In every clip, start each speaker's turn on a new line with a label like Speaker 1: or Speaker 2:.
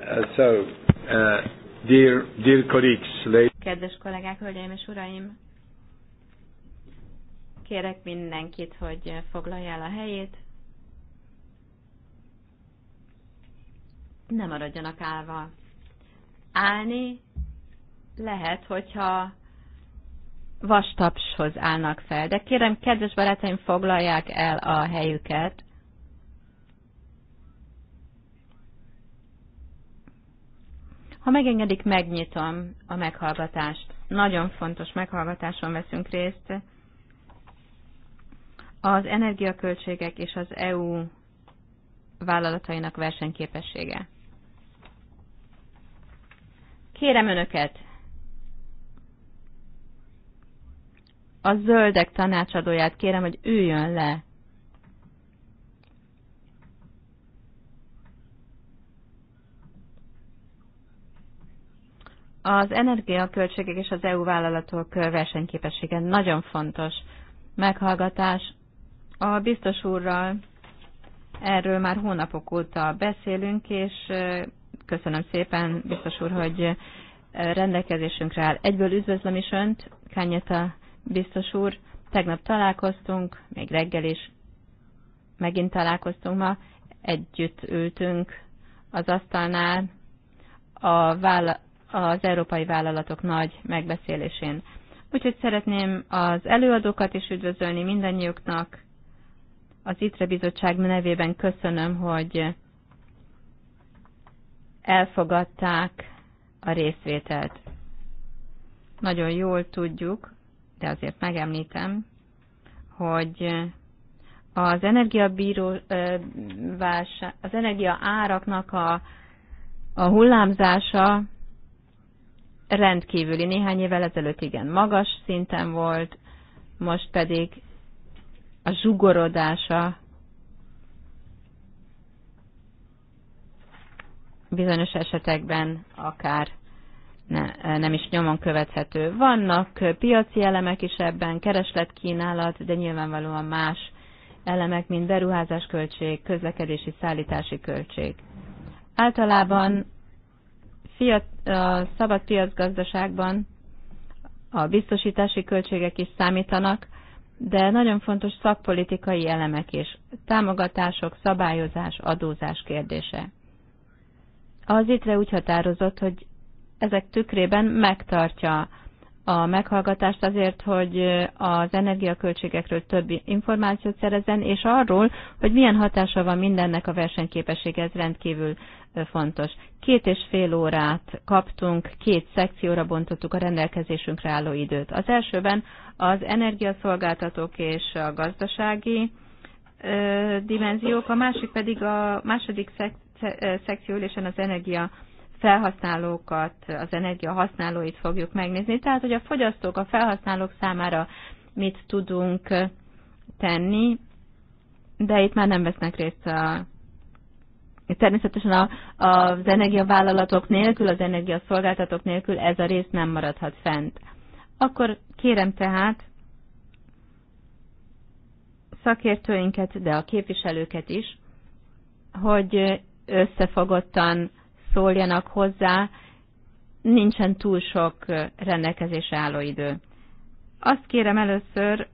Speaker 1: Uh, so, uh, dear, dear colleagues, ladies.
Speaker 2: Kedves kollégák, hölgyeim és uraim, kérek mindenkit, hogy foglalja el a helyét. Ne maradjanak állva. Állni lehet, hogyha vastapshoz állnak fel, de kérem, kedves barátaim, foglalják el a helyüket, Ha megengedik, megnyitom a meghallgatást. Nagyon fontos meghallgatáson veszünk részt. Az energiaköltségek és az EU vállalatainak versenyképessége. Kérem Önöket, a zöldek tanácsadóját kérem, hogy üljön le Az energiaköltségek és az EU vállalatok versenyképessége nagyon fontos meghallgatás. A biztos úrral erről már hónapok óta beszélünk, és köszönöm szépen, biztos úr, hogy rendelkezésünkre áll. Egyből üdvözlöm is Önt, Kányeta biztos úr. Tegnap találkoztunk, még reggel is megint találkoztunk ma, együtt ültünk az asztalnál, a vála- az európai vállalatok nagy megbeszélésén. Úgyhogy szeretném az előadókat is üdvözölni mindannyiuknak. Az ITRE Bizottság nevében köszönöm, hogy elfogadták a részvételt. Nagyon jól tudjuk, de azért megemlítem, hogy az energiabíró, az energia áraknak a, a hullámzása rendkívüli. Néhány évvel ezelőtt igen magas szinten volt, most pedig a zsugorodása bizonyos esetekben akár ne, nem is nyomon követhető. Vannak piaci elemek is ebben, keresletkínálat, de nyilvánvalóan más elemek, mint költség, közlekedési szállítási költség. Általában fiat, a szabad piacgazdaságban a biztosítási költségek is számítanak, de nagyon fontos szakpolitikai elemek is, támogatások, szabályozás, adózás kérdése. Az ITRE úgy határozott, hogy ezek tükrében megtartja a meghallgatást azért, hogy az energiaköltségekről több információt szerezen, és arról, hogy milyen hatása van mindennek a versenyképessége, ez rendkívül fontos. Két és fél órát kaptunk, két szekcióra bontottuk a rendelkezésünkre álló időt. Az elsőben az energiaszolgáltatók és a gazdasági dimenziók, a másik pedig a második szek- szekcióülésen az energia felhasználókat, az energia használóit fogjuk megnézni, tehát hogy a fogyasztók, a felhasználók számára mit tudunk tenni, de itt már nem vesznek részt a Természetesen a, az energiavállalatok nélkül, az energiaszolgáltatók nélkül ez a rész nem maradhat fent. Akkor kérem tehát szakértőinket, de a képviselőket is, hogy összefogottan szóljanak hozzá, nincsen túl sok rendelkezésre álló idő. Azt kérem először,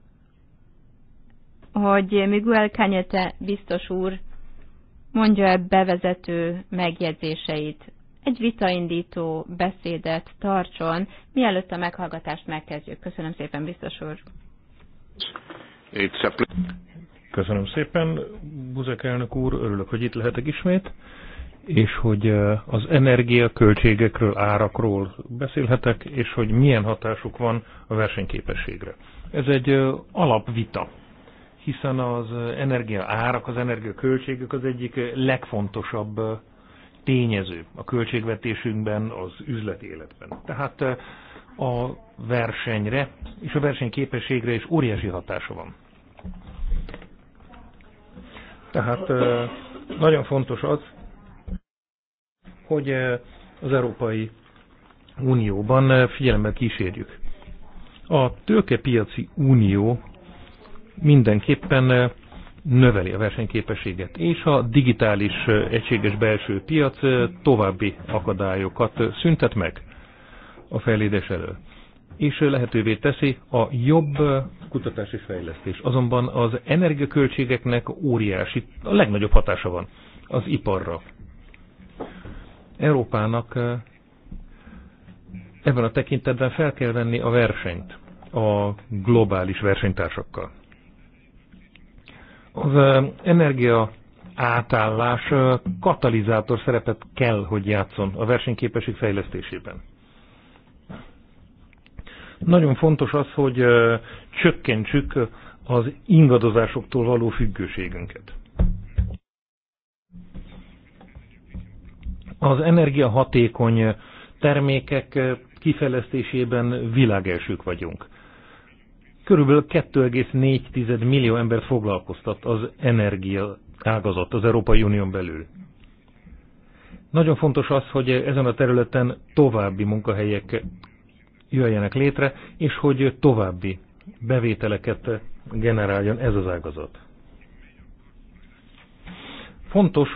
Speaker 2: hogy Miguel Kanyete biztos úr mondja el bevezető megjegyzéseit. Egy vitaindító beszédet tartson, mielőtt a meghallgatást megkezdjük. Köszönöm szépen, biztos úr.
Speaker 1: Köszönöm szépen, Buzek elnök úr, örülök, hogy itt lehetek ismét és hogy az energiaköltségekről, árakról beszélhetek, és hogy milyen hatásuk van a versenyképességre. Ez egy alapvita, hiszen az energia árak, az energiaköltségek az egyik legfontosabb tényező a költségvetésünkben, az üzleti életben. Tehát a versenyre és a versenyképességre is óriási hatása van. Tehát nagyon fontos az, hogy az Európai Unióban figyelemmel kísérjük. A tőkepiaci unió mindenképpen növeli a versenyképességet, és a digitális egységes belső piac további akadályokat szüntet meg a fejlődés elől és lehetővé teszi a jobb kutatás és fejlesztés. Azonban az energiaköltségeknek óriási, a legnagyobb hatása van az iparra. Európának ebben a tekintetben fel kell venni a versenyt a globális versenytársakkal. Az energia átállás katalizátor szerepet kell, hogy játszon a versenyképesség fejlesztésében. Nagyon fontos az, hogy csökkentsük az ingadozásoktól való függőségünket. Az energiahatékony termékek kifejlesztésében világelsők vagyunk. Körülbelül 2,4 millió ember foglalkoztat az energia ágazat az Európai Unión belül. Nagyon fontos az, hogy ezen a területen további munkahelyek jöjjenek létre, és hogy további bevételeket generáljon ez az ágazat. Fontos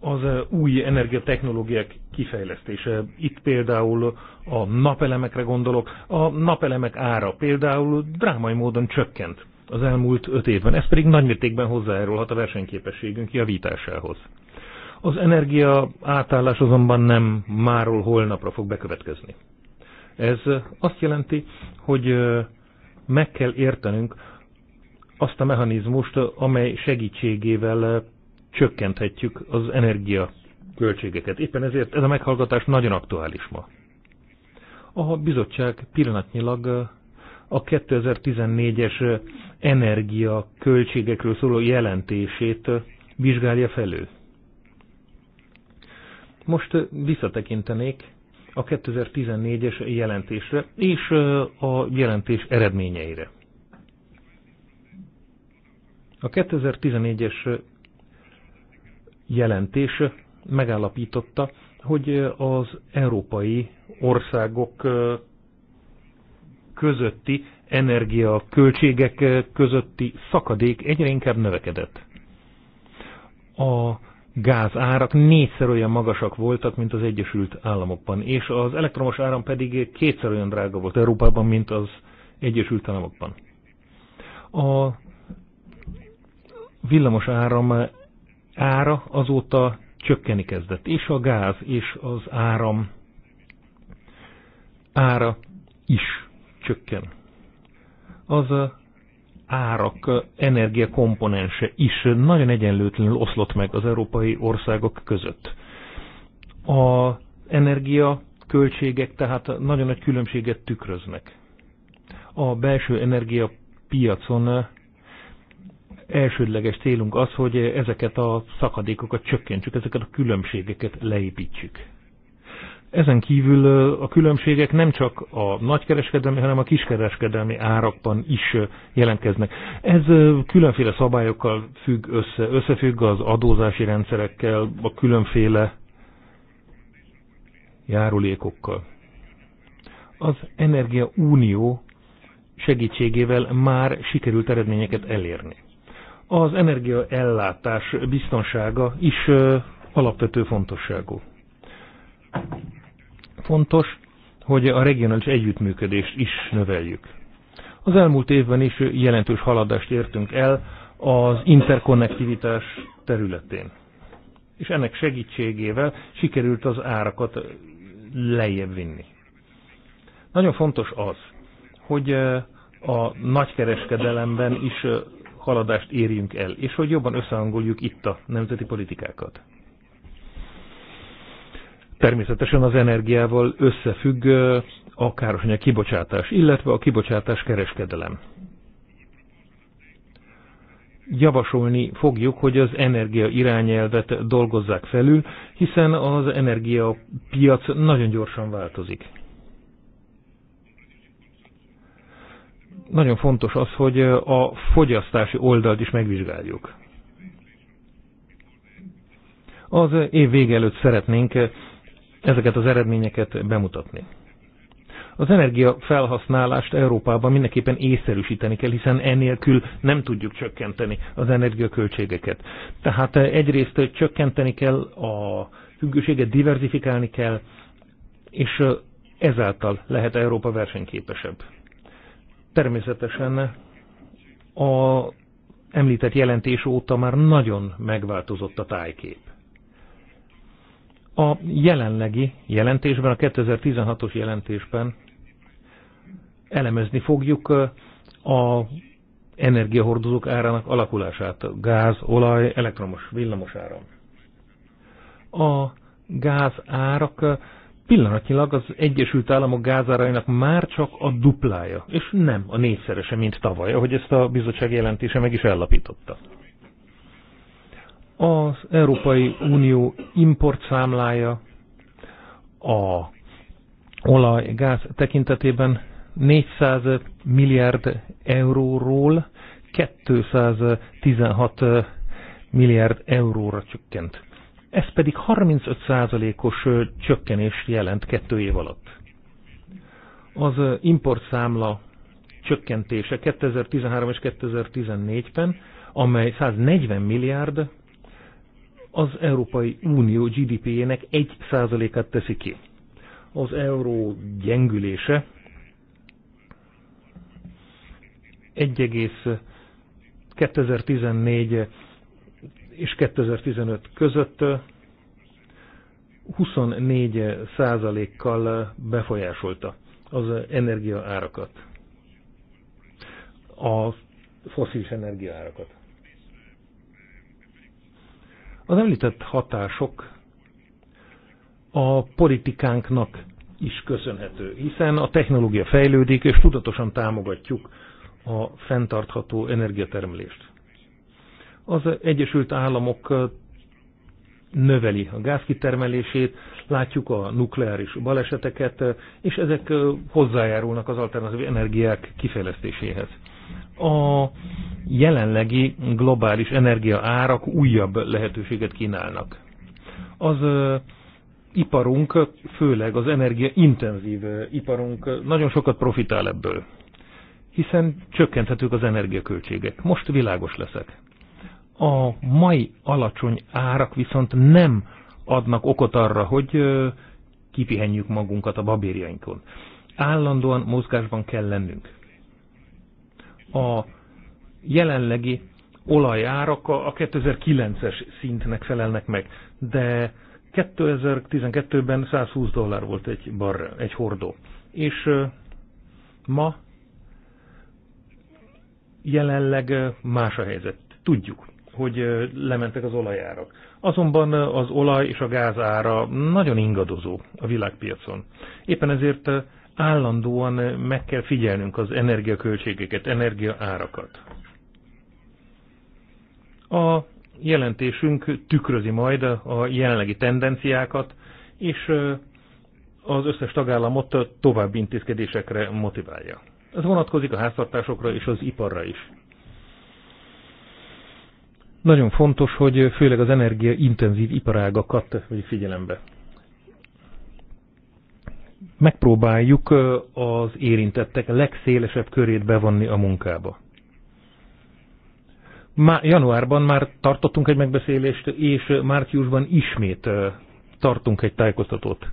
Speaker 1: az új energiatechnológiák kifejlesztése. Itt például a napelemekre gondolok. A napelemek ára például drámai módon csökkent az elmúlt öt évben. Ez pedig nagymértékben hozzájárulhat a versenyképességünk javításához. Az energia átállás azonban nem máról holnapra fog bekövetkezni. Ez azt jelenti, hogy meg kell értenünk azt a mechanizmust, amely segítségével csökkenthetjük az energia költségeket. Éppen ezért ez a meghallgatás nagyon aktuális ma. A bizottság pillanatnyilag a 2014-es energia költségekről szóló jelentését vizsgálja felül. Most visszatekintenék a 2014-es jelentésre és a jelentés eredményeire. A 2014-es jelentés megállapította, hogy az európai országok közötti energiaköltségek közötti szakadék egyre inkább növekedett. A gázárak négyszer olyan magasak voltak, mint az Egyesült Államokban, és az elektromos áram pedig kétszer olyan drága volt Európában, mint az Egyesült Államokban. A villamos áram ára azóta csökkeni kezdett, és a gáz és az áram ára is csökken. Az árak energiakomponense is nagyon egyenlőtlenül oszlott meg az európai országok között. A energia költségek tehát nagyon nagy különbséget tükröznek. A belső energiapiacon elsődleges célunk az, hogy ezeket a szakadékokat csökkentsük, ezeket a különbségeket leépítsük. Ezen kívül a különbségek nem csak a nagykereskedelmi, hanem a kiskereskedelmi árakban is jelentkeznek. Ez különféle szabályokkal függ össze, összefügg az adózási rendszerekkel, a különféle járulékokkal. Az Energia Unió segítségével már sikerült eredményeket elérni az energiaellátás biztonsága is alapvető fontosságú. Fontos, hogy a regionális együttműködést is növeljük. Az elmúlt évben is jelentős haladást értünk el az interkonnektivitás területén. És ennek segítségével sikerült az árakat lejjebb vinni. Nagyon fontos az, hogy a nagykereskedelemben is haladást érjünk el, és hogy jobban összehangoljuk itt a nemzeti politikákat. Természetesen az energiával összefügg a károsanyag kibocsátás, illetve a kibocsátás kereskedelem. Javasolni fogjuk, hogy az energia irányelvet dolgozzák felül, hiszen az energiapiac nagyon gyorsan változik. nagyon fontos az, hogy a fogyasztási oldalt is megvizsgáljuk. Az év vége előtt szeretnénk ezeket az eredményeket bemutatni. Az energia felhasználást Európában mindenképpen észszerűsíteni kell, hiszen enélkül nem tudjuk csökkenteni az energiaköltségeket. Tehát egyrészt csökkenteni kell a függőséget, diversifikálni kell, és ezáltal lehet Európa versenyképesebb. Természetesen a említett jelentés óta már nagyon megváltozott a tájkép. A jelenlegi jelentésben, a 2016-os jelentésben elemezni fogjuk a energiahordozók árának alakulását, gáz, olaj, elektromos, villamos áram. A gáz árak pillanatnyilag az Egyesült Államok gázárainak már csak a duplája, és nem a négyszerese, mint tavaly, ahogy ezt a bizottság jelentése meg is ellapította. Az Európai Unió importszámlája a olaj, gáz tekintetében 400 milliárd euróról 216 milliárd euróra csökkent ez pedig 35%-os csökkenést jelent kettő év alatt. Az importszámla csökkentése 2013 és 2014-ben, amely 140 milliárd, az Európai Unió GDP-jének 1%-át teszi ki. Az euró gyengülése 2014 és 2015 között 24 százalékkal befolyásolta az energiaárakat, a foszilis energiaárakat. Az említett hatások a politikánknak is köszönhető, hiszen a technológia fejlődik, és tudatosan támogatjuk a fenntartható energiatermelést. Az Egyesült Államok növeli a gázkitermelését, látjuk a nukleáris baleseteket, és ezek hozzájárulnak az alternatív energiák kifejlesztéséhez. A jelenlegi globális energiaárak újabb lehetőséget kínálnak. Az iparunk, főleg az energiaintenzív iparunk nagyon sokat profitál ebből, hiszen csökkenthetők az energiaköltségek. Most világos leszek. A mai alacsony árak viszont nem adnak okot arra, hogy kipihenjük magunkat a babérjainkon. Állandóan mozgásban kell lennünk. A jelenlegi olajárak a 2009-es szintnek felelnek meg, de 2012-ben 120 dollár volt egy, bar, egy hordó. És ma jelenleg más a helyzet. Tudjuk hogy lementek az olajárak. Azonban az olaj és a gáz ára nagyon ingadozó a világpiacon. Éppen ezért állandóan meg kell figyelnünk az energiaköltségeket, energiaárakat. A jelentésünk tükrözi majd a jelenlegi tendenciákat, és az összes tagállamot további intézkedésekre motiválja. Ez vonatkozik a háztartásokra és az iparra is. Nagyon fontos, hogy főleg az energiaintenzív iparágakat vegyük figyelembe. Megpróbáljuk az érintettek legszélesebb körét bevonni a munkába. Má, januárban már tartottunk egy megbeszélést, és márciusban ismét tartunk egy tájékoztatót.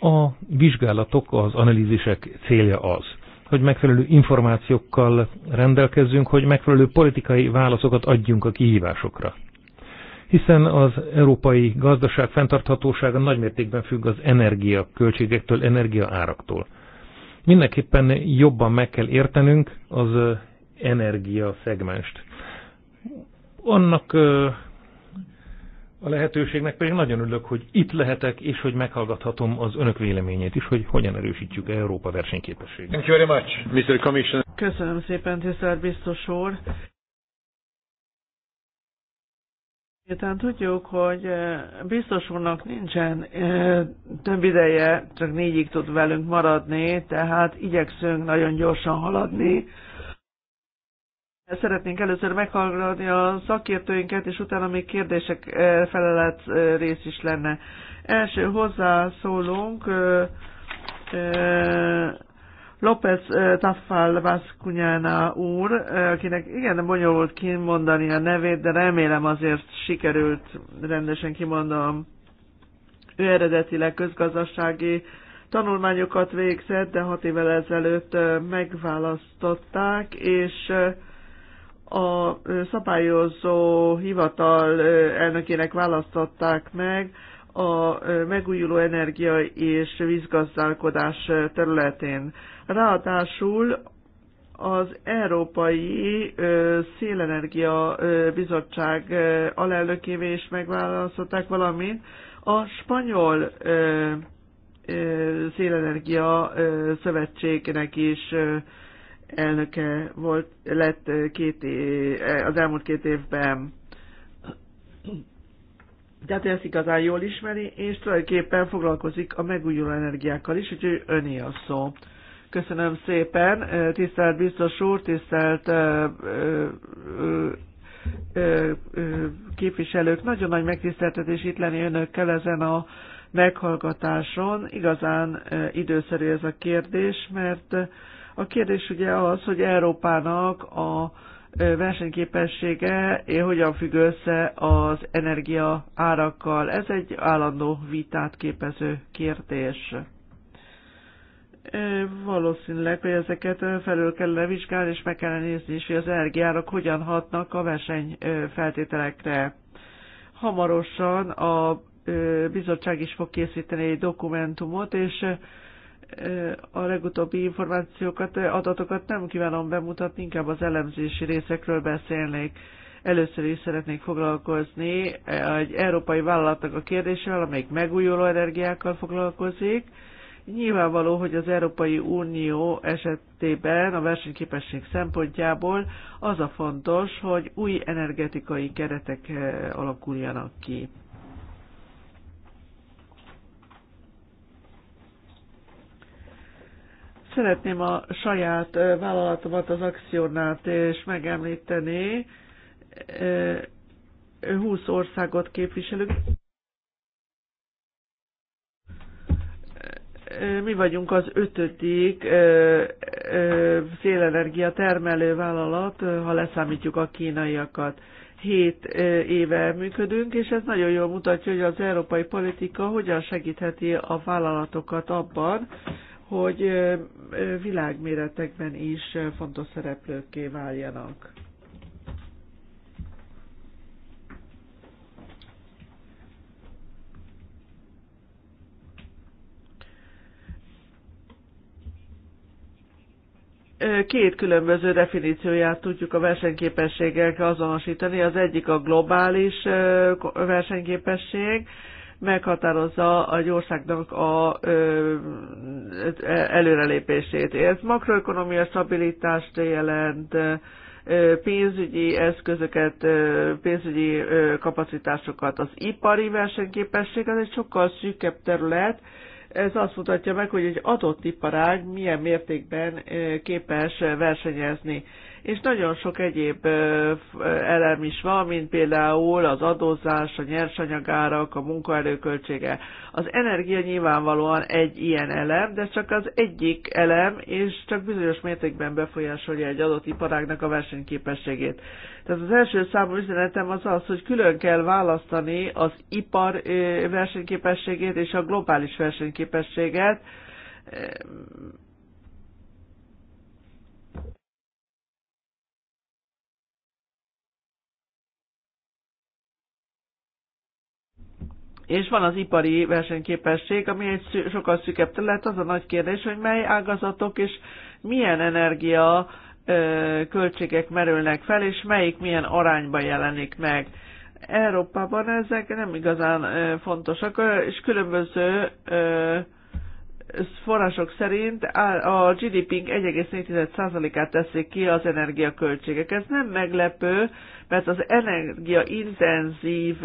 Speaker 1: A vizsgálatok, az analízisek célja az, hogy megfelelő információkkal rendelkezzünk, hogy megfelelő politikai válaszokat adjunk a kihívásokra. Hiszen az európai gazdaság fenntarthatósága nagymértékben függ az energia költségektől, energia áraktól. Mindenképpen jobban meg kell értenünk az energia szegmest. Annak a lehetőségnek pedig nagyon örülök, hogy itt lehetek, és hogy meghallgathatom az önök véleményét is, hogy hogyan erősítjük Európa versenyképességét. Thank
Speaker 3: you very much, Mr. Commissioner. Köszönöm szépen, tisztelt biztos úr. Miután tudjuk, hogy eh, biztos úrnak nincsen eh, több ideje, csak négyig tud velünk maradni, tehát igyekszünk nagyon gyorsan haladni. Szeretnénk először meghallgatni a szakértőinket, és utána még kérdések eh, felelet eh, rész is lenne. Első hozzászólunk eh, López Taffal Vascunyana úr, akinek igen bonyolult kimondani a nevét, de remélem azért sikerült rendesen kimondom. Ő eredetileg közgazdasági tanulmányokat végzett, de hat évvel ezelőtt megválasztották, és a szabályozó hivatal elnökének választották meg a megújuló energia és vízgazdálkodás területén. Ráadásul az Európai Szélenergia Bizottság alelnökévé is megválasztották, valamint a spanyol szélenergia szövetségnek is elnöke volt, lett eh, két év, eh, az elmúlt két évben. Tehát ezt igazán jól ismeri, és tulajdonképpen foglalkozik a megújuló energiákkal is, úgyhogy öné a szó. Köszönöm szépen, eh, tisztelt biztos úr, tisztelt ö, ö, ö, képviselők, nagyon nagy megtiszteltetés itt lenni önökkel ezen a meghallgatáson. Igazán időszerű ez a kérdés, mert a kérdés ugye az, hogy Európának a versenyképessége eh, hogyan függ össze az energia árakkal. Ez egy állandó vitát képező kérdés. Eh, valószínűleg, hogy ezeket eh, felül kellene vizsgálni, és meg kellene nézni is, hogy az energiárak hogyan hatnak a versenyfeltételekre. Hamarosan a bizottság is fog készíteni egy dokumentumot, és a legutóbbi információkat, adatokat nem kívánom bemutatni, inkább az elemzési részekről beszélnék. Először is szeretnék foglalkozni egy európai vállalatnak a kérdésével, amelyik megújuló energiákkal foglalkozik. Nyilvánvaló, hogy az Európai Unió esetében a versenyképesség szempontjából az a fontos, hogy új energetikai keretek alakuljanak ki. Szeretném a saját vállalatomat, az Axionát és megemlíteni. 20 országot képviselünk. Mi vagyunk az ötödik szélenergia termelő vállalat, ha leszámítjuk a kínaiakat. Hét éve működünk, és ez nagyon jól mutatja, hogy az európai politika hogyan segítheti a vállalatokat abban, hogy világméretekben is fontos szereplőkké váljanak. két különböző definícióját tudjuk a versenyképességekkel azonosítani. Az egyik a globális versenyképesség, meghatározza a országnak a ö, előrelépését. Ez makroekonomia stabilitást jelent, pénzügyi eszközöket, pénzügyi kapacitásokat. Az ipari versenyképesség az egy sokkal szűkebb terület, ez azt mutatja meg, hogy egy adott iparág milyen mértékben képes versenyezni és nagyon sok egyéb elem is van, mint például az adózás, a nyersanyagárak, a munkaerőköltsége. Az energia nyilvánvalóan egy ilyen elem, de csak az egyik elem, és csak bizonyos mértékben befolyásolja egy adott iparágnak a versenyképességét. Tehát az első számú üzenetem az az, hogy külön kell választani az ipar versenyképességét és a globális versenyképességet, és van az ipari versenyképesség, ami egy sokkal szükebb terület, az a nagy kérdés, hogy mely ágazatok és milyen energia költségek merülnek fel, és melyik milyen arányban jelenik meg. Európában ezek nem igazán fontosak, és különböző források szerint a GDP-nk 1,4%-át teszik ki az energiaköltségek. Ez nem meglepő, mert az energiaintenzív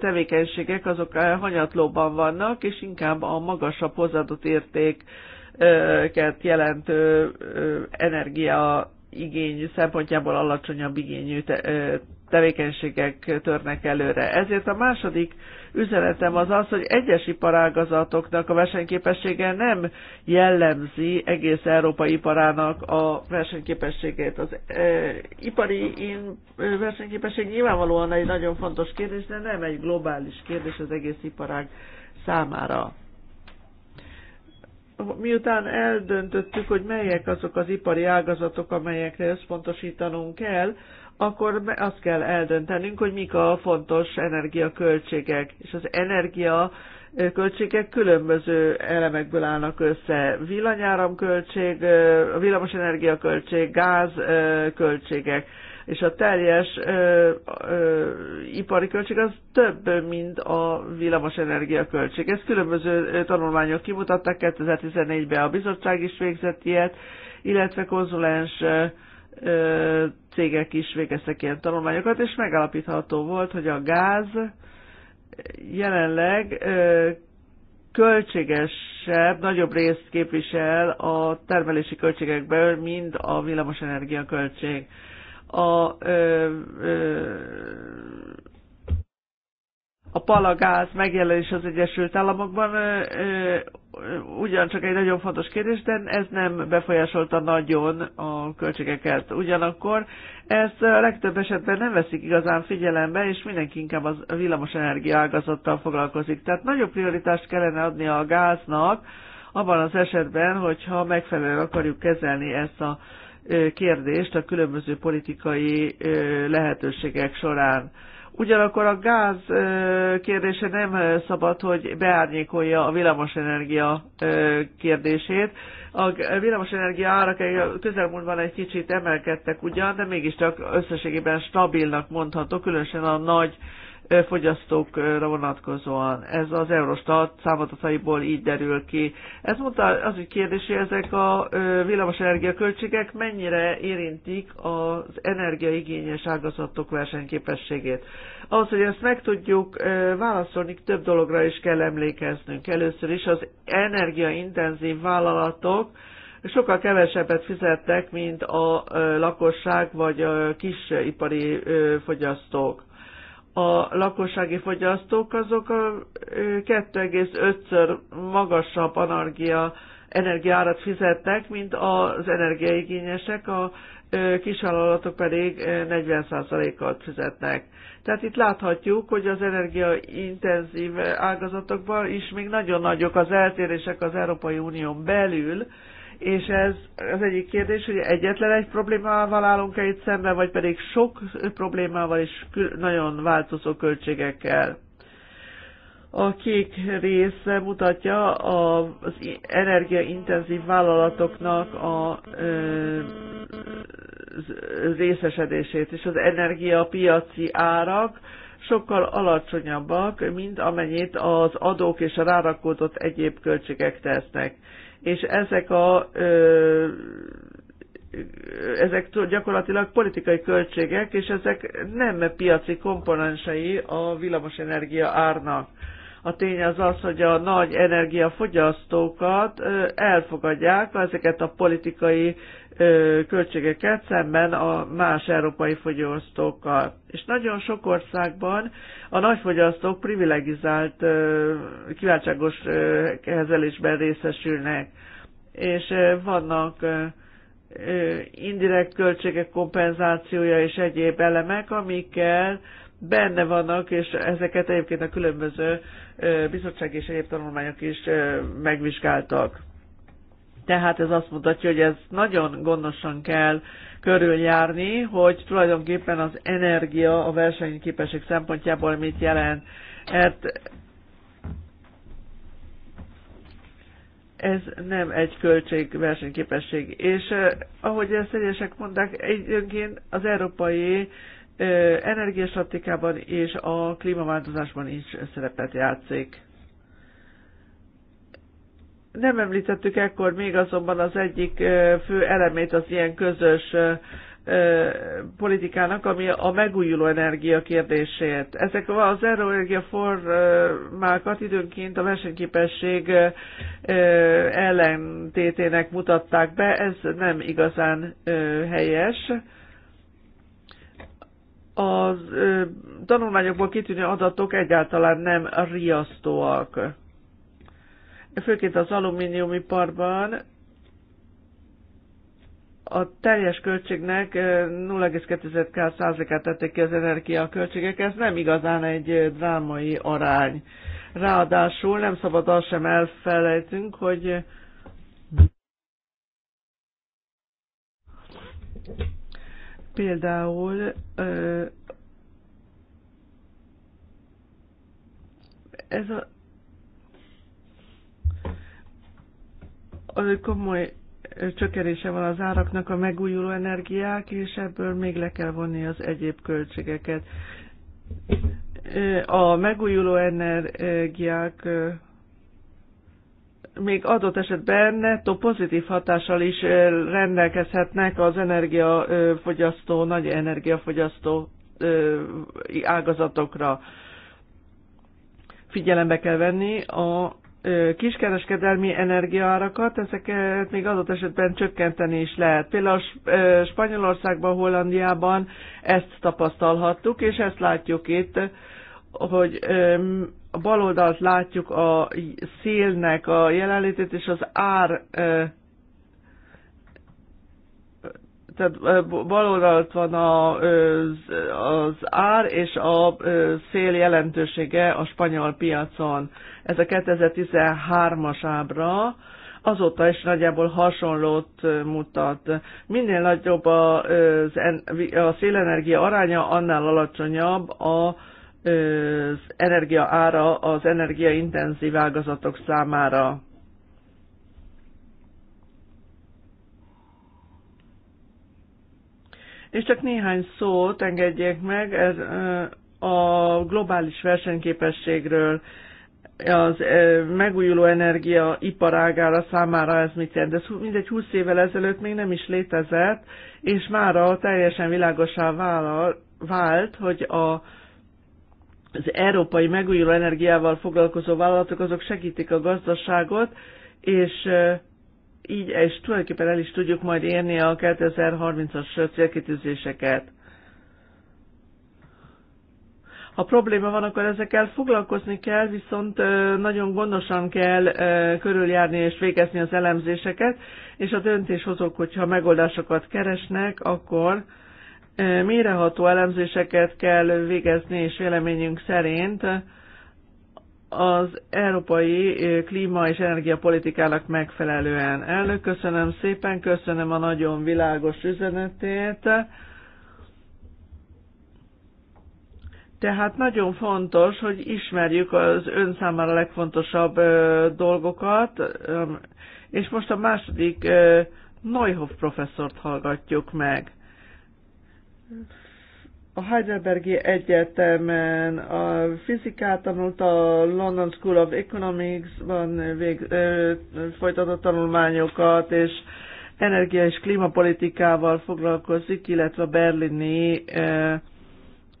Speaker 3: tevékenységek azok hanyatlóban vannak, és inkább a magasabb hozzáadott értéket jelentő energia szempontjából alacsonyabb igényű tevékenységek törnek előre. Ezért a második üzenetem az az, hogy egyes iparágazatoknak a versenyképessége nem jellemzi egész európai iparának a versenyképességét. Az e, ipari in, e, versenyképesség nyilvánvalóan egy nagyon fontos kérdés, de nem egy globális kérdés az egész iparág számára miután eldöntöttük, hogy melyek azok az ipari ágazatok, amelyekre összpontosítanunk kell, akkor azt kell eldöntenünk, hogy mik a fontos energiaköltségek. És az energia költségek különböző elemekből állnak össze. Villanyáramköltség, villamosenergia költség, gáz költségek és a teljes ö, ö, ipari költség az több, mint a villamos költség. Ezt különböző tanulmányok kimutatták, 2014-ben a bizottság is végzett ilyet, illetve konzulens ö, cégek is végeztek ilyen tanulmányokat, és megállapítható volt, hogy a gáz jelenleg költségesebb, nagyobb részt képvisel a termelési költségekből, mint a villamosenergia költség. A, ö, ö, a palagáz megjelenés az Egyesült Államokban ö, ö, ugyancsak egy nagyon fontos kérdés, de ez nem befolyásolta nagyon a költségeket. Ugyanakkor ezt a legtöbb esetben nem veszik igazán figyelembe, és mindenki inkább a villamos energia ágazattal foglalkozik. Tehát nagyobb prioritást kellene adni a gáznak abban az esetben, hogyha megfelelően akarjuk kezelni ezt a kérdést a különböző politikai lehetőségek során Ugyanakkor a gáz kérdése nem szabad, hogy beárnyékolja a villamosenergia kérdését. A villamosenergia árak közelmúltban egy kicsit emelkedtek ugyan, de mégiscsak összességében stabilnak mondható, különösen a nagy fogyasztókra vonatkozóan. Ez az Eurostat számadataiból így derül ki. Ez mondta az egy kérdés, hogy ezek a villamosenergia költségek mennyire érintik az energiaigényes ágazatok versenyképességét. Ahhoz, hogy ezt meg tudjuk válaszolni, több dologra is kell emlékeznünk. Először is az energiaintenzív vállalatok, sokkal kevesebbet fizettek, mint a lakosság vagy a kisipari fogyasztók a lakossági fogyasztók azok a 2,5-ször magasabb energia, energiárat fizetnek, mint az energiaigényesek, a kisvállalatok pedig 40 kal fizetnek. Tehát itt láthatjuk, hogy az energiaintenzív ágazatokban is még nagyon nagyok az eltérések az Európai Unión belül, és ez az egyik kérdés, hogy egyetlen egy problémával állunk-e itt szemben, vagy pedig sok problémával és nagyon változó költségekkel. A kék rész mutatja az energiaintenzív vállalatoknak a részesedését, és az energiapiaci árak sokkal alacsonyabbak, mint amennyit az adók és a rárakódott egyéb költségek tesznek és ezek a ö, ezek gyakorlatilag politikai költségek, és ezek nem piaci komponensei a villamosenergia árnak. A tény az az, hogy a nagy energiafogyasztókat elfogadják ezeket a politikai költségeket szemben a más európai fogyasztókkal. És nagyon sok országban a nagyfogyasztók privilegizált kiváltságos kezelésben részesülnek. És vannak indirekt költségek kompenzációja és egyéb elemek, amikkel benne vannak, és ezeket egyébként a különböző bizottság és egyéb tanulmányok is megvizsgáltak. Tehát ez azt mutatja, hogy ez nagyon gondosan kell körüljárni, hogy tulajdonképpen az energia a versenyképesség szempontjából mit jelent. Mert hát ez nem egy költség versenyképesség. És ahogy ezt egyesek mondták, egyébként az európai energiastratikában és a klímaváltozásban is szerepet játszik. Nem említettük ekkor még azonban az egyik fő elemét az ilyen közös politikának, ami a megújuló energia kérdését. Ezek az formákat időnként a versenyképesség ellentétének mutatták be, ez nem igazán helyes a tanulmányokból kitűnő adatok egyáltalán nem riasztóak. Főként az alumíniumiparban a teljes költségnek 0,2%-át tették ki az energia költségek ez nem igazán egy drámai arány. Ráadásul nem szabad azt sem elfelejtünk, hogy Például ez a az komoly csökerése van az áraknak a megújuló energiák, és ebből még le kell vonni az egyéb költségeket. A megújuló energiák még adott esetben nettó pozitív hatással is rendelkezhetnek az energiafogyasztó, nagy energiafogyasztó ágazatokra. Figyelembe kell venni a kiskereskedelmi energiaárakat, ezeket még adott esetben csökkenteni is lehet. Például Spanyolországban, Hollandiában ezt tapasztalhattuk, és ezt látjuk itt, hogy a baloldalt látjuk a szélnek a jelenlétét, és az ár tehát baloldalt van az, az ár és a szél jelentősége a spanyol piacon. Ez a 2013-as ábra, azóta is nagyjából hasonlót mutat. Minél nagyobb a, a szélenergia aránya, annál alacsonyabb a az energia ára az energiaintenzív ágazatok számára. És csak néhány szót engedjék meg ez, a globális versenyképességről, az megújuló energia iparágára számára ez mit jelent. Ez mindegy 20 évvel ezelőtt még nem is létezett, és mára teljesen világosá vált, hogy a az európai megújuló energiával foglalkozó vállalatok, azok segítik a gazdaságot, és így és tulajdonképpen el is tudjuk majd érni a 2030-as célkitűzéseket. Ha probléma van, akkor ezekkel foglalkozni kell, viszont nagyon gondosan kell körüljárni és végezni az elemzéseket, és a döntéshozók, hogyha megoldásokat keresnek, akkor méreható elemzéseket kell végezni, és véleményünk szerint az európai klíma és energiapolitikának megfelelően. Elnök, köszönöm szépen, köszönöm a nagyon világos üzenetét. Tehát nagyon fontos, hogy ismerjük az ön számára legfontosabb dolgokat, és most a második Neuhoff professzort hallgatjuk meg a Heidelbergi Egyetemen a fizikát tanult, a London School of Economics-ban vég, ö, folytatott tanulmányokat, és energia és klímapolitikával foglalkozik, illetve a berlini ö,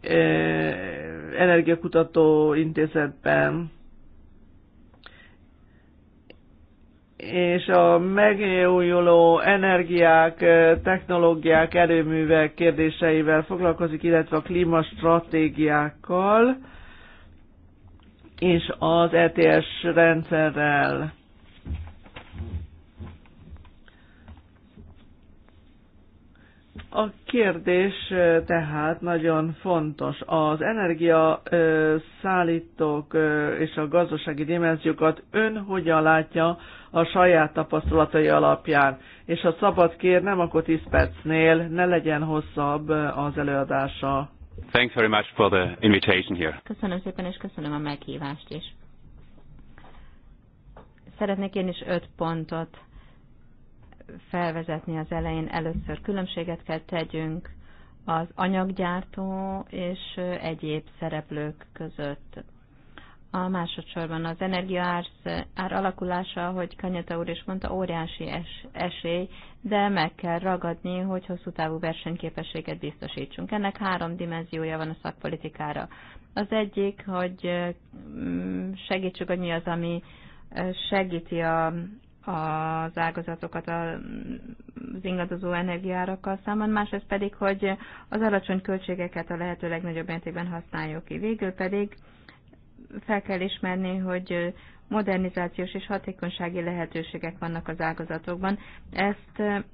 Speaker 3: ö, energiakutató intézetben és a megújuló energiák, technológiák, erőművek kérdéseivel foglalkozik, illetve a klímastratégiákkal és az ETS rendszerrel. A kérdés tehát nagyon fontos. Az energia szállítók és a gazdasági dimenziókat ön hogyan látja a saját tapasztalatai alapján? És ha szabad kérnem, akkor 10 percnél ne legyen hosszabb az előadása.
Speaker 1: Thanks very much for the invitation here.
Speaker 3: Köszönöm szépen, és köszönöm a
Speaker 2: meghívást is. Szeretnék én is öt pontot felvezetni az elején, először különbséget kell tegyünk az anyaggyártó és egyéb szereplők között. A másodszorban az energiaár ár alakulása, hogy Kanyata úr is mondta, óriási es, esély, de meg kell ragadni, hogy hosszú távú versenyképességet biztosítsunk. Ennek három dimenziója van a szakpolitikára. Az egyik, hogy mm, segítsük, hogy mi az, ami segíti a, az ágazatokat az ingadozó energiárakkal számon, másrészt pedig, hogy az alacsony költségeket a lehető legnagyobb mértékben használjuk ki. Végül pedig fel kell ismerni, hogy modernizációs és hatékonysági lehetőségek vannak az ágazatokban. Ezt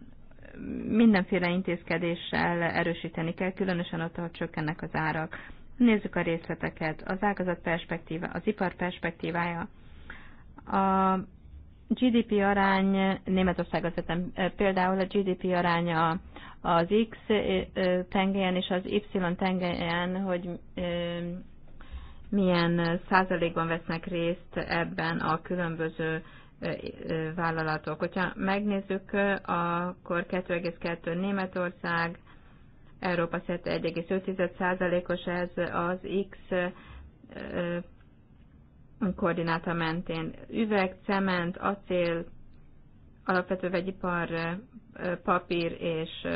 Speaker 2: mindenféle intézkedéssel erősíteni kell, különösen ott, ahol csökkennek az árak. Nézzük a részleteket. Az ágazat perspektíva, az ipar perspektívája, a GDP arány, az vetem, például a GDP aránya az X tengelyen és az Y tengelyen, hogy milyen százalékban vesznek részt ebben a különböző vállalatok. Hogyha megnézzük, akkor 2,2 Németország, Európa szerte 1,5 százalékos ez az X koordináta mentén. Üveg, cement, acél, alapvető vegyipar, papír és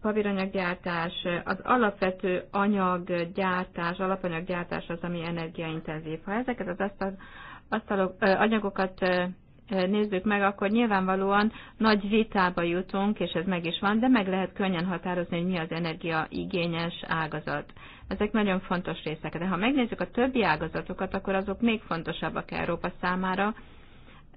Speaker 2: papíranyaggyártás, az alapvető anyaggyártás, alapanyaggyártás az, ami energiaintenzív. Ha ezeket az asztal, asztalok, anyagokat nézzük meg, akkor nyilvánvalóan nagy vitába jutunk, és ez meg is van, de meg lehet könnyen határozni, hogy mi az energiaigényes ágazat. Ezek nagyon fontos részek. De ha megnézzük a többi ágazatokat, akkor azok még fontosabbak Európa számára,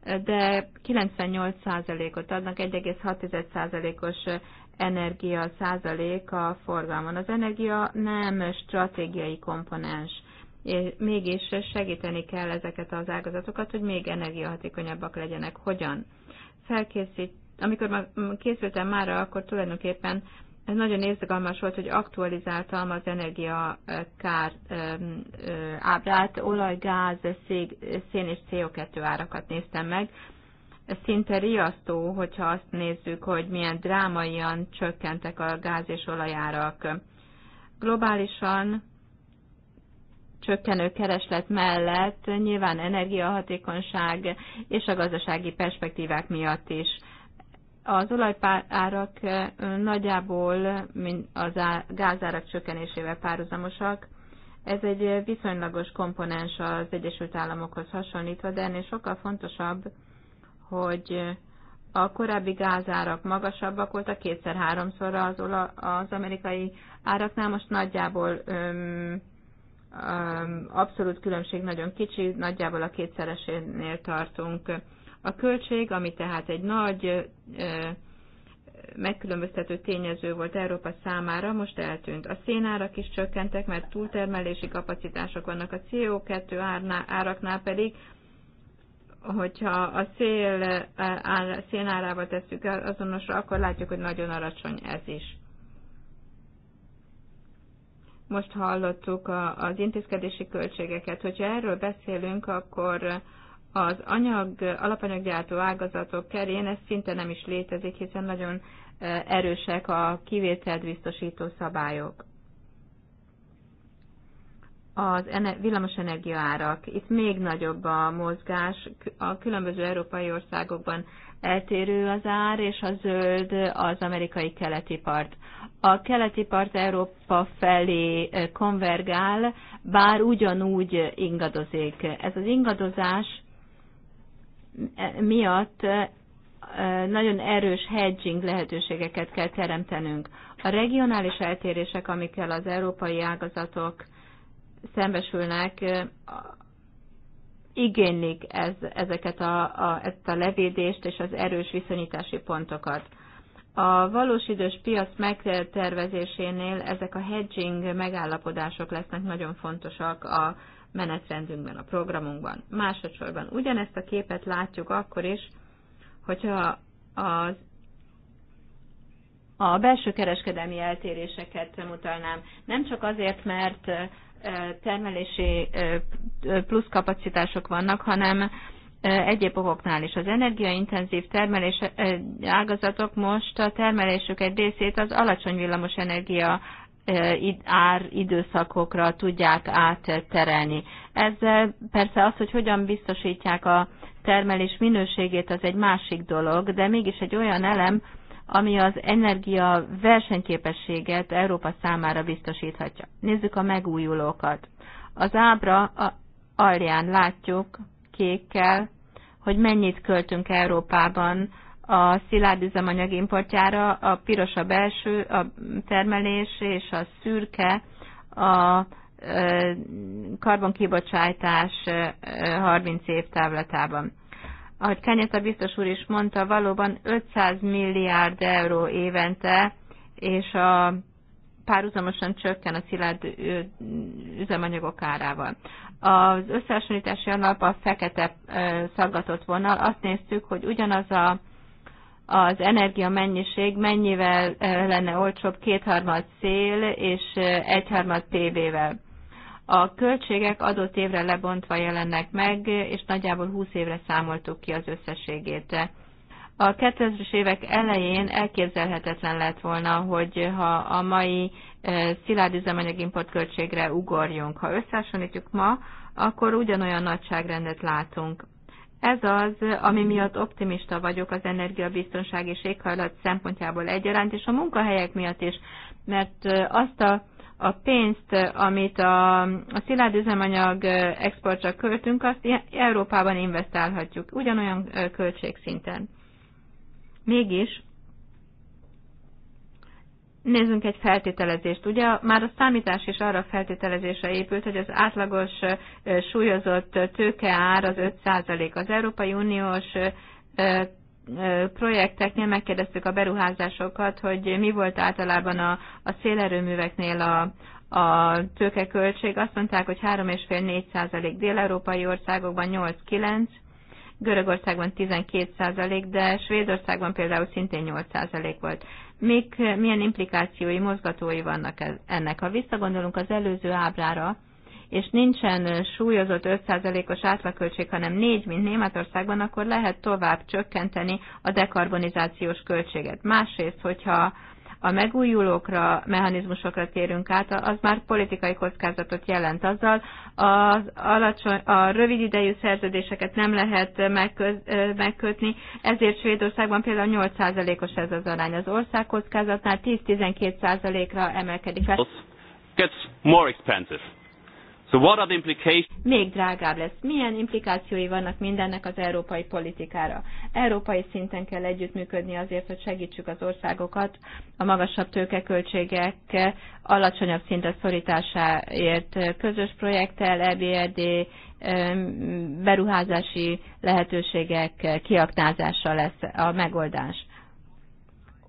Speaker 2: de 98%-ot adnak, 1,6%-os energia százalék a forgalmon. Az energia nem stratégiai komponens mégis segíteni kell ezeket az ágazatokat, hogy még energiahatékonyabbak legyenek. Hogyan? Felkészít, amikor készültem már, akkor tulajdonképpen ez nagyon érzegalmas volt, hogy aktualizáltam az energiakár ábrát, olaj, gáz, szég, szén és CO2 árakat néztem meg. Szinte riasztó, hogyha azt nézzük, hogy milyen drámaian csökkentek a gáz és olajárak. Globálisan csökkenő kereslet mellett nyilván energiahatékonyság és a gazdasági perspektívák miatt is. Az olajárak nagyjából mint az gázárak csökkenésével párhuzamosak. Ez egy viszonylagos komponens az Egyesült Államokhoz hasonlítva, de ennél sokkal fontosabb, hogy a korábbi gázárak magasabbak voltak, kétszer-háromszor az, az amerikai áraknál, most nagyjából öm, abszolút különbség nagyon kicsi, nagyjából a kétszeresénél tartunk. A költség, ami tehát egy nagy megkülönböztető tényező volt Európa számára, most eltűnt. A szénárak is csökkentek, mert túltermelési kapacitások vannak a CO2 áraknál pedig, hogyha a szél, szénárával tesszük azonosra, akkor látjuk, hogy nagyon alacsony ez is. Most hallottuk a, az intézkedési költségeket. Hogyha erről beszélünk, akkor az anyag, alapanyaggyártó ágazatok kerén ez szinte nem is létezik, hiszen nagyon e, erősek a kivételt biztosító szabályok. Az villamosenergia energiaárak. Itt még nagyobb a mozgás. A különböző európai országokban eltérő az ár, és a zöld az amerikai keleti part a keleti part Európa felé eh, konvergál, bár ugyanúgy ingadozik. Ez az ingadozás eh, miatt eh, nagyon erős hedging lehetőségeket kell teremtenünk. A regionális eltérések, amikkel az európai ágazatok szembesülnek, igénylik ez, ezeket a, a, ezt a levédést és az erős viszonyítási pontokat. A valós idős piac megtervezésénél ezek a hedging megállapodások lesznek nagyon fontosak a menetrendünkben, a programunkban. Másodszorban ugyanezt a képet látjuk akkor is, hogyha az a belső kereskedelmi eltéréseket mutatnám. Nem csak azért, mert termelési pluszkapacitások vannak, hanem egyéb okoknál is. Az energiaintenzív termelés ágazatok most a termelésük egy részét az alacsony villamos energia ár időszakokra tudják átterelni. Ez persze az, hogy hogyan biztosítják a termelés minőségét, az egy másik dolog, de mégis egy olyan elem, ami az energia versenyképességet Európa számára biztosíthatja. Nézzük a megújulókat. Az ábra alján látjuk kékkel hogy mennyit költünk Európában a szilárd üzemanyag importjára, a piros a belső a termelés és a szürke a karbonkibocsátás 30 év távlatában. Ahogy Kenyeta biztos úr is mondta, valóban 500 milliárd euró évente, és a párhuzamosan csökken a szilárd üzemanyagok árával. Az összehasonlítási alap a fekete szaggatott vonal. Azt néztük, hogy ugyanaz a az energia mennyiség mennyivel lenne olcsóbb kétharmad szél és egyharmad PV-vel. A költségek adott évre lebontva jelennek meg, és nagyjából 20 évre számoltuk ki az összességét. A 2000-es évek elején elképzelhetetlen lett volna, hogy ha a mai szilárd üzemanyag importköltségre ugorjunk. Ha összehasonlítjuk ma, akkor ugyanolyan nagyságrendet látunk. Ez az, ami miatt optimista vagyok az energiabiztonság és éghajlat szempontjából egyaránt, és a munkahelyek miatt is, mert azt a, a pénzt, amit a, a szilárd üzemanyag exportra költünk, azt Európában investálhatjuk, ugyanolyan költségszinten. Mégis nézzünk egy feltételezést. Ugye már a számítás is arra a feltételezésre épült, hogy az átlagos súlyozott tőkeár az 5 Az Európai Uniós projekteknél megkérdeztük a beruházásokat, hogy mi volt általában a, a szélerőműveknél a, a tőkeköltség. Azt mondták, hogy 3,5-4 százalék dél-európai országokban 8-9, Görögországban 12%, de Svédországban például szintén 8% volt. Mik, milyen implikációi, mozgatói vannak e- ennek? Ha visszagondolunk az előző ábrára, és nincsen súlyozott 5%-os átlagköltség, hanem 4, mint Németországban, akkor lehet tovább csökkenteni a dekarbonizációs költséget. Másrészt, hogyha a megújulókra, mechanizmusokra térünk át, az már politikai kockázatot jelent azzal. Az alacsony, a rövid idejű szerződéseket nem lehet megköz, megkötni, ezért Svédországban például 8%-os ez az arány. Az ország kockázatnál 10-12%-ra emelkedik.
Speaker 1: Gets more expensive. So what are the
Speaker 3: implications?
Speaker 2: Még drágább lesz. Milyen implikációi vannak mindennek az európai politikára? Európai szinten kell együttműködni azért, hogy segítsük az országokat a magasabb tőkeköltségek alacsonyabb szintre szorításáért közös projekttel, EBRD, e beruházási lehetőségek kiaknázása lesz a megoldás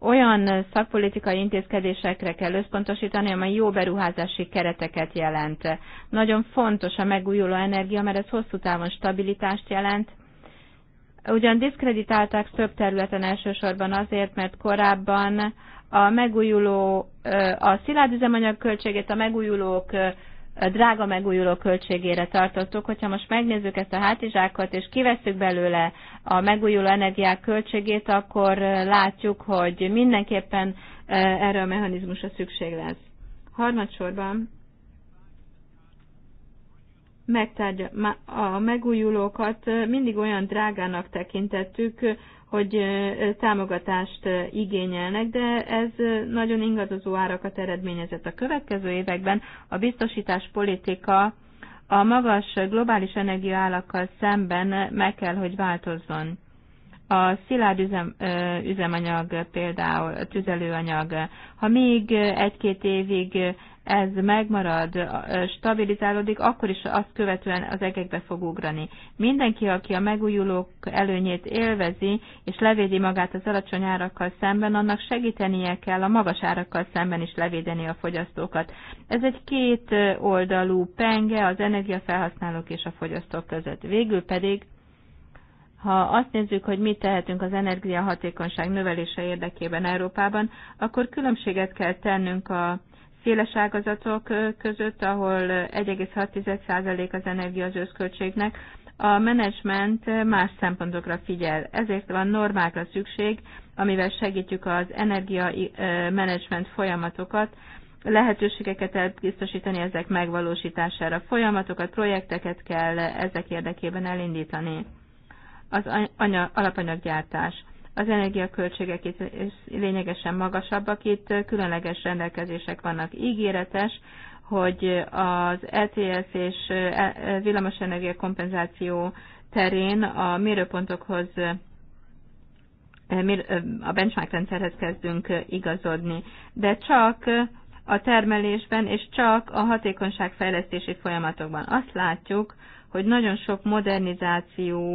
Speaker 2: olyan szakpolitikai intézkedésekre kell összpontosítani, amely jó beruházási kereteket jelent. Nagyon fontos a megújuló energia, mert ez hosszú távon stabilitást jelent. Ugyan diszkreditálták több területen elsősorban azért, mert korábban a megújuló, a szilárd üzemanyag költségét a megújulók drága megújuló költségére tartottuk. Hogyha most megnézzük ezt a hátizsákot, és kivesszük belőle a megújuló energiák költségét, akkor látjuk, hogy mindenképpen erre a mechanizmusra szükség lesz. Harmadsorban megtárgya, a megújulókat mindig olyan drágának tekintettük, hogy támogatást igényelnek, de ez nagyon ingadozó árakat eredményezett a következő években. A biztosítás politika a magas globális energiaállakkal szemben meg kell, hogy változzon. A szilárd üzem, üzemanyag például, tüzelőanyag, ha még egy-két évig ez megmarad, stabilizálódik, akkor is azt követően az egekbe fog ugrani. Mindenki, aki a megújulók előnyét élvezi, és levédi magát az alacsony árakkal szemben, annak segítenie kell a magas árakkal szemben is levédeni a fogyasztókat. Ez egy két oldalú penge az energiafelhasználók és a fogyasztók között. Végül pedig ha azt nézzük, hogy mit tehetünk az energiahatékonyság növelése érdekében Európában, akkor különbséget kell tennünk a széles ágazatok között, ahol 1,6% az energia az összköltségnek, a menedzsment más szempontokra figyel. Ezért van normákra szükség, amivel segítjük az energia menedzsment folyamatokat, lehetőségeket kell biztosítani ezek megvalósítására. Folyamatokat, projekteket kell ezek érdekében elindítani. Az anya, alapanyaggyártás. Az energiaköltségek itt lényegesen magasabbak, itt különleges rendelkezések vannak. Ígéretes, hogy az ETS és villamosenergia kompenzáció terén a mérőpontokhoz a benchmark rendszerhez kezdünk igazodni. De csak a termelésben és csak a hatékonyság fejlesztési folyamatokban. Azt látjuk, hogy nagyon sok modernizáció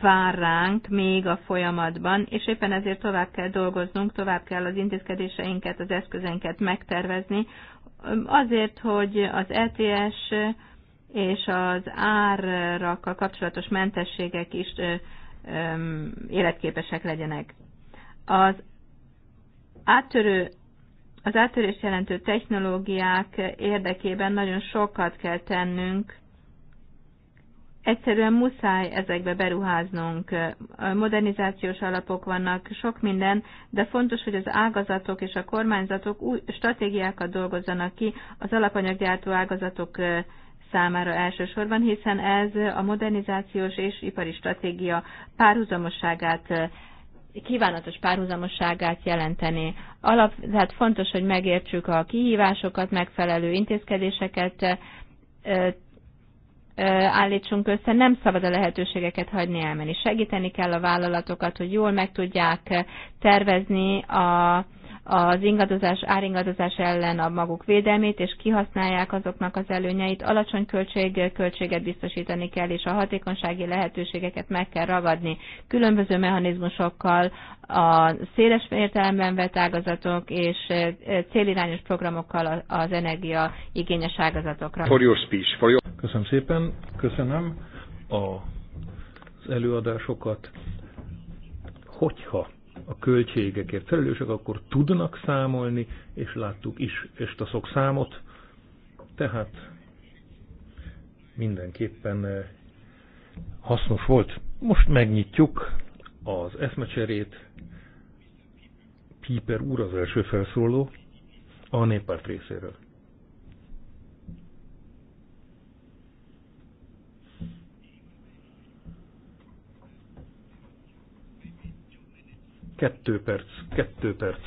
Speaker 2: vár ránk még a folyamatban, és éppen ezért tovább kell dolgoznunk, tovább kell az intézkedéseinket, az eszközeinket megtervezni, azért, hogy az ETS és az árakkal kapcsolatos mentességek is életképesek legyenek. Az áttörő az áttörést jelentő technológiák érdekében nagyon sokat kell tennünk Egyszerűen muszáj ezekbe beruháznunk. Modernizációs alapok vannak, sok minden, de fontos, hogy az ágazatok és a kormányzatok új stratégiákat dolgozzanak ki az alapanyaggyártó ágazatok számára elsősorban, hiszen ez a modernizációs és ipari stratégia párhuzamosságát kívánatos párhuzamosságát jelenteni. Alap, tehát fontos, hogy megértsük a kihívásokat, megfelelő intézkedéseket állítsunk össze, nem szabad a lehetőségeket hagyni elmenni. Segíteni kell a vállalatokat, hogy jól meg tudják tervezni a az ingadozás, áringadozás ellen a maguk védelmét, és kihasználják azoknak az előnyeit. Alacsony költség, költséget biztosítani kell, és a hatékonysági lehetőségeket meg kell ragadni. Különböző mechanizmusokkal a széles értelemben vett ágazatok és e, célirányos programokkal az energia igényes ágazatokra. For your
Speaker 1: speech, for your... Köszönöm szépen, köszönöm a, az előadásokat. Hogyha a költségekért felelősek, akkor tudnak számolni, és láttuk is ezt a számot. Tehát mindenképpen eh, hasznos volt. Most megnyitjuk az eszmecserét. Piper úr az első felszóló a néppárt részéről. Kettő perc, kettő perc.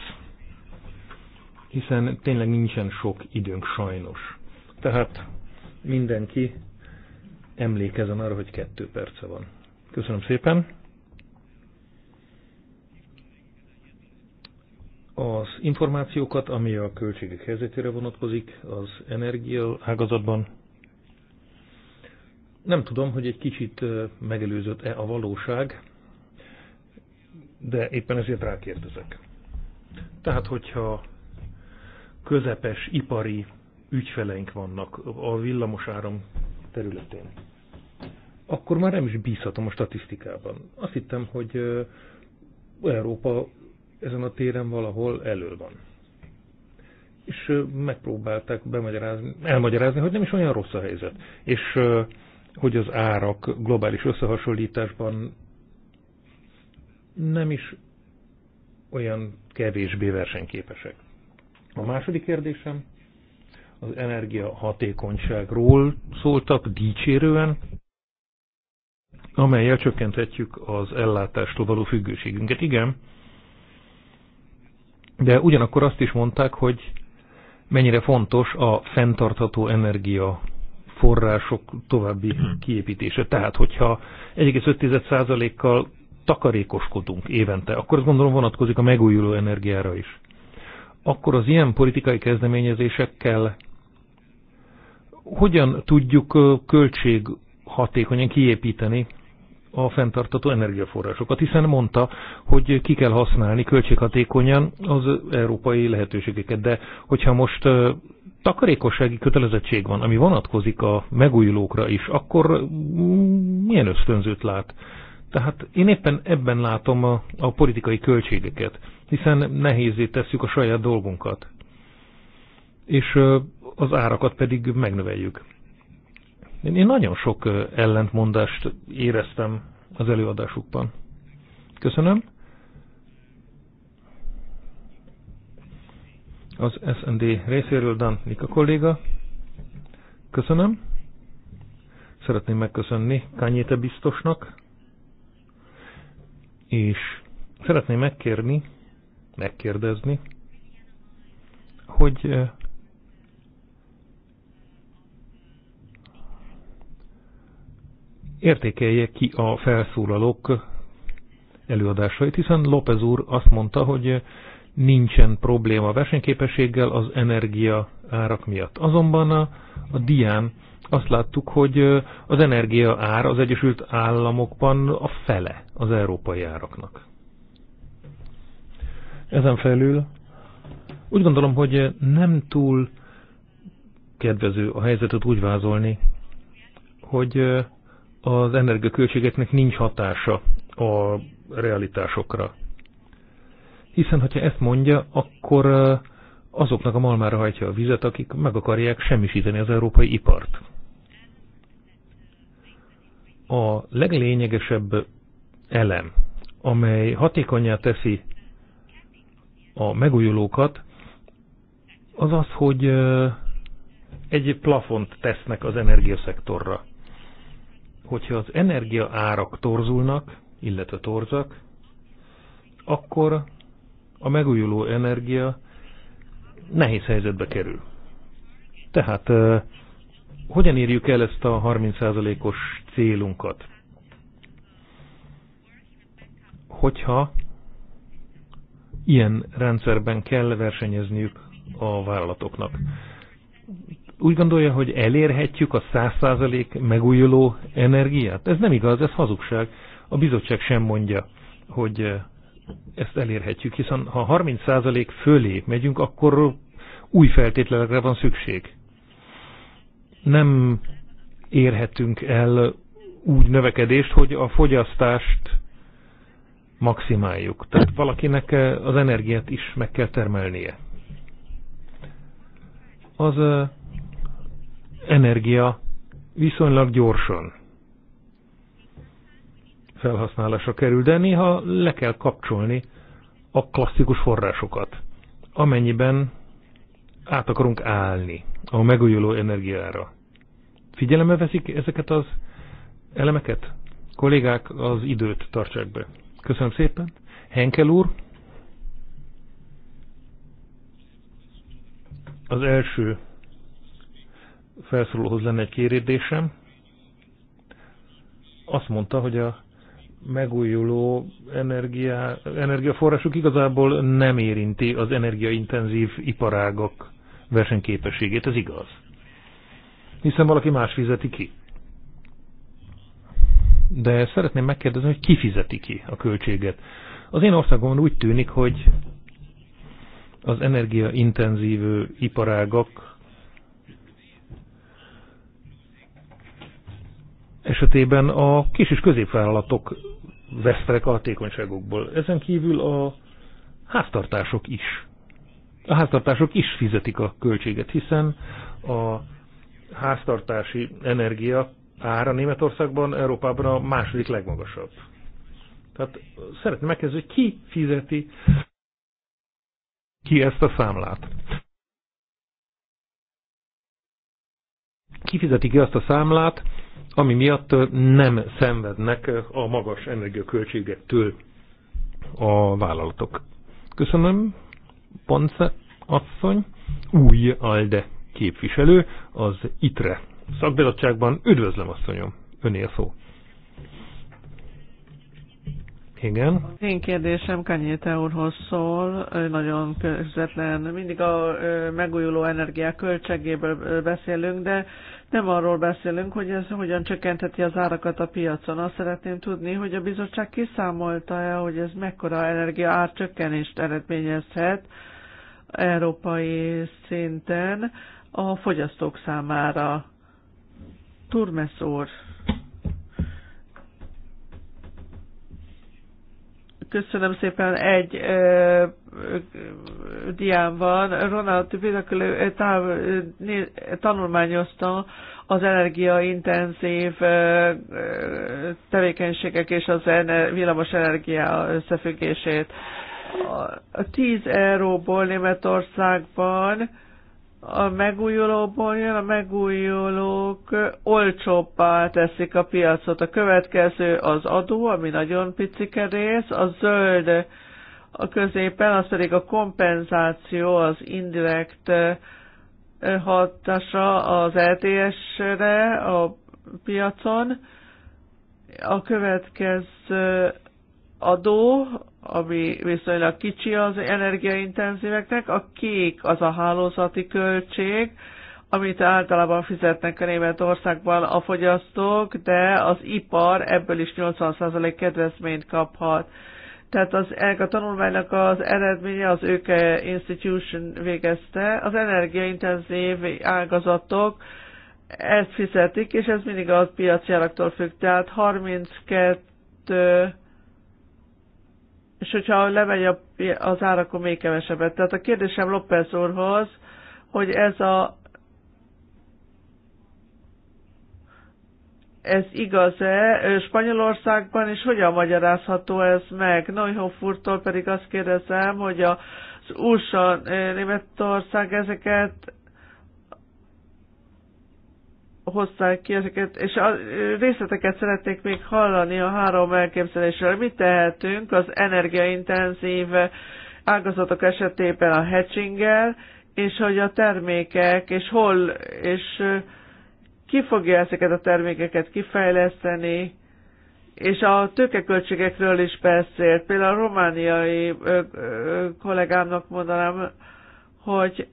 Speaker 1: Hiszen tényleg nincsen sok időnk sajnos. Tehát mindenki emlékezem arra, hogy kettő perce van. Köszönöm szépen. Az információkat, ami a költségek helyzetére vonatkozik az energia ágazatban, nem tudom, hogy egy kicsit eh, megelőzött-e a valóság, de éppen ezért rákérdezek. Tehát, hogyha közepes ipari ügyfeleink vannak a villamosáram területén, akkor már nem is bízhatom a statisztikában. Azt hittem, hogy Európa ezen a téren valahol elő van. És megpróbálták bemagyarázni, elmagyarázni, hogy nem is olyan rossz a helyzet. És hogy az árak globális összehasonlításban nem is olyan kevésbé versenyképesek. A második kérdésem az energia hatékonyságról szóltak dicsérően, amelyel csökkenthetjük az ellátástól való függőségünket. Igen, de ugyanakkor azt is mondták, hogy mennyire fontos a fenntartható energia források további kiépítése. Tehát, hogyha 1,5%-kal takarékoskodunk évente, akkor azt gondolom vonatkozik a megújuló energiára is. Akkor az ilyen politikai kezdeményezésekkel hogyan tudjuk költség hatékonyan kiépíteni a fenntartató energiaforrásokat, hiszen mondta, hogy ki kell használni költséghatékonyan az európai lehetőségeket, de hogyha most takarékossági kötelezettség van, ami vonatkozik a megújulókra is, akkor mm, milyen ösztönzőt lát tehát én éppen ebben látom a, a politikai költségeket, hiszen nehézé tesszük a saját dolgunkat, és az árakat pedig megnöveljük. Én nagyon sok ellentmondást éreztem az előadásukban. Köszönöm. Az SND részéről Dan Nika kolléga. Köszönöm. Szeretném megköszönni Kányéte biztosnak és szeretném megkérni, megkérdezni, hogy eh, értékelje ki a felszólalók előadásait, hiszen López úr azt mondta, hogy eh, nincsen probléma a versenyképességgel az energia árak miatt. Azonban a, a dián azt láttuk, hogy az energia ár az Egyesült Államokban a fele az európai áraknak. Ezen felül úgy gondolom, hogy nem túl kedvező a helyzetet úgy vázolni, hogy az energiaköltségeknek nincs hatása a realitásokra. Hiszen, hogyha ezt mondja, akkor azoknak a malmára hajtja a vizet, akik meg akarják semmisíteni az európai ipart. A leglényegesebb elem, amely hatékonyá teszi a megújulókat, az az, hogy egy plafont tesznek az energiaszektorra. Hogyha az energia árak torzulnak, illetve torzak, akkor a megújuló energia nehéz helyzetbe kerül. Tehát hogyan írjuk el ezt a 30%-os célunkat? Hogyha ilyen rendszerben kell versenyezniük a vállalatoknak. Úgy gondolja, hogy elérhetjük a 100% megújuló energiát? Ez nem igaz, ez hazugság. A bizottság sem mondja, hogy ezt elérhetjük, hiszen ha 30% fölé megyünk, akkor új feltételekre van szükség. Nem érhetünk el úgy növekedést, hogy a fogyasztást maximáljuk. Tehát valakinek az energiát is meg kell termelnie. Az energia viszonylag gyorsan felhasználásra kerül, de néha le kell kapcsolni a klasszikus forrásokat, amennyiben át akarunk állni a megújuló energiára. Figyelembe veszik ezeket az elemeket? Kollégák, az időt tartsák be. Köszönöm szépen. Henkel úr. Az első felszólóhoz lenne egy kérdésem. Azt mondta, hogy a megújuló energia, energiaforrások igazából nem érinti az energiaintenzív iparágok versenyképességét, ez igaz. Hiszen valaki más fizeti ki. De szeretném megkérdezni, hogy ki fizeti ki a költséget. Az én országomban úgy tűnik, hogy az energiaintenzív iparágak esetében a kis és középvállalatok vesztek a hatékonyságokból. Ezen kívül a háztartások is. A háztartások is fizetik a költséget, hiszen a háztartási energia ára Németországban, Európában a második legmagasabb. Tehát szeretném megkezdeni, hogy ki fizeti ki ezt a számlát. Ki fizeti ki azt a számlát, ami miatt nem szenvednek a magas energiaköltségektől a vállalatok. Köszönöm, Ponce asszony, új ALDE képviselő az ITRE szakbizottságban. Üdvözlöm, asszonyom, öné a szó. Igen.
Speaker 3: Én kérdésem Kanyéte úrhoz szól, nagyon közvetlen. Mindig a megújuló energiák költségéből beszélünk, de nem arról beszélünk, hogy ez hogyan csökkenteti az árakat a piacon. Azt szeretném tudni, hogy a bizottság kiszámolta-e, hogy ez mekkora energia árcsökkenést eredményezhet európai szinten a fogyasztók számára. Turmes úr. Köszönöm szépen, egy ö, ö, diám van. Ronald Pinakülő tanulmányozta az energiaintenzív tevékenységek és az ener, villamos energia összefüggését. A 10 euróból Németországban a megújulóból jön, a megújulók olcsóbbá teszik a piacot. A következő az adó, ami nagyon picike rész, a zöld a középen, az pedig a kompenzáció, az indirekt eh, hatása az LTS-re e a piacon. A következő adó, ami viszonylag kicsi az energiaintenzíveknek, a kék az a hálózati költség, amit általában fizetnek a Németországban a fogyasztók, de az ipar ebből is 80% kedvezményt kaphat. Tehát az, ennek a tanulmánynak az eredménye az öke Institution végezte. Az energiaintenzív ágazatok ezt fizetik, és ez mindig a piaci függ. Tehát 32 és hogyha lemegy az ára, akkor még kevesebbet. Tehát a kérdésem López úrhoz, hogy ez a ez igaz-e Spanyolországban, és hogyan magyarázható ez meg? Neuhoff úrtól pedig azt kérdezem, hogy az USA, Németország ezeket hozták ki ezeket, és a részleteket szeretnék még hallani a három elképzelésről. Mit tehetünk az energiaintenzív ágazatok esetében a hedginggel, és hogy a termékek, és hol, és ki fogja ezeket a termékeket kifejleszteni, és a tőkeköltségekről is beszélt. Például a romániai kollégámnak mondanám, hogy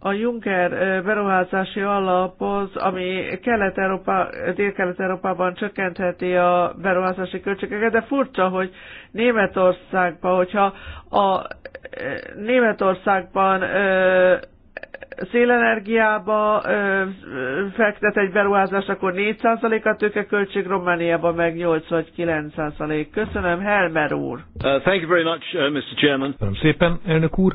Speaker 3: a Juncker beruházási alap az, ami Kelet-Európa, Dél-Kelet-Európában csökkentheti a beruházási költségeket, de furcsa, hogy Németországban, hogyha a Németországban szélenergiába fektet egy beruházás, akkor 4% a tőkeköltség, Romániában meg 8 vagy 9%. Köszönöm, Helmer úr.
Speaker 2: Uh, thank you very much, uh, Mr. Chairman. Köszönöm
Speaker 1: szépen, elnök úr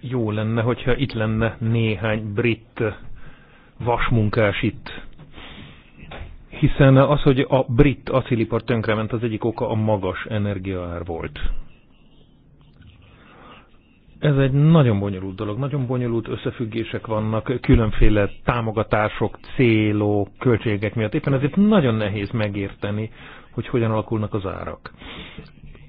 Speaker 1: jó lenne, hogyha itt lenne néhány brit vasmunkás itt. Hiszen az, hogy a brit acilipar tönkrement, az egyik oka a magas energiaár volt. Ez egy nagyon bonyolult dolog, nagyon bonyolult összefüggések vannak, különféle támogatások, célok, költségek miatt. Éppen ezért nagyon nehéz megérteni, hogy hogyan alakulnak az árak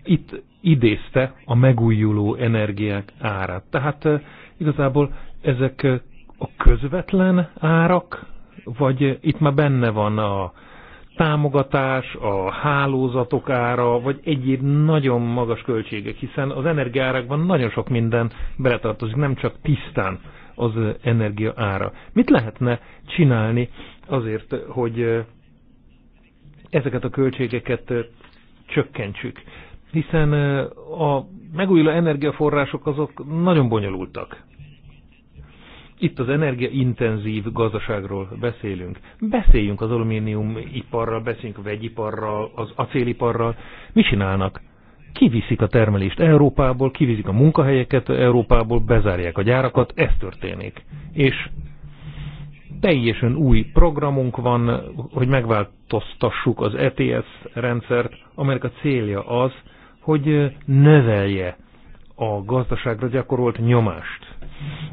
Speaker 1: itt idézte a megújuló energiák árát. Tehát eh, igazából ezek eh, a közvetlen árak, vagy itt már benne van a támogatás, a hálózatok ára, vagy egyéb nagyon magas költségek, hiszen az energiárakban nagyon sok minden beletartozik, nem csak tisztán az eh, energia ára. Mit lehetne csinálni azért, hogy ezeket a költségeket csökkentsük? hiszen a megújuló energiaforrások azok nagyon bonyolultak. Itt az energiaintenzív gazdaságról beszélünk. Beszéljünk az iparral, beszéljünk a vegyiparral, az acéliparral. Mi csinálnak? Kiviszik a termelést Európából, kiviszik a munkahelyeket Európából, bezárják a gyárakat, ez történik. És teljesen új programunk van, hogy megváltoztassuk az ETS rendszert, amelynek a célja az, hogy növelje a gazdaságra gyakorolt nyomást.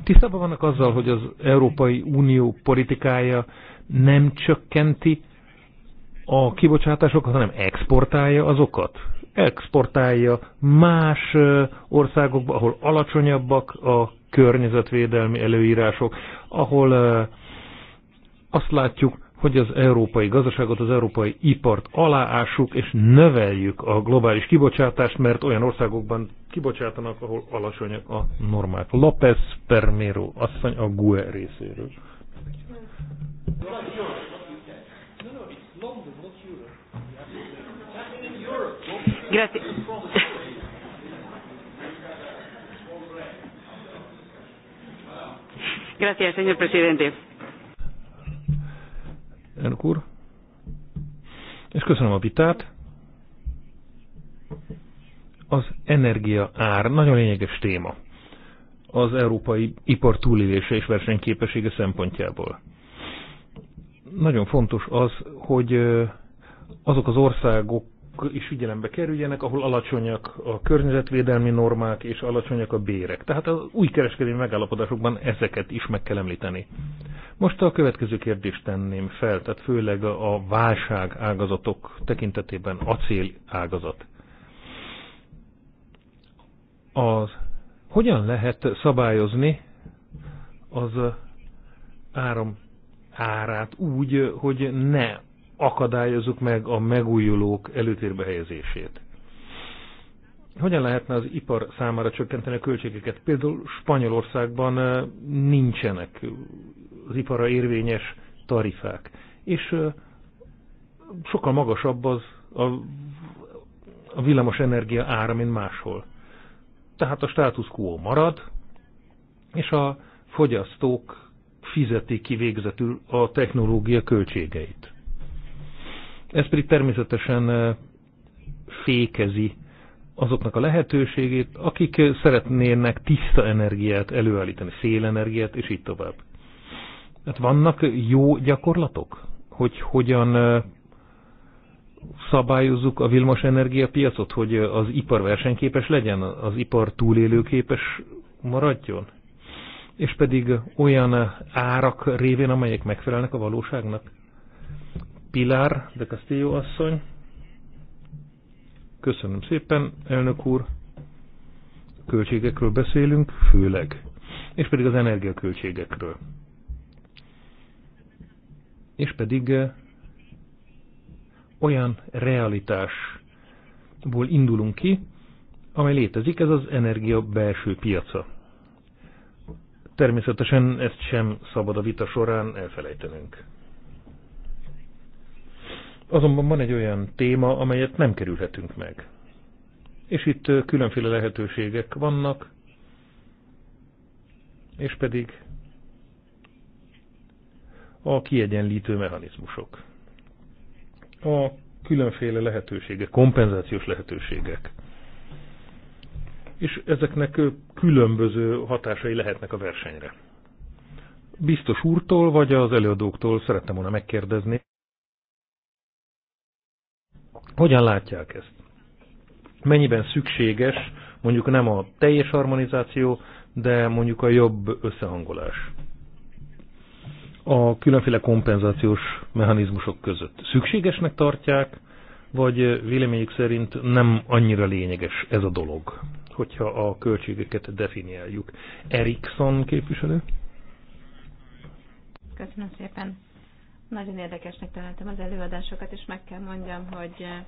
Speaker 1: Tisztában vannak azzal, hogy az Európai Unió politikája nem csökkenti a kibocsátásokat, hanem exportálja azokat. Exportálja más országokba, ahol alacsonyabbak a környezetvédelmi előírások, ahol azt látjuk, hogy az európai gazdaságot, az európai ipart aláássuk, és növeljük a globális kibocsátást, mert olyan országokban kibocsátanak, ahol alacsonyak a normák. López Permero, asszony a GUE részéről.
Speaker 3: Grazie. Gracias, señor presidente elnök úr.
Speaker 1: És köszönöm a vitát. Az energia ár nagyon lényeges téma az európai ipar túlélése és versenyképessége szempontjából. Nagyon fontos az, hogy azok az országok is figyelembe kerüljenek, ahol alacsonyak a környezetvédelmi normák és alacsonyak a bérek. Tehát az új kereskedelmi megállapodásokban ezeket is meg kell említeni. Most a következő kérdést tenném fel, tehát főleg a válság ágazatok tekintetében acél ágazat. Az, hogyan lehet szabályozni az áram árát úgy, hogy ne akadályozzuk meg a megújulók előtérbe helyezését? hogyan lehetne az ipar számára csökkenteni a költségeket? Például Spanyolországban eh, nincsenek az ipara érvényes tarifák. És sokkal magasabb az a, a villamos energia ára, mint máshol. Tehát a status quo marad, és a fogyasztók fizetik ki végzetül a technológia költségeit. Ez pedig természetesen fékezi azoknak a lehetőségét, akik szeretnének tiszta energiát előállítani, szélenergiát, és így tovább. Hát vannak jó gyakorlatok, hogy hogyan szabályozzuk a vilmos energiapiacot, hogy az ipar versenyképes legyen, az ipar túlélőképes maradjon, és pedig olyan árak révén, amelyek megfelelnek a valóságnak. Pilar de Castillo asszony. Köszönöm szépen, elnök úr. Költségekről beszélünk, főleg. És pedig az energiaköltségekről és pedig olyan realitásból indulunk ki, amely létezik, ez az energia belső piaca. Természetesen ezt sem szabad a vita során elfelejtenünk. Azonban van egy olyan téma, amelyet nem kerülhetünk meg. És itt különféle lehetőségek vannak, és pedig a kiegyenlítő mechanizmusok. A különféle lehetőségek, kompenzációs lehetőségek. És ezeknek különböző hatásai lehetnek a versenyre. Biztos úrtól, vagy az előadóktól szerettem volna megkérdezni, hogyan látják ezt? Mennyiben szükséges mondjuk nem a teljes harmonizáció, de mondjuk a jobb összehangolás? a különféle kompenzációs mechanizmusok között. Szükségesnek tartják, vagy véleményük szerint nem annyira lényeges ez a dolog, hogyha a költségeket definiáljuk. Erikson képviselő?
Speaker 2: Köszönöm szépen. Nagyon érdekesnek találtam az előadásokat, és meg kell mondjam, hogy eh,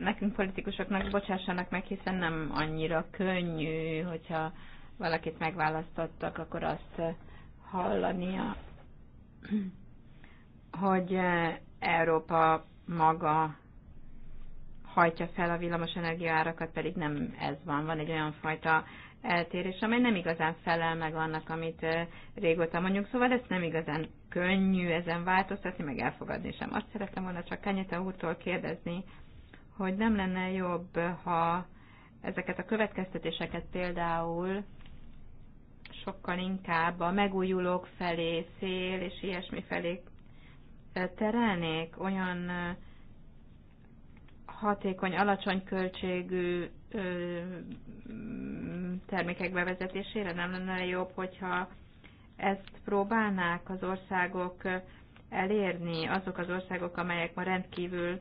Speaker 2: nekünk politikusoknak bocsássanak meg, hiszen nem annyira könnyű, hogyha valakit megválasztottak, akkor azt eh, hallania, hogy eh, Európa maga hajtja fel a villamos energiaárakat, pedig nem ez van. Van egy olyan fajta eltérés, amely nem igazán felel meg annak, amit eh, régóta mondjuk, szóval ezt nem igazán könnyű ezen változtatni, meg elfogadni sem. Azt szeretem volna csak Kenyete úrtól kérdezni, hogy nem lenne jobb, ha ezeket a következtetéseket például sokkal inkább a megújulók felé, szél és ilyesmi felé terelnék, olyan hatékony, alacsony költségű termékek bevezetésére nem lenne jobb, hogyha ezt próbálnák az országok elérni, azok az országok, amelyek ma rendkívül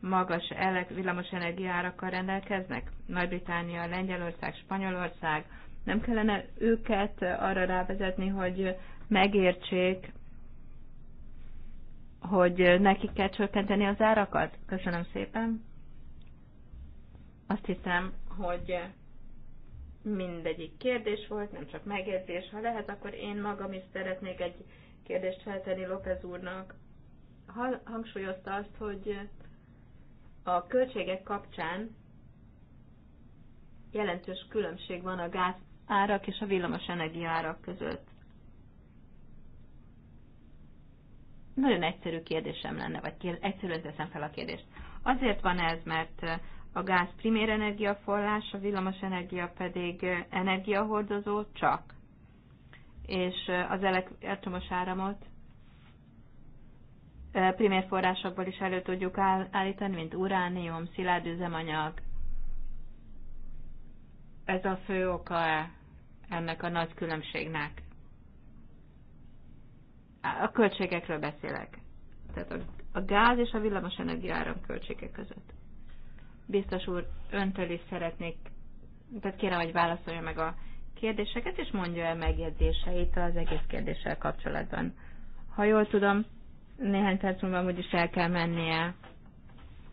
Speaker 2: magas villamos energiárakkal rendelkeznek, Nagy-Británia, Lengyelország, Spanyolország, nem kellene őket arra rávezetni, hogy megértsék, hogy nekik kell csökkenteni az árakat? Köszönöm szépen. Azt hiszem, hogy mindegyik kérdés volt, nem csak megértés. Ha lehet, akkor én magam is szeretnék egy kérdést feltenni López úrnak. Hangsúlyozta azt, hogy a költségek kapcsán jelentős különbség van a gáz árak és a villamos energia árak között? Nagyon egyszerű kérdésem lenne, vagy kér, egyszerűen teszem fel a kérdést. Azért van ez, mert eh, a gáz primér energiaforrás, a villamos energia pedig eh, energiahordozó csak. És eh, az elektromos áramot primér forrásokból is elő tudjuk állítani, mint uránium, szilárd üzemanyag. Ez a fő oka ennek a nagy különbségnek. A költségekről beszélek. Tehát a gáz és a villamos áram költsége között. Biztos úr, öntől is szeretnék, tehát kérem, hogy válaszolja meg a kérdéseket, és mondja el megjegyzéseit az egész kérdéssel kapcsolatban. Ha jól tudom, néhány perc múlva is el kell mennie.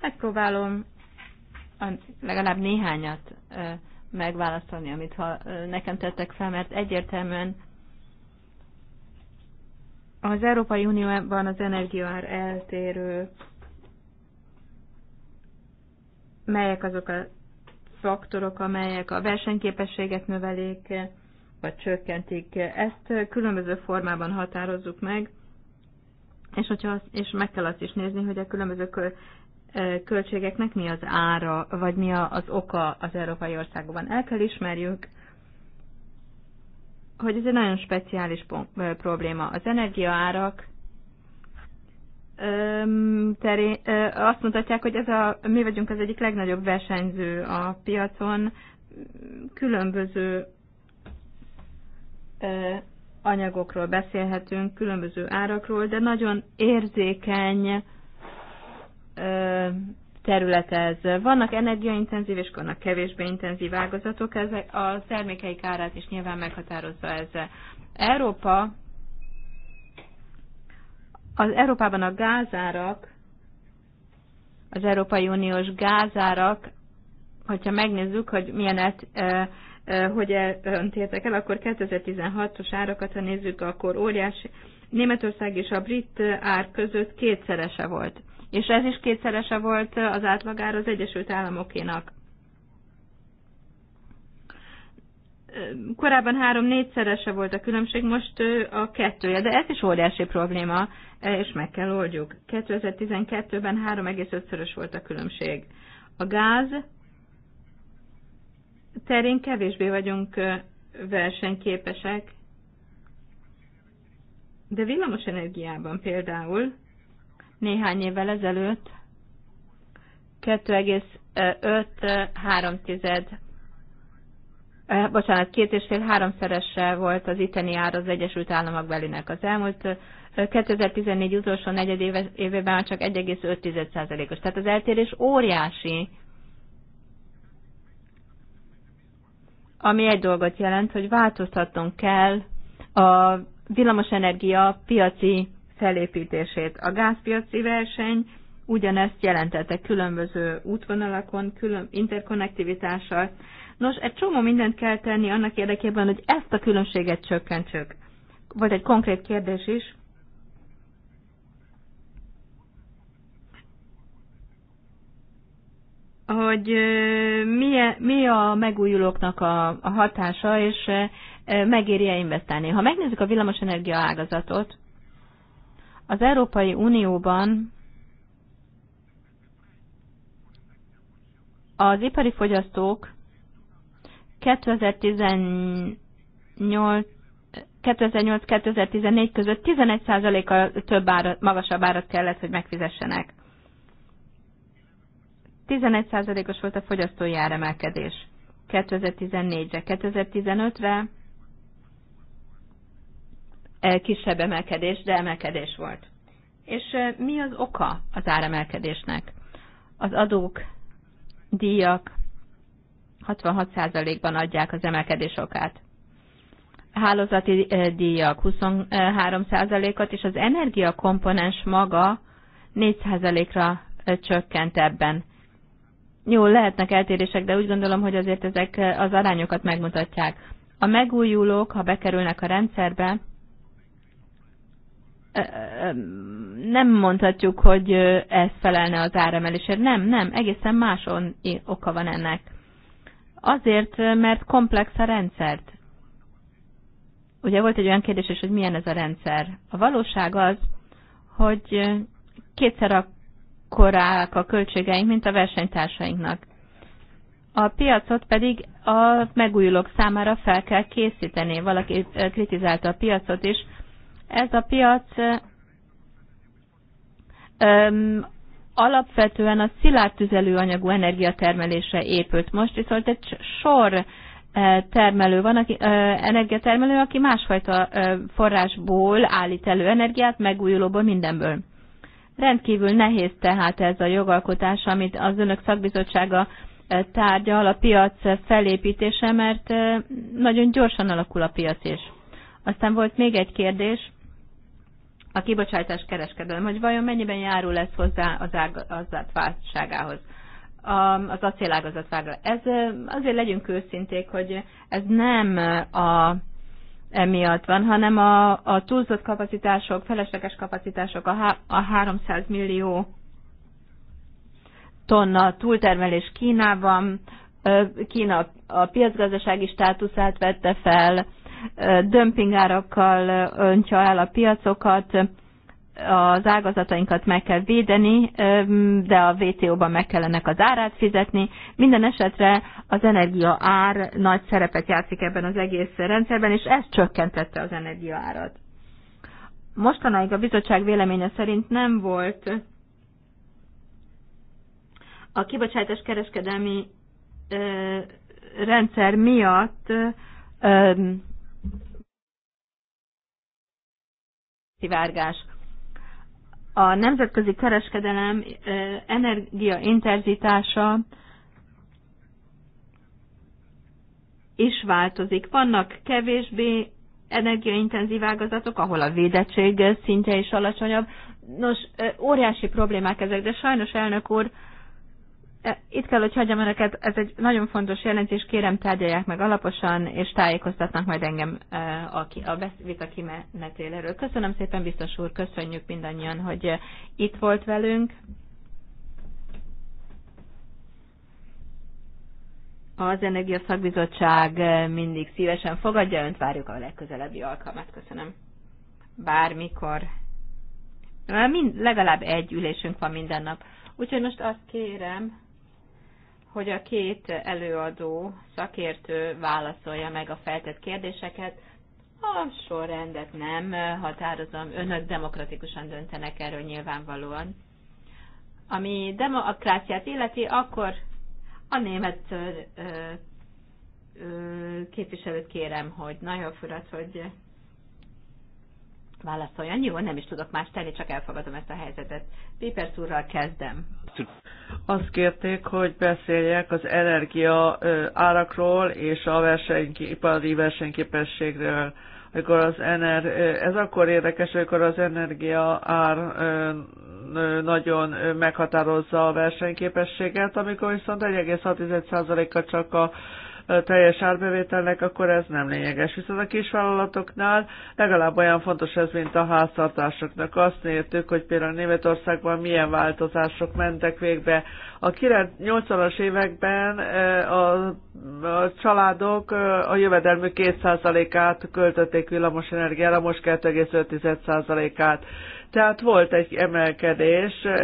Speaker 2: Megpróbálom legalább néhányat megválaszolni, amit ha nekem tettek fel, mert egyértelműen az Európai Unióban az energiaár eltérő, melyek azok a faktorok, amelyek a versenyképességet növelik, vagy csökkentik. Ezt különböző formában határozzuk meg, és, hogyha, és meg kell azt is nézni, hogy a különböző költségeknek mi az ára, vagy mi az oka az európai országokban. El kell ismerjük, hogy ez egy nagyon speciális probléma. Az energiaárak terén, azt mutatják, hogy ez a, mi vagyunk az egyik legnagyobb versenyző a piacon, különböző anyagokról beszélhetünk, különböző árakról, de nagyon érzékeny terület ez. Vannak energiaintenzív és vannak kevésbé intenzív ágazatok, Ezek a termékeik árát is nyilván meghatározza ezzel. Európa, az Európában a gázárak, az Európai Uniós gázárak, hogyha megnézzük, hogy milyen, e, e, hogy tértek el, akkor 2016-os árakat, ha nézzük, akkor óriási. Németország és a brit ár között kétszerese volt és ez is kétszerese volt az átlagára az Egyesült Államokénak. Korábban három-négyszerese volt a különbség, most a kettője, de ez is óriási probléma, e, és meg kell oldjuk. 2012-ben 3,5-szörös volt a különbség. A gáz terén kevésbé vagyunk versenyképesek, de villamos energiában például néhány évvel ezelőtt 2,5-3 eh, bocsánat, két és fél háromszerese volt az itteni ár az Egyesült Államok belének. Az elmúlt 2014 utolsó negyed éve, évében már csak 1,5%-os. Tehát az eltérés óriási. Ami egy dolgot jelent, hogy változtatnunk kell a villamosenergia piaci felépítését. A gázpiaci verseny ugyanezt jelentette különböző útvonalakon, külön interkonnektivitással. Nos, egy csomó mindent kell tenni annak érdekében, hogy ezt a különbséget csökkentsük. Volt egy konkrét kérdés is. hogy mi, mi a megújulóknak a, a hatása, és megéri-e investálni. Ha megnézzük a villamosenergia ágazatot, az Európai Unióban az ipari fogyasztók 2018 2008-2014 között 11%-kal több árat, magasabb árat kellett, hogy megfizessenek. 11%-os volt a fogyasztói áremelkedés 2014-re. 2015-re Eh, kisebb emelkedés, de emelkedés volt. És eh, mi az oka az áremelkedésnek? Az adók, díjak 66%-ban adják az emelkedés okát. A hálózati eh, díjak 23%-ot, és az energiakomponens maga 4%-ra csökkent ebben. Jó, lehetnek eltérések, de úgy gondolom, hogy azért ezek az arányokat megmutatják. A megújulók, ha bekerülnek a rendszerbe, nem mondhatjuk, hogy ez felelne az áremelésért. Nem, nem, egészen más oka van ennek. Azért, mert komplex a rendszert. Ugye volt egy olyan kérdés is, hogy milyen ez a rendszer. A valóság az, hogy kétszer akkorák a költségeink, mint a versenytársainknak. A piacot pedig a megújulók számára fel kell készíteni. Valaki kritizálta a piacot is, ez a piac öm, alapvetően a szilárd tüzelőanyagú energiatermelésre épült. Most viszont egy sor termelő van, aki, energiatermelő, aki másfajta forrásból állít elő energiát, megújulóból, mindenből. Rendkívül nehéz tehát ez a jogalkotás, amit az önök szakbizottsága tárgyal a piac felépítése, mert nagyon gyorsan alakul a piac is. Aztán volt még egy kérdés a kibocsátás kereskedelem, hogy vajon mennyiben járul lesz hozzá az ágazat válságához, az acélágazat vágra. Ez azért legyünk őszinték, hogy ez nem a emiatt van, hanem a, a túlzott kapacitások, felesleges kapacitások, a, há, a 300 millió tonna túltermelés Kínában, Kína a piacgazdasági státuszát vette fel, dömpingárakkal öntse el a piacokat, az ágazatainkat meg kell védeni, de a WTO-ban meg kellene az árát fizetni. Minden esetre az energia ár nagy szerepet játszik ebben az egész rendszerben, és ez csökkentette az energia árat. Mostanáig a bizottság véleménye szerint nem volt a kibocsátás kereskedelmi rendszer miatt szivárgás. A nemzetközi kereskedelem energiaintenzitása is változik. Vannak kevésbé energiaintenzív ágazatok, ahol a védettség szintje is alacsonyabb. Nos, óriási problémák ezek, de sajnos elnök úr, E, itt kell, hogy hagyjam önöket, ez egy nagyon fontos jelentés, kérem tárgyalják meg alaposan, és tájékoztatnak majd engem e, a, a vita kimenetéléről. Köszönöm szépen, biztos úr, köszönjük mindannyian, hogy e, itt volt velünk. Az Energia Szakbizottság mindig szívesen fogadja, önt várjuk a legközelebbi alkalmat. Köszönöm. Bármikor. Mind, legalább egy ülésünk van minden nap. Úgyhogy most azt kérem, hogy a két előadó szakértő válaszolja meg a feltett kérdéseket. A sorrendet nem határozom, önök demokratikusan döntenek erről nyilvánvalóan. Ami demokráciát illeti, akkor a német ö, ö, képviselőt kérem, hogy nagyon furat, hogy válaszoljon. Jó, nem is tudok más tenni, csak elfogadom ezt a helyzetet. Pipers úrral kezdem.
Speaker 3: Azt kérték, hogy beszéljek az energia árakról és a versenyképari versenyképességről. Amikor az ener, ez akkor érdekes, amikor az energia ár nagyon meghatározza a versenyképességet, amikor viszont 1,6%-a csak a teljes árbevételnek, akkor ez nem lényeges. Viszont a kisvállalatoknál legalább olyan fontos ez, mint a háztartásoknak. Azt néztük, hogy például Németországban milyen változások mentek végbe. A 80-as években e, a, családok e, a jövedelmük 2%-át költötték energiára, most 2,5%-át. Tehát volt egy emelkedés, e,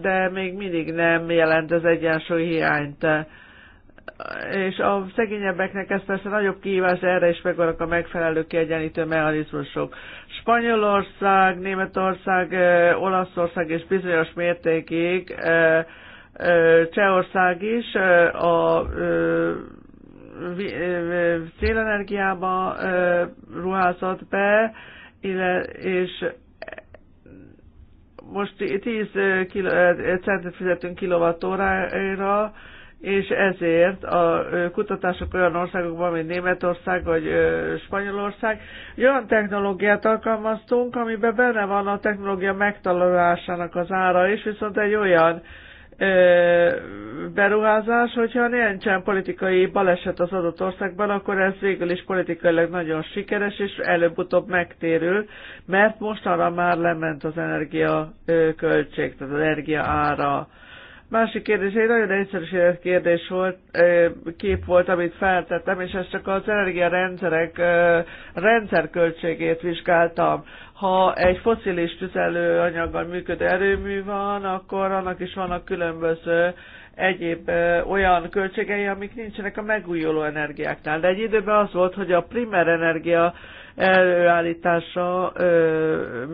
Speaker 3: de még mindig nem jelent az egyensúly hiányt és a szegényebbeknek ez persze nagyobb kihívás, erre is megvannak a megfelelő kiegyenlítő mechanizmusok. Spanyolország, Németország, Olaszország és bizonyos mértékig Csehország is a szélenergiába ruházott be, és most 10 centet fizetünk kilovattórára, és ezért a kutatások olyan országokban, mint Németország vagy Spanyolország, olyan technológiát alkalmaztunk, amiben benne van a technológia megtalálásának az ára is, viszont egy olyan beruházás, hogyha nincsen politikai baleset az adott országban, akkor ez végül is politikailag nagyon sikeres, és előbb-utóbb megtérül, mert mostanra már lement az energia költség, tehát az energia ára. Másik kérdés, egy nagyon egyszerűsített kérdés volt, kép volt, amit feltettem, és ez csak az energiarendszerek rendszerköltségét vizsgáltam. Ha egy foszilis tüzelőanyaggal működő erőmű van, akkor annak is vannak különböző egyéb olyan költségei, amik nincsenek a megújuló energiáknál. De egy időben az volt, hogy a primer energia előállítása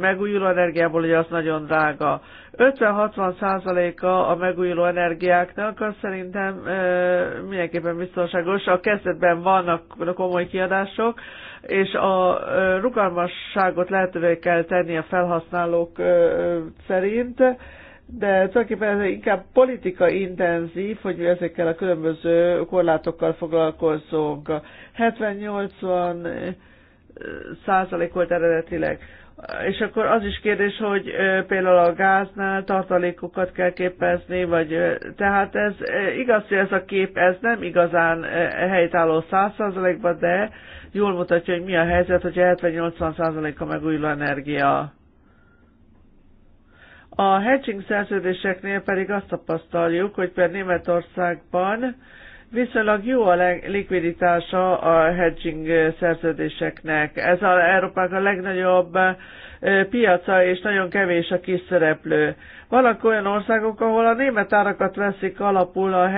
Speaker 3: megújuló energiából hogy az nagyon drága. 50-60 százaléka a megújuló energiáknak, az szerintem mindenképpen biztonságos. A kezdetben vannak komoly kiadások, és a rugalmasságot lehetővé kell tenni a felhasználók szerint, de tulajdonképpen ez inkább politika intenzív, hogy ezekkel a különböző korlátokkal foglalkozzunk. 70-80 százalék volt eredetileg. És akkor az is kérdés, hogy például a gáznál tartalékokat kell képezni, vagy tehát ez igaz, hogy ez a kép ez nem igazán helytálló 100 százalékban de jól mutatja, hogy mi a helyzet, hogy 70-80%-a megújuló energia. A hedging szerződéseknél pedig azt tapasztaljuk, hogy például Németországban viszonylag jó a likviditása a hedging szerződéseknek. Ez az Európák a legnagyobb piaca, és nagyon kevés a kis szereplő. Vannak olyan országok, ahol a német árakat veszik alapul a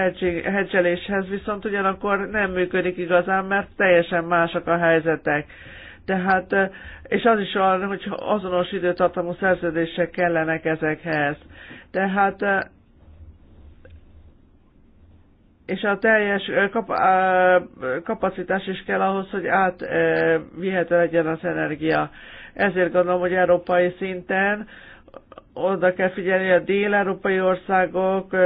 Speaker 3: hedgeléshez, viszont ugyanakkor nem működik igazán, mert teljesen másak a helyzetek. Tehát, és az is arra, hogy azonos időtartamú szerződések kellenek ezekhez. Tehát és a teljes kapacitás is kell ahhoz, hogy átvihető legyen az energia. Ezért gondolom, hogy európai szinten oda kell figyelni, a dél-európai országok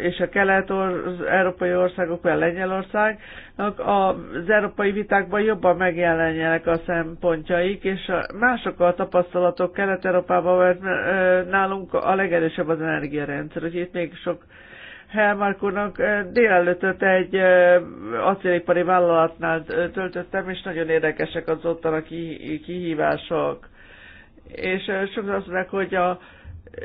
Speaker 3: és a kelet-európai országok, a Lengyelország, az európai vitákban jobban megjelenjenek a szempontjaik, és mások a tapasztalatok Kelet-Európában, mert nálunk a legerősebb az energiarendszer, úgyhogy itt még sok Helmark úrnak délelőttet egy acélipari vállalatnál töltöttem, és nagyon érdekesek az ottani kihívások és sokan azt mondják, hogy a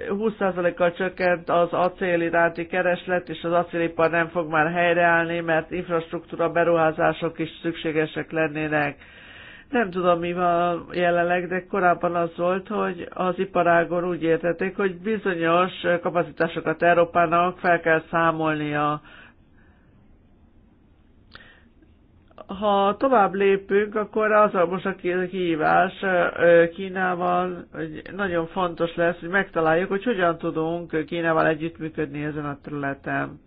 Speaker 3: 20%-kal csökkent az acél iránti kereslet, és az acélipar nem fog már helyreállni, mert infrastruktúra beruházások is szükségesek lennének. Nem tudom, mi van jelenleg, de korábban az volt, hogy az iparágon úgy értették, hogy bizonyos kapacitásokat Európának fel kell számolnia. a ha tovább lépünk, akkor az a most a kihívás Kínával, hogy nagyon fontos lesz, hogy megtaláljuk, hogy hogyan tudunk Kínával együttműködni ezen a területen.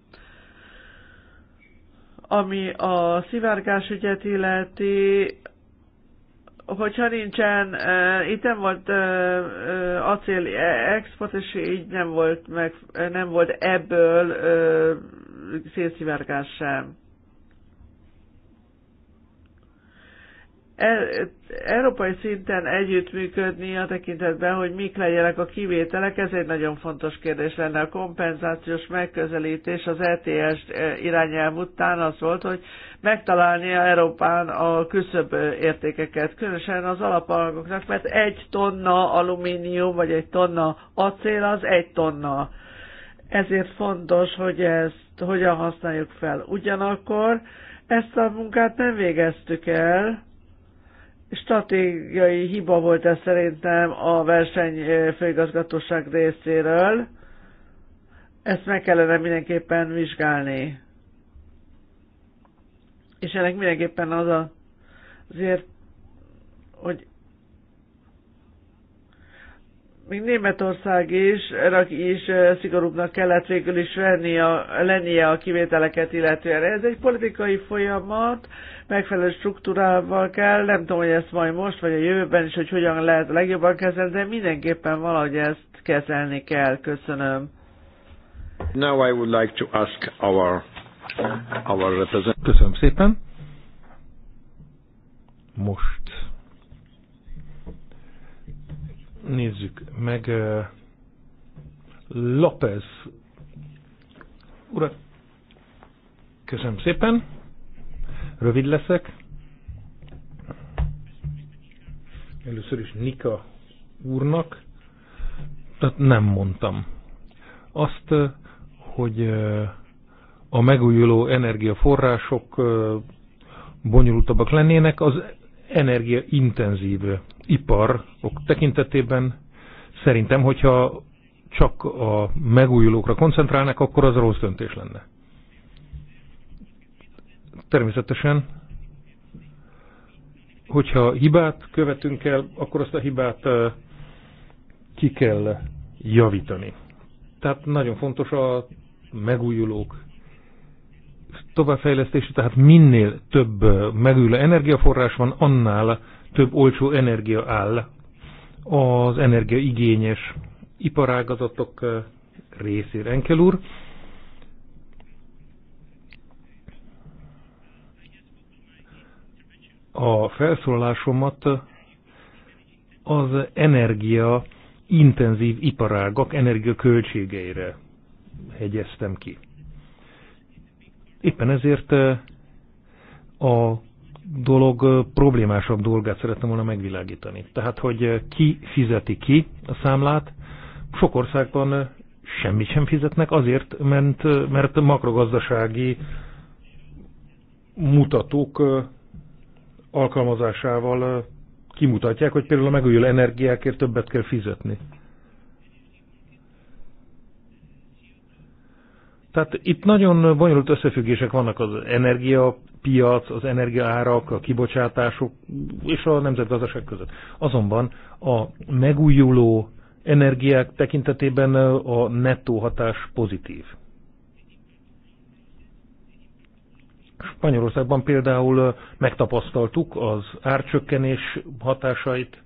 Speaker 3: Ami a szivárgás ügyet illeti, hogyha nincsen, uh, itt nem volt uh, acél export, és így nem volt, meg, nem volt ebből uh, szélszivárgás sem E, európai szinten együttműködni a tekintetben, hogy mik legyenek a kivételek, ez egy nagyon fontos kérdés lenne. A kompenzációs megközelítés az ETS e, irányelv után az volt, hogy megtalálni a Európán a küszöbb értékeket, különösen az alapanyagoknak, mert egy tonna alumínium vagy egy tonna acél az egy tonna. Ezért fontos, hogy ezt hogyan használjuk fel. Ugyanakkor ezt a munkát nem végeztük el, stratégiai hiba volt ez szerintem a versenyfőigazgatóság eh, részéről. Ezt meg kellene mindenképpen vizsgálni. És ennek mindenképpen az a, azért, hogy még Németország is, rak is eh, szigorúbbnak kellett végül is lennie a, lennie a kivételeket illetően. Ez egy politikai folyamat, megfelelő struktúrával kell, nem tudom, hogy ezt majd most, vagy a jövőben is, hogy hogyan lehet a legjobban kezelni, de mindenképpen valahogy ezt kezelni kell. Köszönöm.
Speaker 1: Now I would like to ask our, our Köszönöm szépen. Most nézzük meg uh, López urat. Köszönöm szépen. Rövid leszek. Először is Nika úrnak. Tehát nem mondtam. Azt, hogy a megújuló energiaforrások bonyolultabbak lennének, az energiaintenzív iparok tekintetében szerintem, hogyha csak a megújulókra koncentrálnak, akkor az rossz döntés lenne természetesen, hogyha hibát követünk el, akkor azt a hibát ki kell javítani. Tehát nagyon fontos a megújulók továbbfejlesztése, tehát minél több megújuló energiaforrás van, annál több olcsó energia áll az energiaigényes iparágazatok részére. Enkel úr, a felszólalásomat az energia intenzív iparágak energiaköltségeire hegyeztem ki. Éppen ezért eh, a dolog problémásabb dolgát szerettem volna megvilágítani. Tehát, hogy eh, ki fizeti ki a számlát, sok országban eh, semmit sem fizetnek azért, mert, mert makrogazdasági mutatók alkalmazásával kimutatják, hogy például a megújuló energiákért többet kell fizetni. Tehát itt nagyon bonyolult összefüggések vannak az energiapiac, az energiaárak, a kibocsátások és a nemzetgazdaság között. Azonban a megújuló energiák tekintetében a nettó hatás pozitív. Spanyolországban például megtapasztaltuk az árcsökkenés hatásait,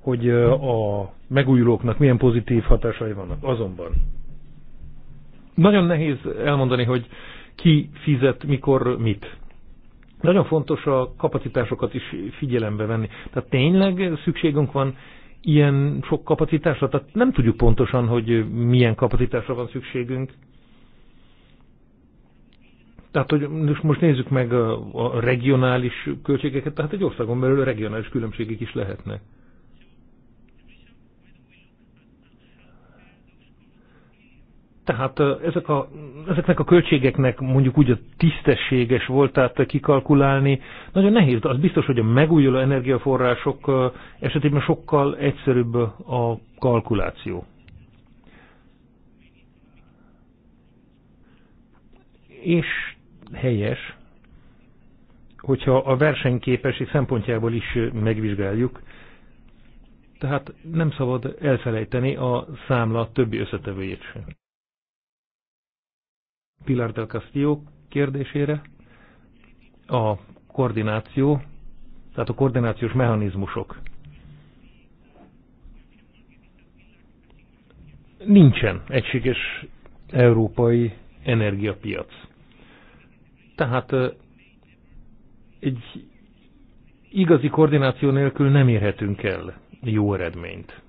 Speaker 1: hogy a megújulóknak milyen pozitív hatásai vannak. Azonban nagyon nehéz elmondani, hogy ki fizet, mikor, mit. Nagyon fontos a kapacitásokat is figyelembe venni. Tehát tényleg szükségünk van ilyen sok kapacitásra? Tehát nem tudjuk pontosan, hogy milyen kapacitásra van szükségünk, tehát, hogy most nézzük meg a, a regionális költségeket, tehát egy országon belül regionális különbségek is lehetnek. Tehát ezek a, ezeknek a költségeknek mondjuk úgy a tisztességes voltát kikalkulálni nagyon nehéz. De Az biztos, hogy a megújuló energiaforrások esetében sokkal egyszerűbb a kalkuláció. És helyes, hogyha a versenyképesi szempontjából is megvizsgáljuk, tehát nem szabad elfelejteni a számla többi összetevőjét sem. Pilar del Castillo kérdésére a koordináció, tehát a koordinációs mechanizmusok. Nincsen egységes európai energiapiac. Tehát egy igazi koordináció nélkül nem érhetünk el jó eredményt.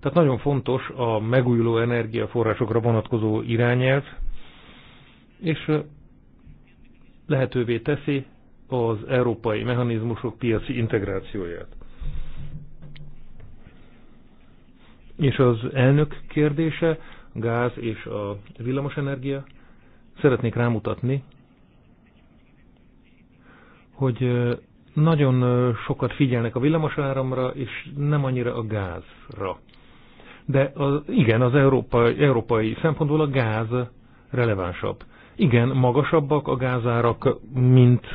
Speaker 1: Tehát nagyon fontos a megújuló energiaforrásokra vonatkozó irányelv, és lehetővé teszi az európai mechanizmusok piaci integrációját. És az elnök kérdése, gáz és a villamosenergia. Szeretnék rámutatni, hogy nagyon sokat figyelnek a villamosáramra, és nem annyira a gázra. De az, igen, az európai, európai szempontból a gáz relevánsabb. Igen, magasabbak a gázárak, mint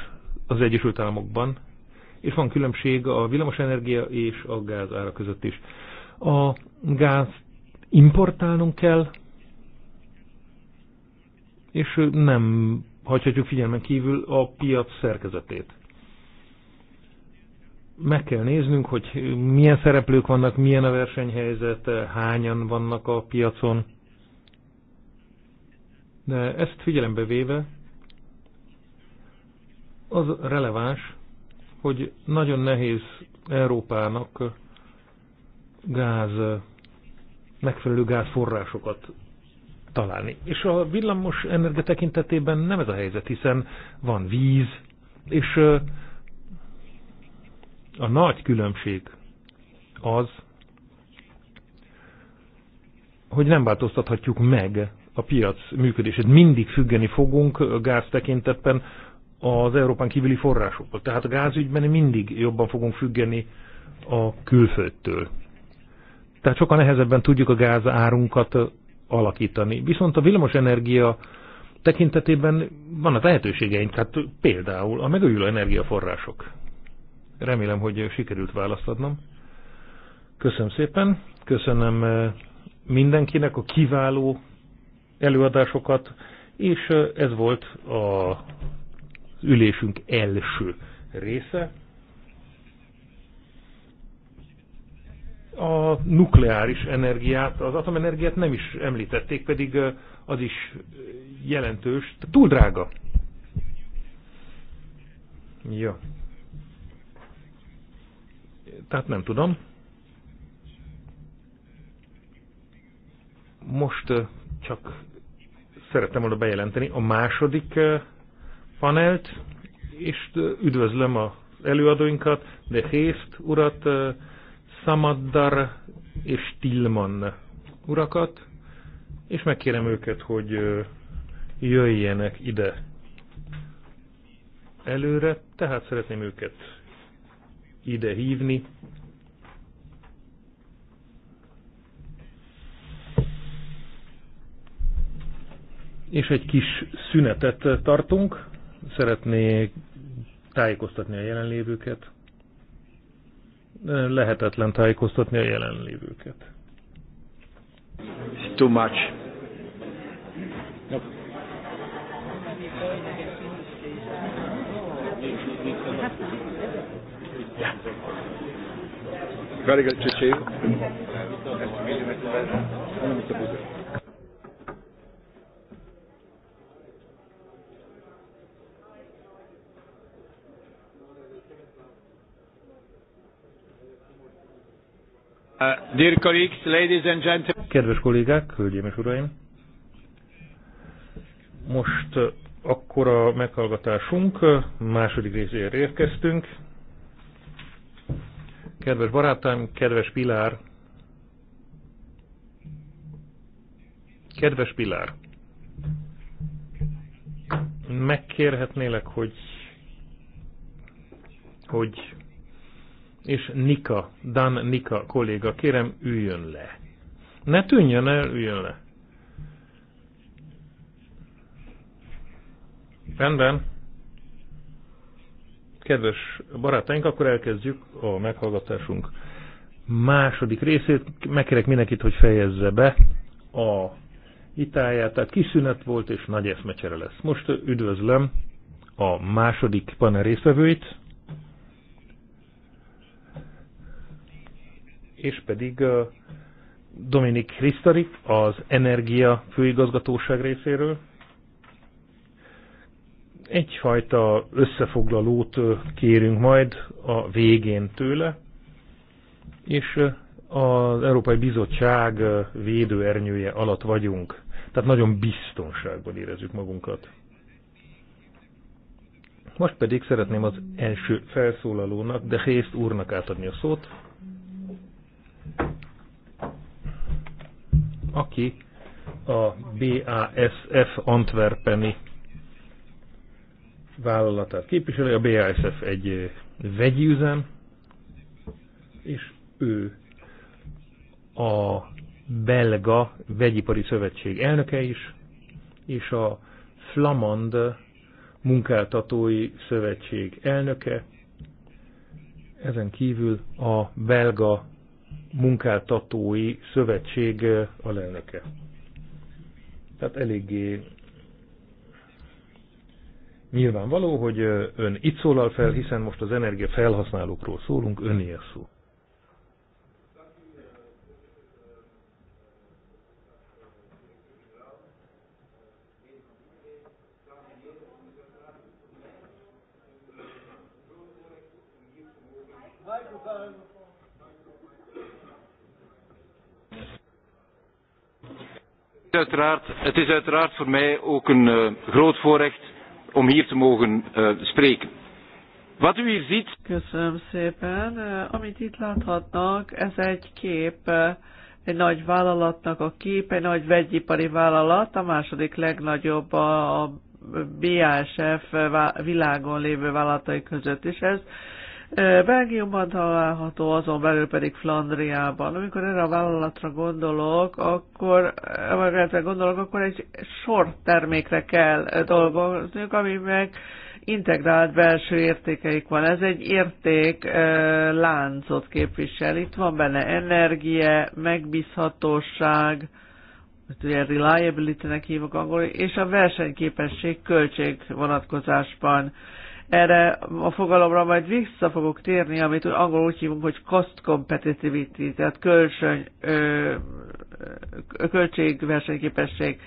Speaker 1: az Egyesült Államokban, és van különbség a villamosenergia és a gázára között is. A gáz importálnunk kell, és nem hagyhatjuk figyelmen kívül a piac szerkezetét meg kell néznünk, hogy milyen szereplők vannak, milyen a versenyhelyzet, hányan vannak a piacon. De ezt figyelembe véve az releváns, hogy nagyon nehéz Európának gáz, megfelelő gázforrásokat találni. És a villamos energia tekintetében nem ez a helyzet, hiszen van víz, és a nagy különbség az, hogy nem változtathatjuk meg a piac működését. Mindig függeni fogunk gáz tekintetben az Európán kívüli forrásokból. Tehát a gázügyben mindig jobban fogunk függeni a külföldtől. Tehát sokkal nehezebben tudjuk a gáz árunkat alakítani. Viszont a villamos energia tekintetében vannak lehetőségeink, tehát például a megújuló energiaforrások. Remélem, hogy sikerült választ adnom. Köszönöm szépen, köszönöm eh, mindenkinek a kiváló előadásokat, és eh, ez volt a ülésünk első része. A nukleáris energiát, az atomenergiát nem is említették, pedig eh, az is jelentős, túl drága. Jó. Ja. Tehát nem tudom. Most csak szerettem volna bejelenteni a második panelt, és üdvözlöm az előadóinkat, de Hészt urat, Samaddar és Tilman urakat, és megkérem őket, hogy jöjjenek ide előre, tehát szeretném őket ide hívni. És egy kis szünetet tartunk. Szeretnék tájékoztatni a jelenlévőket. Lehetetlen tájékoztatni a jelenlévőket. It's too much. Nope.
Speaker 3: Thank you. Yeah. Very good Chichi.
Speaker 1: Uh, Dear colleagues, ladies and gentlemen. Kedves kollégák, hölgyeim és uraim! Most uh, akkor a meghallgatásunk uh, második részére érkeztünk. Kedves barátaim, kedves Pilár, kedves Pilár, megkérhetnélek, hogy hogy és Nika, Dan Nika kolléga, kérem üljön le. Ne tűnjön el, üljön le. Rendben. Kedves barátaink, akkor elkezdjük a meghallgatásunk második részét. Megkérek mindenkit, hogy fejezze be a itáját. Tehát kiszünet volt, és nagy eszmecsere lesz. Most üdvözlöm a második panel részvevőit, és pedig Dominik Krisztarik az Energia Főigazgatóság részéről, egyfajta összefoglalót kérünk majd a végén tőle, és az Európai Bizottság védőernyője alatt vagyunk. Tehát nagyon biztonságban érezzük magunkat. Most pedig szeretném az első felszólalónak, de Hészt úrnak átadni a szót, aki a BASF Antwerpeni vállalatát képviseli, a BASF egy vegyi üzem, és ő a belga vegyipari szövetség elnöke is, és a Flamand munkáltatói szövetség elnöke, ezen kívül a belga munkáltatói szövetség alelnöke. Tehát eléggé Nyilvánvaló, hogy ön itt szólal fel, hiszen most az energia felhasználókról szólunk, ön ilyen szó. Het is uiteraard voor mij ook een groot voorrecht om hier te mogen uh, spreken. Wat u hier ziet.
Speaker 3: Köszönöm szépen. Eh, amit itt láthatnak, ez egy kép, eh, egy nagy vállalatnak a kép, egy nagy vegyipari vállalat, a második legnagyobb a BASF világon lévő vállalatai között, és ez Belgiumban található, azon belül pedig Flandriában. Amikor erre a vállalatra gondolok, akkor, erre gondolok, akkor egy sor termékre kell dolgozni, ami meg integrált belső értékeik van. Ez egy érték láncot képvisel. Itt van benne energie, megbízhatóság, ugye reliability-nek hívok angolul, és a versenyképesség költség vonatkozásban erre a fogalomra majd vissza fogok térni, amit angolul úgy hívunk, hogy cost competitivity, tehát kölcsön, ö, költségversenyképesség.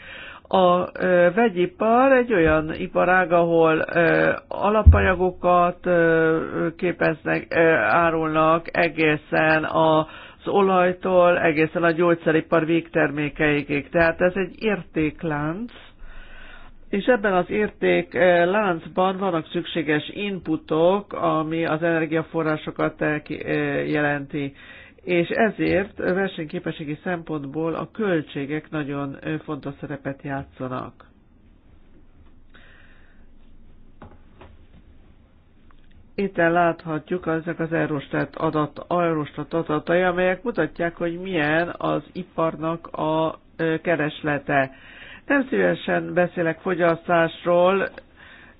Speaker 3: A ö, vegyipar egy olyan iparág, ahol ö, alapanyagokat ö, képeznek, ö, árulnak egészen a az olajtól egészen a gyógyszeripar végtermékeikig. Tehát ez egy értéklánc, és ebben az érték eh, láncban vannak szükséges inputok, ami az energiaforrásokat eh, eh, jelenti. És ezért versenyképességi szempontból a költségek nagyon fontos szerepet játszanak. Itt láthatjuk ezek az Eurostat, adat, Eurostat adatai, amelyek mutatják, hogy milyen az iparnak a kereslete. Nem szívesen beszélek fogyasztásról,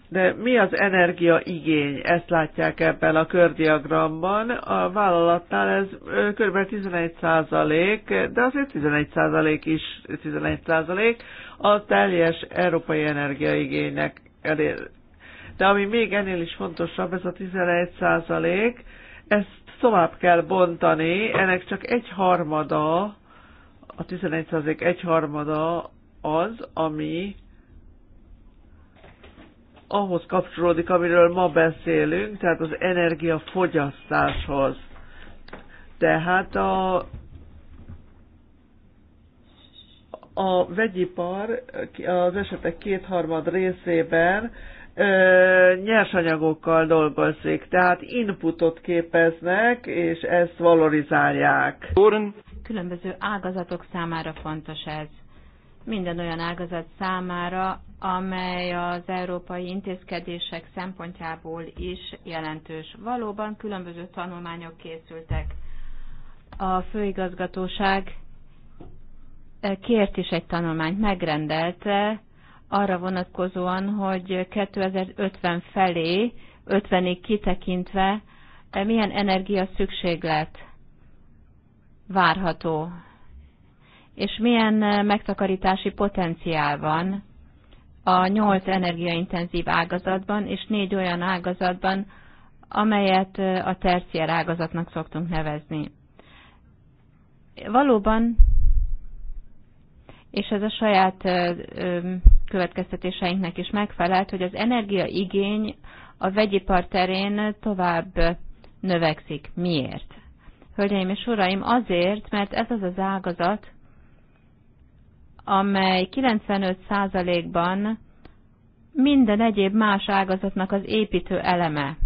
Speaker 3: de mi az energiaigény? Ezt látják ebben a kördiagramban. A vállalatnál ez kb. 11 százalék, de azért 11 százalék is 11 százalék a teljes európai energiaigénynek. De ami még ennél is fontosabb, ez a 11 százalék, ezt tovább kell bontani, ennek csak egy harmada, a 11 egy harmada az, ami ahhoz kapcsolódik, amiről ma beszélünk, tehát az energiafogyasztáshoz. Tehát a, a vegyipar az esetek kétharmad részében ö, nyersanyagokkal dolgozik, tehát inputot képeznek, és ezt valorizálják.
Speaker 2: Különböző ágazatok számára fontos ez minden olyan ágazat számára, amely az európai intézkedések szempontjából is jelentős. Valóban különböző tanulmányok készültek. A főigazgatóság kért is egy tanulmányt, megrendelte arra vonatkozóan, hogy 2050 felé, 50-ig kitekintve milyen energia szükséglet várható és milyen eh, megtakarítási potenciál van a nyolc energiaintenzív ágazatban, és négy olyan ágazatban, amelyet eh, a terciár ágazatnak szoktunk nevezni. Valóban, és ez a saját eh, következtetéseinknek is megfelelt, hogy az energiaigény a vegyipar terén tovább növekszik. Miért? Hölgyeim és uraim, azért, mert ez az az ágazat, amely 95%-ban minden egyéb más ágazatnak az építő eleme.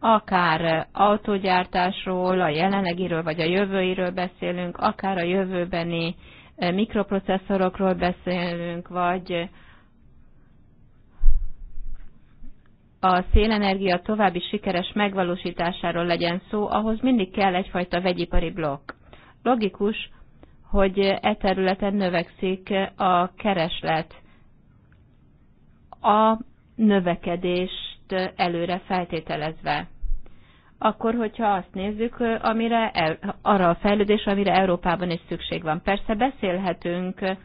Speaker 2: Akár autógyártásról, a jelenlegiről vagy a jövőiről beszélünk, akár a jövőbeni e, mikroprocesszorokról beszélünk, vagy a szélenergia további sikeres megvalósításáról legyen szó, ahhoz mindig kell egyfajta vegyipari blokk. Logikus, hogy e területen növekszik a kereslet. A növekedést előre feltételezve. Akkor, hogyha azt nézzük, amire, arra a fejlődés, amire Európában is szükség van. Persze beszélhetünk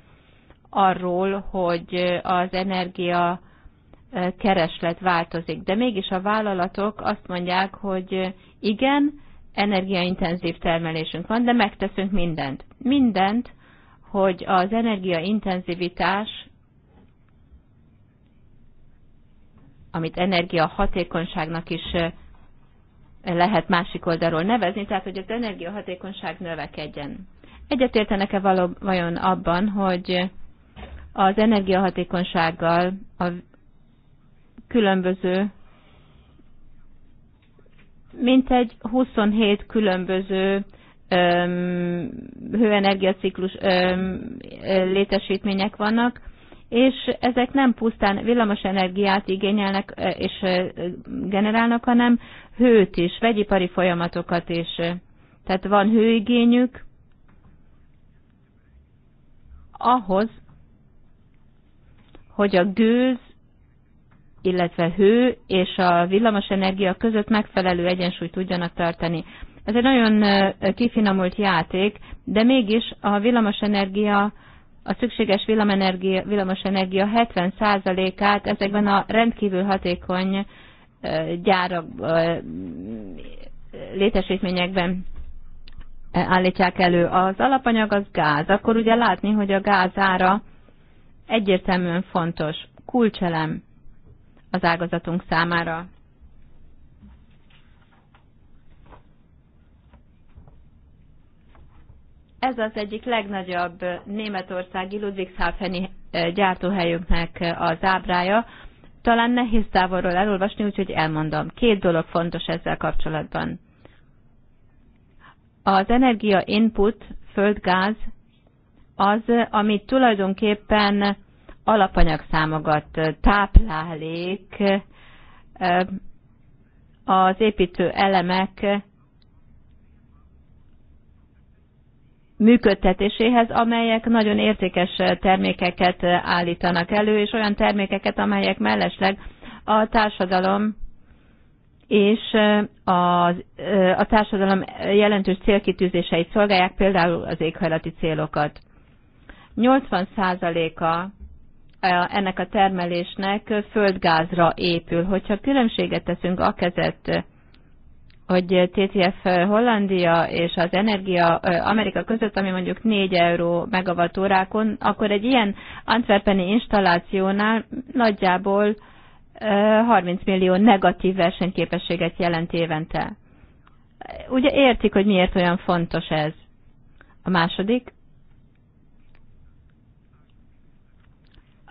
Speaker 2: arról, hogy az energia e, kereslet változik, de mégis a vállalatok azt mondják, hogy igen, energiaintenzív termelésünk van, de megteszünk mindent. Mindent, hogy az energiaintenzivitás, amit energiahatékonyságnak is lehet másik oldalról nevezni, tehát hogy az energiahatékonyság növekedjen. Egyetértenek-e vajon abban, hogy az energiahatékonysággal a különböző mintegy 27 különböző öm, hőenergiaciklus öm, létesítmények vannak, és ezek nem pusztán energiát igényelnek és generálnak, hanem hőt is, vegyipari folyamatokat is. Tehát van hőigényük ahhoz, hogy a gőz illetve hő és a villamos energia között megfelelő egyensúlyt tudjanak tartani. Ez egy nagyon kifinomult játék, de mégis a villamos energia a szükséges villamos energia 70%-át ezekben a rendkívül hatékony gyárak létesítményekben állítják elő. Az alapanyag az gáz, akkor ugye látni, hogy a gáz ára egyértelműen fontos, kulcselem az ágazatunk számára. Ez az egyik legnagyobb németországi Ludwigshafeni gyártóhelyünknek az ábrája. Talán nehéz távolról elolvasni, úgyhogy elmondom. Két dolog fontos ezzel kapcsolatban. Az energia input, földgáz, az, amit tulajdonképpen alapanyagszámokat, táplálék, az építő elemek működtetéséhez, amelyek nagyon értékes termékeket állítanak elő, és olyan termékeket, amelyek mellesleg a társadalom és a, a társadalom jelentős célkitűzéseit szolgálják, például az éghajlati célokat. 80%-a ennek a termelésnek földgázra épül. Hogyha különbséget teszünk a kezet, hogy TTF Hollandia és az Energia Amerika között, ami mondjuk 4 euró órákon, akkor egy ilyen antwerpeni installációnál nagyjából 30 millió negatív versenyképességet jelent évente. Ugye értik, hogy miért olyan fontos ez. A második,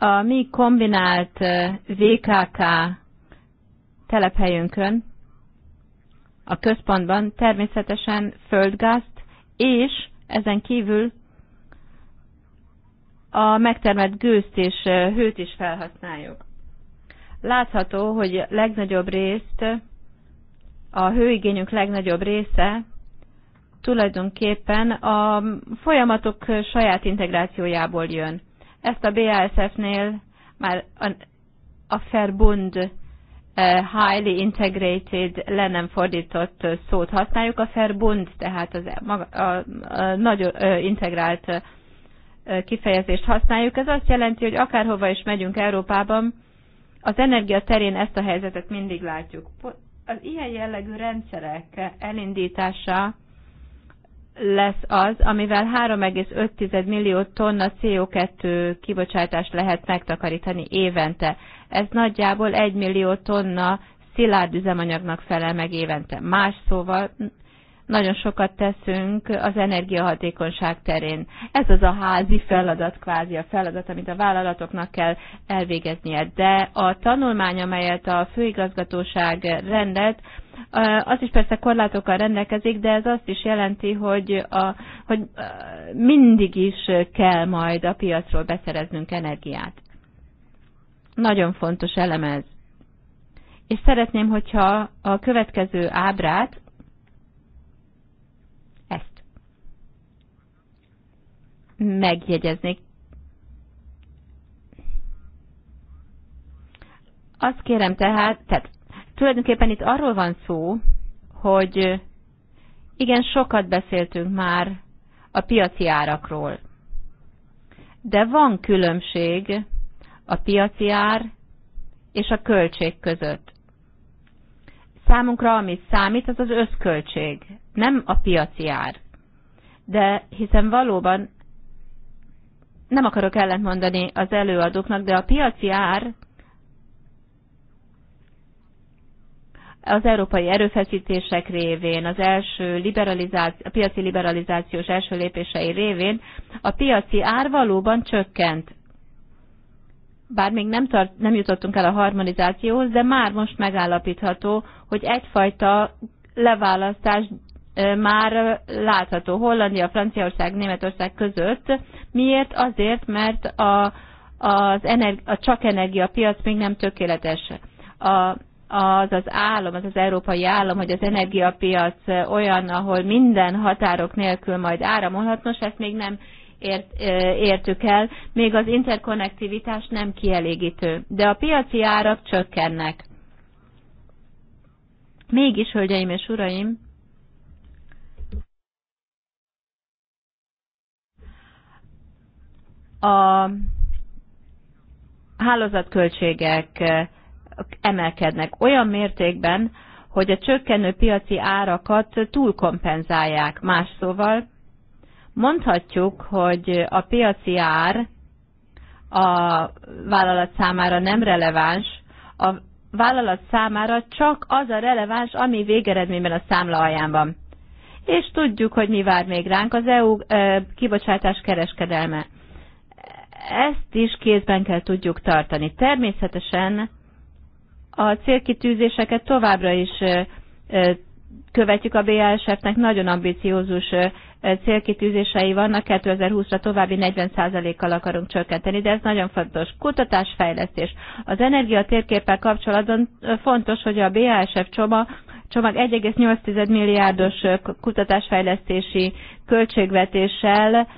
Speaker 2: A mi kombinált VKK telephelyünkön, a központban természetesen földgázt, és ezen kívül a megtermelt gőzt és hőt is felhasználjuk. Látható, hogy legnagyobb részt, a hőigényünk legnagyobb része tulajdonképpen a folyamatok saját integrációjából jön. Ezt a BASF-nél már a, a Verbund eh, highly integrated, le nem fordított szót használjuk. A Verbund, tehát az e- maga, a, a, nagyon integrált kifejezést használjuk. Ez azt jelenti, hogy akárhova is megyünk Európában, az energia terén ezt a helyzetet mindig látjuk. Az ilyen jellegű rendszerek elindítása lesz az, amivel 3,5 millió tonna CO2 kibocsátást lehet megtakarítani évente. Ez nagyjából 1 millió tonna szilárd üzemanyagnak felel meg évente. Más szóval nagyon sokat teszünk az energiahatékonyság terén. Ez az a házi feladat, kvázi a feladat, amit a vállalatoknak kell elvégeznie. De a tanulmány, amelyet a főigazgatóság rendelt, az is persze korlátokkal rendelkezik, de ez azt is jelenti, hogy, a, hogy mindig is kell majd a piacról beszereznünk energiát. Nagyon fontos elem ez. És szeretném, hogyha a következő ábrát, ezt megjegyeznék. Azt kérem tehát, tehát Tulajdonképpen itt arról van szó, hogy igen, sokat beszéltünk már a piaci árakról. De van különbség a piaci ár és a költség között. Számunkra, ami számít, az az összköltség, nem a piaci ár. De hiszen valóban nem akarok ellentmondani az előadóknak, de a piaci ár az európai erőfeszítések révén, az első liberalizáció, a piaci liberalizációs első lépései révén a piaci ár valóban csökkent. Bár még nem, tart, nem jutottunk el a harmonizációhoz, de már most megállapítható, hogy egyfajta leválasztás már látható Hollandia, Franciaország, Németország között. Miért? Azért, mert a, az energi, a csak energiapiac még nem tökéletes. A az az álom, az az európai álom, hogy az energiapiac olyan, ahol minden határok nélkül majd áramolhat, nos, ezt még nem ért, értük el, még az interkonnektivitás nem kielégítő, de a piaci árak csökkennek. Mégis, hölgyeim és uraim, a hálózatköltségek emelkednek olyan mértékben, hogy a csökkenő piaci árakat túlkompenzálják. Más szóval mondhatjuk, hogy a piaci ár a vállalat számára nem releváns, a vállalat számára csak az a releváns, ami végeredményben a számla alján van. És tudjuk, hogy mi vár még ránk az EU e, kibocsátás kereskedelme. Ezt is kézben kell tudjuk tartani. Természetesen a célkitűzéseket továbbra is követjük a BASF-nek, nagyon ambiciózus célkitűzései vannak, 2020-ra további 40%-kal akarunk csökkenteni, de ez nagyon fontos. kutatásfejlesztés. Az energia kapcsolatban fontos, hogy a BASF csoma csomag 1,8 milliárdos kutatásfejlesztési költségvetéssel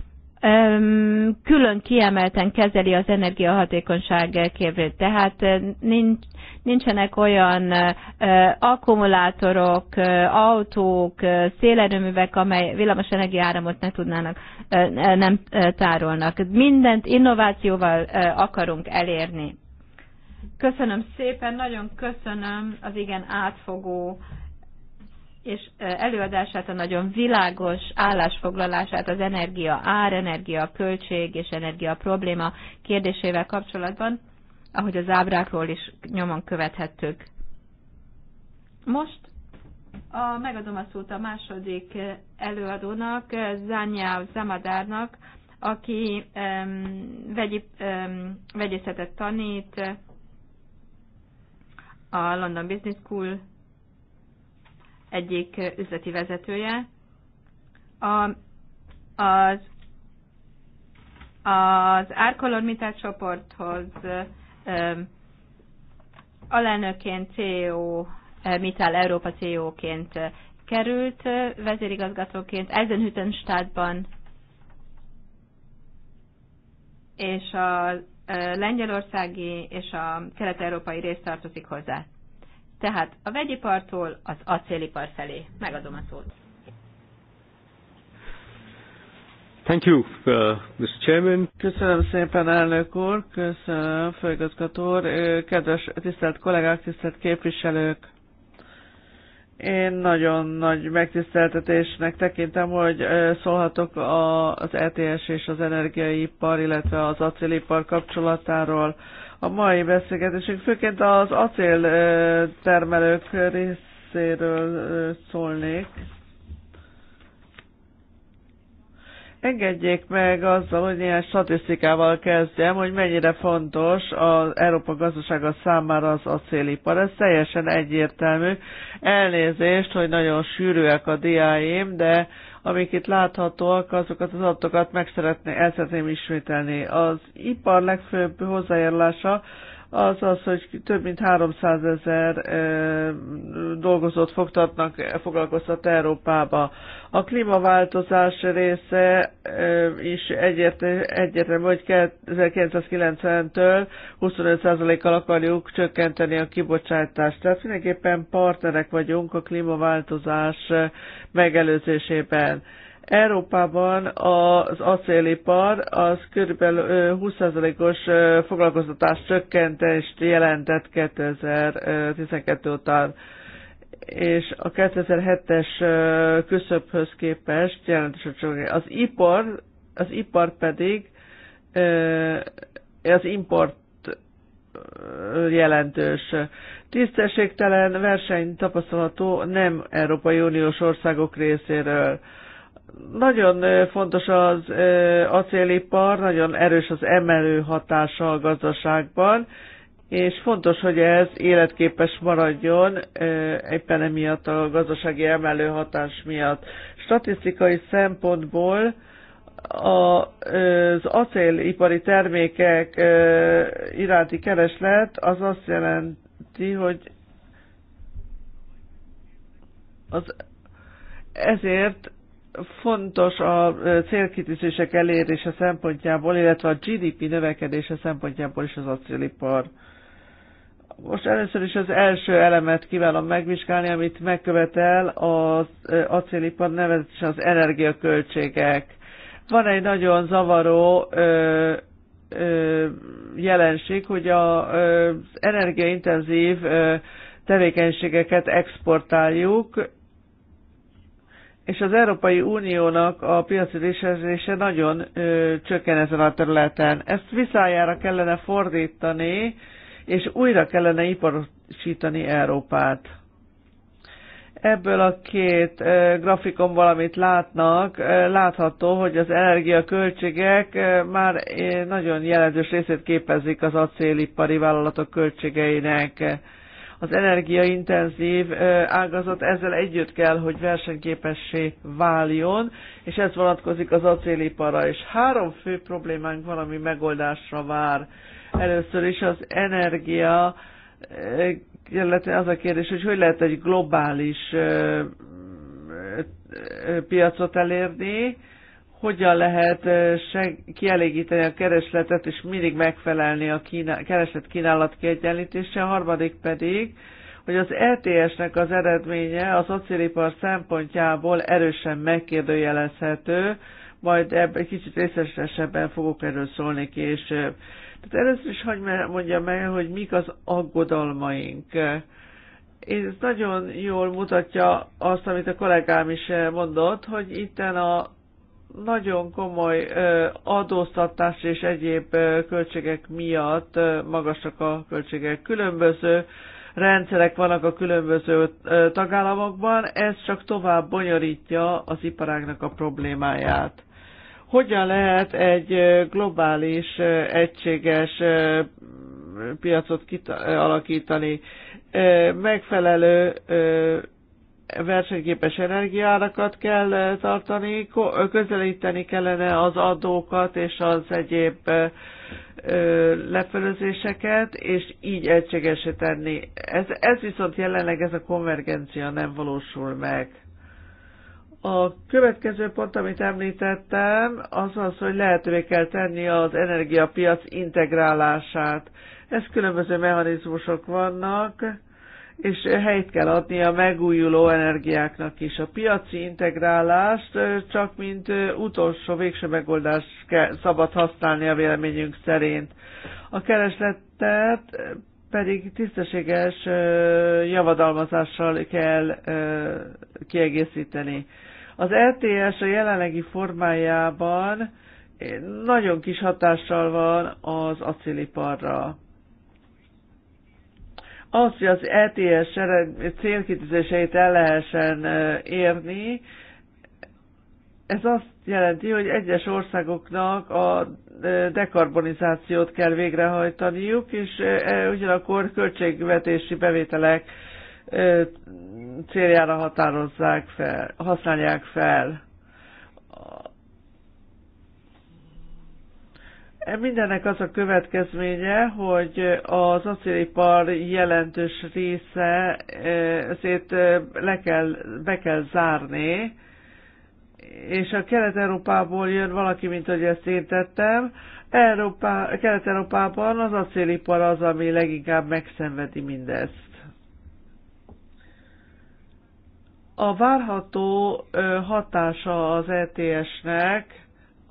Speaker 2: külön kiemelten kezeli az energiahatékonyság kérdését. Tehát eh, nincs, nincsenek olyan eh, akkumulátorok, eh, autók, szélerőművek, amely villamos energiáramot ne tudnának, nem tárolnak. Mindent innovációval akarunk elérni. Köszönöm szépen, nagyon köszönöm az igen átfogó és előadását, a nagyon világos állásfoglalását az energia ár, energia költség és energia probléma kérdésével kapcsolatban, ahogy az ábrákról is nyomon követhettük. Most a, megadom a szót a második előadónak, Zányá Zamadárnak, aki um, vegyi, um, vegyészetet tanít a London Business School egyik üzleti vezetője. A, az az Árkolormitás csoporthoz alelnökként CEO, Mitál Európa CEO-ként került, vezérigazgatóként Eisenhüttenstadtban, és a lengyelországi és a kelet-európai rész tartozik hozzá. Tehát a vegyipartól az acélipar felé. Megadom a szót.
Speaker 3: Thank you, uh, Mr. Chairman. Köszönöm szépen, elnök úr, köszönöm, főigazgató úr, kedves tisztelt kollégák, tisztelt képviselők. Én nagyon nagy megtiszteltetésnek tekintem, hogy szólhatok az ETS és az energiaipar, illetve az acélipar kapcsolatáról a mai beszélgetésünk főként az acél termelők részéről szólnék. Engedjék meg azzal, hogy ilyen statisztikával kezdjem, hogy mennyire fontos az Európa gazdasága számára az acélipar. Ez teljesen egyértelmű. Elnézést, hogy nagyon sűrűek a diáim, de amik itt láthatóak, azokat az adatokat meg szeretné, el szeretném ismételni. Az ipar legfőbb hozzájárulása az az, hogy több mint 300 ezer dolgozót fogtatnak, foglalkoztat Európába. A klímaváltozás része is egyértelmű, hogy 1990-től 25%-kal akarjuk csökkenteni a kibocsátást. Tehát mindenképpen partnerek vagyunk a klímaváltozás megelőzésében. Európában az acélipar az körülbelül 20%-os foglalkoztatás csökkentést jelentett 2012 után, és a 2007-es küszöbhöz képest jelentős Az ipar, az ipar pedig az import jelentős. Tisztességtelen verseny tapasztalható nem Európai Uniós országok részéről. Nagyon fontos az acélipar, nagyon erős az emelő hatása a gazdaságban, és fontos, hogy ez életképes maradjon, éppen emiatt a gazdasági emelő hatás miatt. Statisztikai szempontból az acélipari termékek iránti kereslet az azt jelenti, hogy az ezért fontos a célkitűzések elérése szempontjából, illetve a GDP növekedése szempontjából is az acélipar. Most először is az első elemet kívánom megvizsgálni, amit megkövetel az acélipar, nevezetesen az energiaköltségek. Van egy nagyon zavaró ö, ö, jelenség, hogy a, ö, az energiaintenzív ö, tevékenységeket exportáljuk, és az Európai Uniónak a piaci részesedése nagyon ö, csökken ezen a területen. Ezt visszájára kellene fordítani, és újra kellene iparosítani Európát. Ebből a két ö, grafikon valamit látnak, ö, látható, hogy az energiaköltségek ö, már ö, nagyon jelentős részét képezik az acélipari vállalatok költségeinek. Ö, az energiaintenzív ágazat ezzel együtt kell, hogy versenyképessé váljon, és ez vonatkozik az acéliparra. És három fő problémánk valami megoldásra vár. Először is az energia, illetve az a kérdés, hogy hogy lehet egy globális piacot elérni, hogyan lehet kielégíteni a keresletet, és mindig megfelelni a kínál, kereslet-kínálat kiegyenlítése. A harmadik pedig, hogy az ETS-nek az eredménye az acélipar szempontjából erősen megkérdőjelezhető, majd ebben egy kicsit részesebben fogok erről szólni később. Tehát először is hagyd mondjam meg, hogy mik az aggodalmaink. Ez nagyon jól mutatja azt, amit a kollégám is eh, mondott, hogy itten a nagyon komoly adóztatás és egyéb költségek miatt magasak a költségek. Különböző rendszerek vannak a különböző tagállamokban, ez csak tovább bonyolítja az iparágnak a problémáját. Hogyan lehet egy globális, egységes piacot alakítani? Megfelelő versenyképes energiárakat kell eh, tartani, közelíteni kellene az adókat és az egyéb eh, eh, lefölözéseket, és így egységesé tenni. Ez, ez viszont jelenleg ez a konvergencia nem valósul meg. A következő pont, amit említettem, az az, hogy lehetővé kell tenni az energiapiac integrálását. Ez különböző mechanizmusok vannak, és helyt kell adni a megújuló energiáknak is. A piaci integrálást csak mint utolsó végső megoldást kell, szabad használni a véleményünk szerint. A keresletet pedig tisztességes javadalmazással kell kiegészíteni. Az LTS e a jelenlegi formájában nagyon kis hatással van az acéliparra az, hogy az ETS célkitűzéseit el lehessen érni, ez azt jelenti, hogy egyes országoknak a dekarbonizációt kell végrehajtaniuk, és e, ugyanakkor költségvetési bevételek céljára határozzák fel, használják fel Mindennek az a következménye, hogy az acélipar jelentős része e, ezért e, le kell, be kell zárni, és a Kelet-Európából jön valaki, mint hogy ezt én tettem, európa, Kelet-Európában az acélipar az, ami leginkább megszenvedi mindezt. A várható hatása az ETS-nek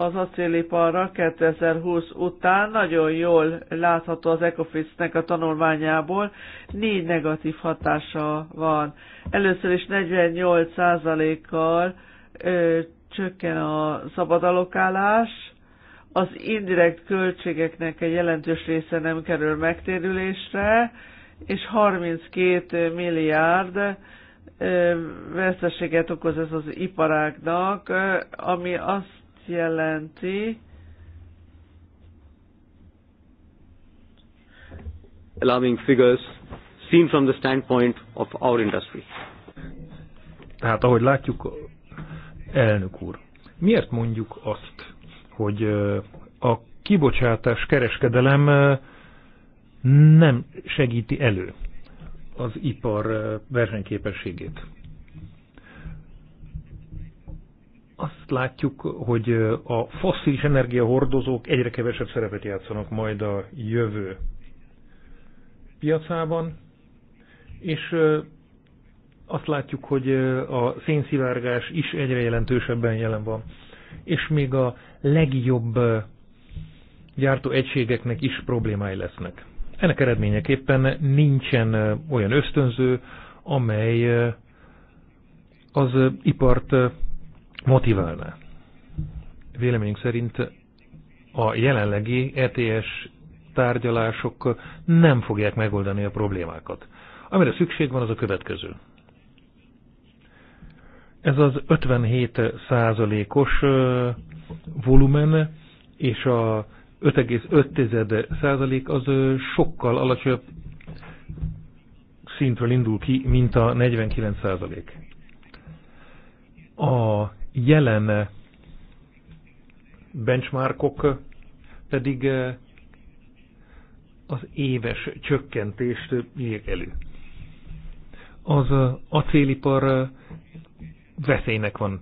Speaker 3: az acéliparra 2020 után nagyon jól látható az Ecofisnek a tanulmányából, négy negatív hatása van. Először is 48%-kal csökken a szabadalokálás, az indirekt költségeknek egy jelentős része nem kerül megtérülésre, és 32 milliárd veszteséget okoz ez az iparáknak, ami azt azt jelenti,
Speaker 1: alarming figures seen from the standpoint of our industry. Tehát ahogy látjuk, elnök úr, miért mondjuk azt, hogy a kibocsátás kereskedelem nem segíti elő az ipar versenyképességét? azt látjuk, hogy a fosszilis energiahordozók egyre kevesebb szerepet játszanak majd a jövő piacában, és azt látjuk, hogy a szénszivárgás is egyre jelentősebben jelen van. És még a legjobb gyártó egységeknek is problémái lesznek. Ennek eredményeképpen nincsen olyan ösztönző, amely az ipart motiválná. Véleményünk szerint a jelenlegi ETS tárgyalások nem fogják megoldani a problémákat. Amire szükség van, az a következő. Ez az 57 százalékos volumen és a 5,5 százalék az sokkal alacsonyabb szintről indul ki, mint a 49 százalék. A jelen benchmarkok pedig eh, az éves csökkentést írják elő. Az eh, acélipar eh, veszélynek van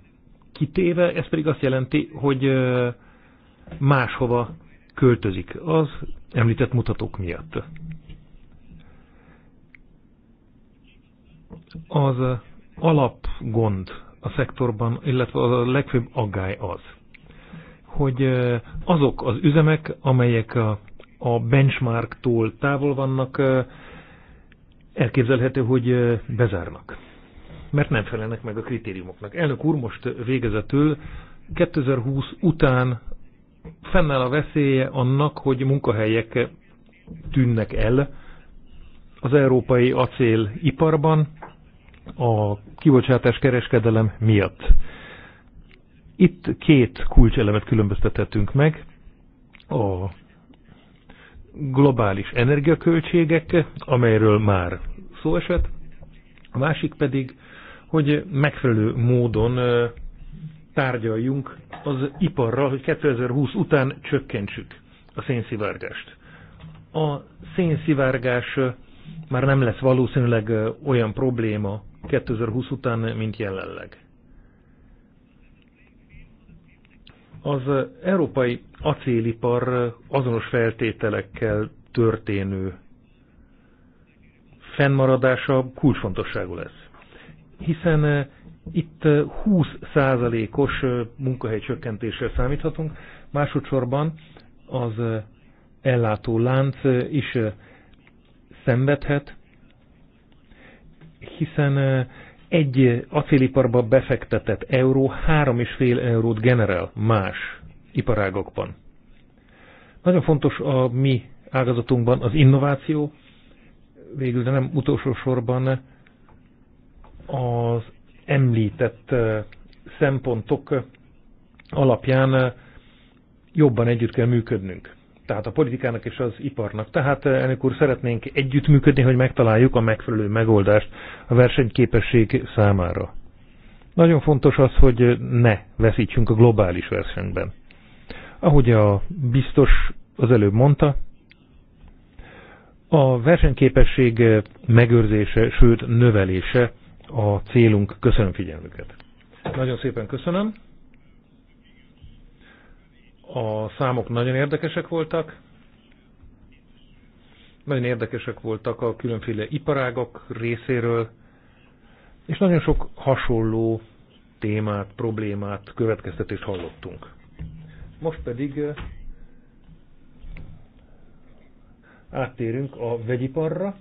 Speaker 1: kitéve, ez pedig azt jelenti, hogy máshova költözik az említett mutatók miatt. Az alapgond a szektorban, illetve a legfőbb aggály az, hogy azok az üzemek, amelyek a, benchmarktól távol vannak, elképzelhető, hogy bezárnak. Mert nem felelnek meg a kritériumoknak. Elnök úr, most végezetül 2020 után fennáll a veszélye annak, hogy munkahelyek tűnnek el az európai acéliparban, a kibocsátás kereskedelem miatt. Itt két kulcselemet különböztethetünk meg, a globális energiaköltségek, amelyről már szó esett, a másik pedig, hogy megfelelő módon tárgyaljunk az iparral, hogy 2020 után csökkentsük a szénszivárgást. A szénszivárgás már nem lesz valószínűleg olyan probléma, 2020 után, mint jelenleg. Az európai acélipar azonos feltételekkel történő fennmaradása kulcsfontosságú lesz. Hiszen eh, itt 20%-os eh, eh, munkahely csökkentésre számíthatunk, másodszorban az ellátó lánc is szenvedhet, hiszen egy acéliparba befektetett euró 3,5 eurót generál más iparágokban. Nagyon fontos a mi ágazatunkban az innováció, végül, de nem utolsó sorban az említett szempontok alapján jobban együtt kell működnünk tehát a politikának és az iparnak. Tehát eh, elnök úr, szeretnénk együttműködni, hogy megtaláljuk a megfelelő megoldást a versenyképesség számára. Nagyon fontos az, hogy ne veszítsünk a globális versenyben. Ahogy a biztos az előbb mondta, a versenyképesség megőrzése, sőt növelése a célunk. Köszönöm figyelmüket. Nagyon szépen köszönöm. A számok nagyon érdekesek voltak, nagyon érdekesek voltak a különféle iparágak részéről, és nagyon sok hasonló témát, problémát, következtetést hallottunk. Most pedig eh, áttérünk a vegyiparra,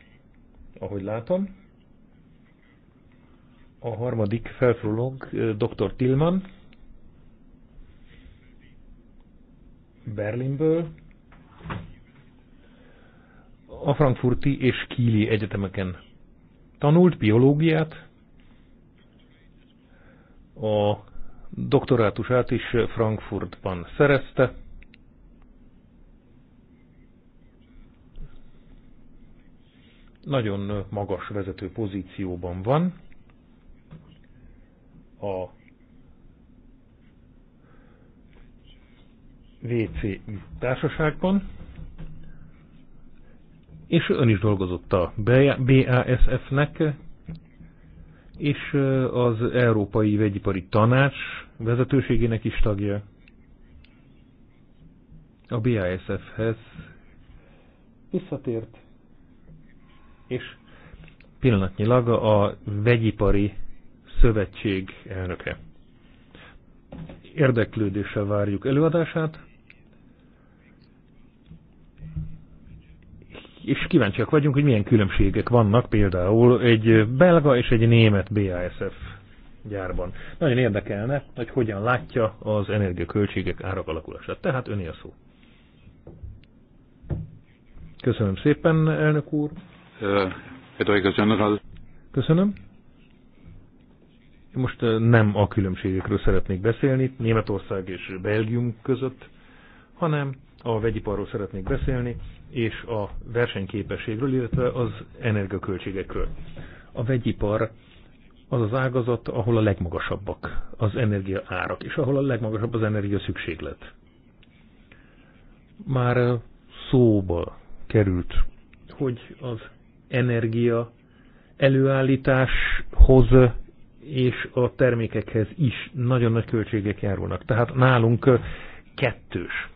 Speaker 1: ahogy látom. A harmadik felszólalónk eh, dr. Tillman, Berlinből, a frankfurti és kíli egyetemeken tanult biológiát, a doktorátusát is Frankfurtban szerezte, nagyon magas vezető pozícióban van a WC társaságban, és ön is dolgozott a BASF-nek, és az Európai Vegyipari Tanács vezetőségének is tagja. A BASF-hez visszatért, és pillanatnyilag a Vegyipari Szövetség elnöke. Érdeklődéssel várjuk előadását. és kíváncsiak vagyunk, hogy milyen különbségek vannak például egy belga és egy német BASF gyárban. Nagyon érdekelne, hogy hogyan látja az energiaköltségek árak alakulását. Tehát öné a szó. Köszönöm szépen, elnök úr. Köszönöm. Most nem a különbségekről szeretnék beszélni Németország és Belgium között, hanem a vegyiparról szeretnék beszélni, és a versenyképességről, illetve az energiaköltségekről. A vegyipar az az ágazat, ahol a legmagasabbak az energia árak, és ahol a legmagasabb az energia szükséglet. Már szóba került, hogy az energia előállításhoz és a termékekhez is nagyon nagy költségek járulnak. Tehát nálunk kettős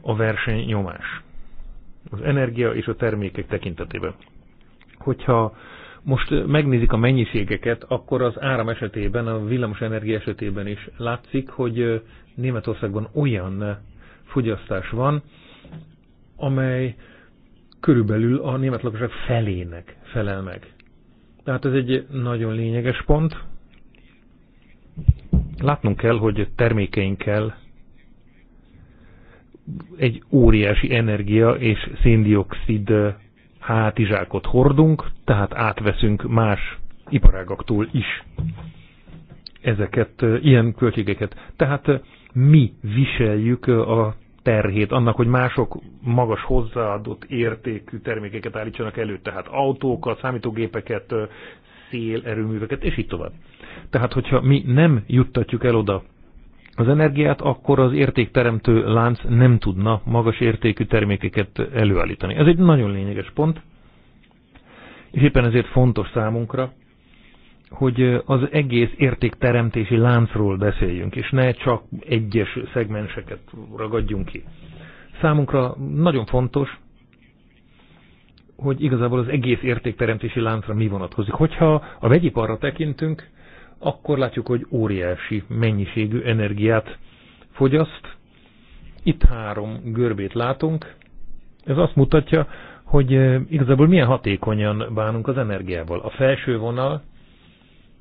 Speaker 1: a versenynyomás az energia és a termékek tekintetében. Hogyha most megnézik a mennyiségeket, akkor az áram esetében, a villamos energia esetében is látszik, hogy Németországban olyan fogyasztás van, amely körülbelül a német lakosság felének felel meg. Tehát ez egy nagyon lényeges pont. Látnunk kell, hogy termékeinkkel egy óriási energia és széndiokszid hátizsákot hordunk, tehát átveszünk más iparágaktól is ezeket, ilyen költségeket. Tehát mi viseljük a terhét annak, hogy mások magas hozzáadott értékű termékeket állítsanak elő, tehát autókat, számítógépeket, szélerőműveket, és így tovább. Tehát, hogyha mi nem juttatjuk el oda az energiát, akkor az értékteremtő lánc nem tudna magas értékű termékeket előállítani. Ez egy nagyon lényeges pont, és éppen ezért fontos számunkra, hogy az egész értékteremtési láncról beszéljünk, és ne csak egyes szegmenseket ragadjunk ki. Számunkra nagyon fontos, hogy igazából az egész értékteremtési láncra mi vonatkozik. Hogyha a vegyiparra tekintünk, akkor látjuk, hogy óriási mennyiségű energiát fogyaszt. Itt három görbét látunk. Ez azt mutatja, hogy eh, igazából milyen hatékonyan bánunk az energiával. A felső vonal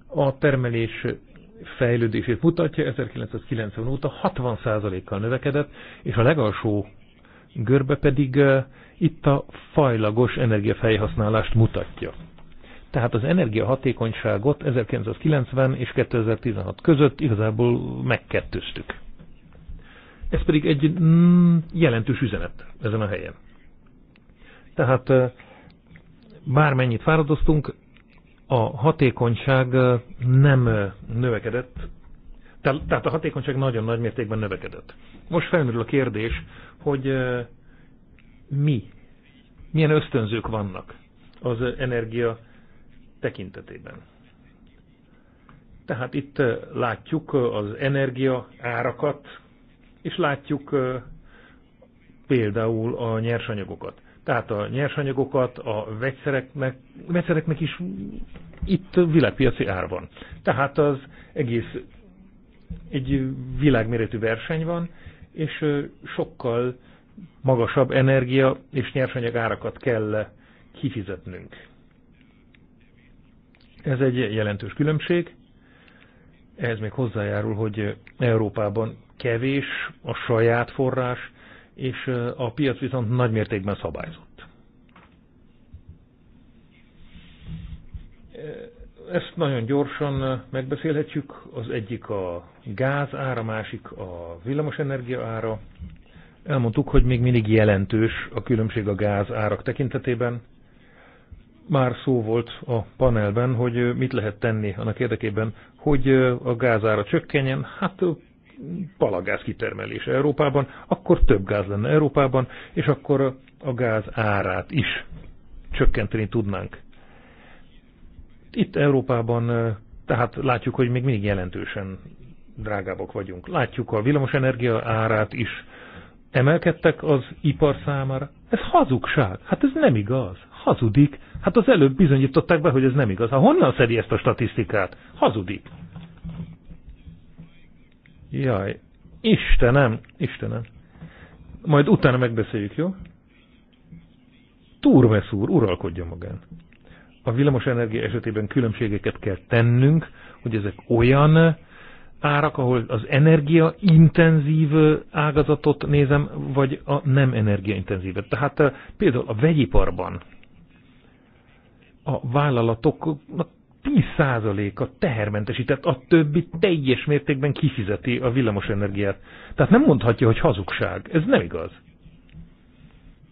Speaker 1: a termelés fejlődését mutatja, 1990 óta 60%-kal növekedett, és a legalsó görbe pedig eh, itt a fajlagos energiafelhasználást mutatja. Tehát az energiahatékonyságot 1990 és 2016 között igazából megkettőztük. Ez pedig egy mm, jelentős üzenet ezen a helyen. Tehát bármennyit fáradoztunk, a hatékonyság nem növekedett, tehát a hatékonyság nagyon nagy mértékben növekedett. Most felmerül a kérdés, hogy mi, milyen ösztönzők vannak az energia tekintetében. Tehát itt eh, látjuk eh, az energia árakat, és látjuk eh, például a nyersanyagokat. Tehát a nyersanyagokat a vegyszereknek, vegyszereknek is itt világpiaci ár van. Tehát az egész egy világméretű verseny van, és sokkal magasabb energia és nyersanyag árakat kell kifizetnünk. Ez egy jelentős különbség. Ez még hozzájárul, hogy Európában kevés a saját forrás, és a piac viszont nagymértékben szabályzott. Ezt nagyon gyorsan megbeszélhetjük. Az egyik a gáz ára, másik a villamosenergia ára. Elmondtuk, hogy még mindig jelentős a különbség a gáz árak tekintetében már szó volt a panelben, hogy mit lehet tenni annak érdekében, hogy a gázára csökkenjen. Hát palagáz kitermelés Európában, akkor több gáz lenne Európában, és akkor a gáz árát is csökkenteni tudnánk. Itt Európában tehát látjuk, hogy még mindig jelentősen drágábbak vagyunk. Látjuk a villamosenergia árát is emelkedtek az ipar számára. Ez hazugság. Hát ez nem igaz. Hazudik. Hát az előbb bizonyították be, hogy ez nem igaz. Ha honnan szedi ezt a statisztikát? Hazudik. Jaj, Istenem, Istenem. Majd utána megbeszéljük, jó? Túrmesz úr, uralkodja magán. A villamos energia esetében különbségeket kell tennünk, hogy ezek olyan árak, ahol az energia intenzív ágazatot nézem, vagy a nem intenzívet. Tehát eh, például a vegyiparban a vállalatoknak 10%-a tehermentesített, a többi teljes mértékben kifizeti a villamosenergiát. Tehát nem mondhatja, hogy hazugság. Ez nem igaz.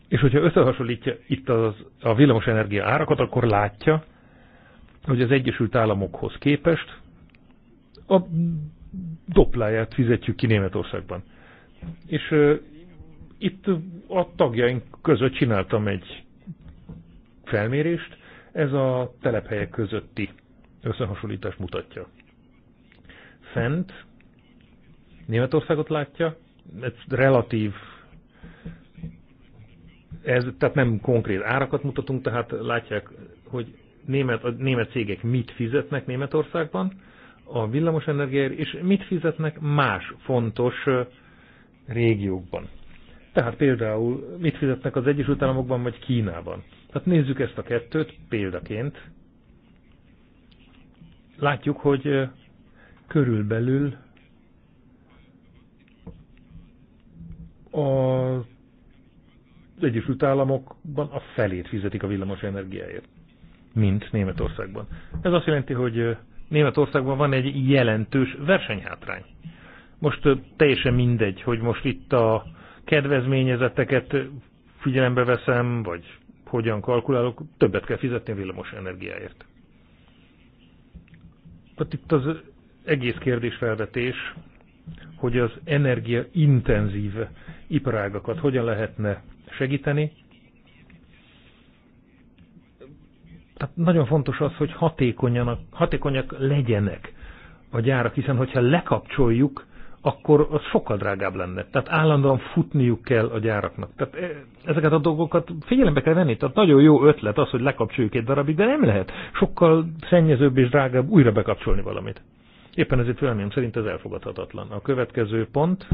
Speaker 1: És hogyha összehasonlítja itt az, a villamosenergia árakat, akkor látja, hogy az Egyesült Államokhoz képest a dopláját fizetjük ki Németországban. És uh, itt a tagjaink között csináltam egy felmérést, ez a telephelyek közötti összehasonlítás mutatja. Fent Németországot látja, ez relatív, ez, tehát nem konkrét árakat mutatunk, tehát látják, hogy német, a német cégek mit fizetnek Németországban a villamosenergiáért, és mit fizetnek más fontos régiókban. Tehát például mit fizetnek az Egyesült Államokban vagy Kínában. Tehát nézzük ezt a kettőt példaként. Látjuk, hogy körülbelül az Egyesült Államokban a felét fizetik a villamos energiáért, mint Németországban. Ez azt jelenti, hogy Németországban van egy jelentős versenyhátrány. Most teljesen mindegy, hogy most itt a kedvezményezeteket figyelembe veszem, vagy hogyan kalkulálok, többet kell fizetni a villamos energiáért. Hát itt az egész kérdésfelvetés, hogy az energiaintenzív iparágakat hogyan lehetne segíteni. Tehát nagyon fontos az, hogy hatékonyak, hatékonyak legyenek a gyárak, hiszen hogyha lekapcsoljuk, akkor az sokkal drágább lenne. Tehát állandóan futniuk kell a gyáraknak. Tehát eh, ezeket a dolgokat figyelembe kell venni. Tehát nagyon jó ötlet az, hogy lekapcsoljuk egy darabig, de nem lehet. Sokkal szennyezőbb és drágább újra bekapcsolni valamit. Éppen ezért véleményem szerint ez elfogadhatatlan. A következő pont,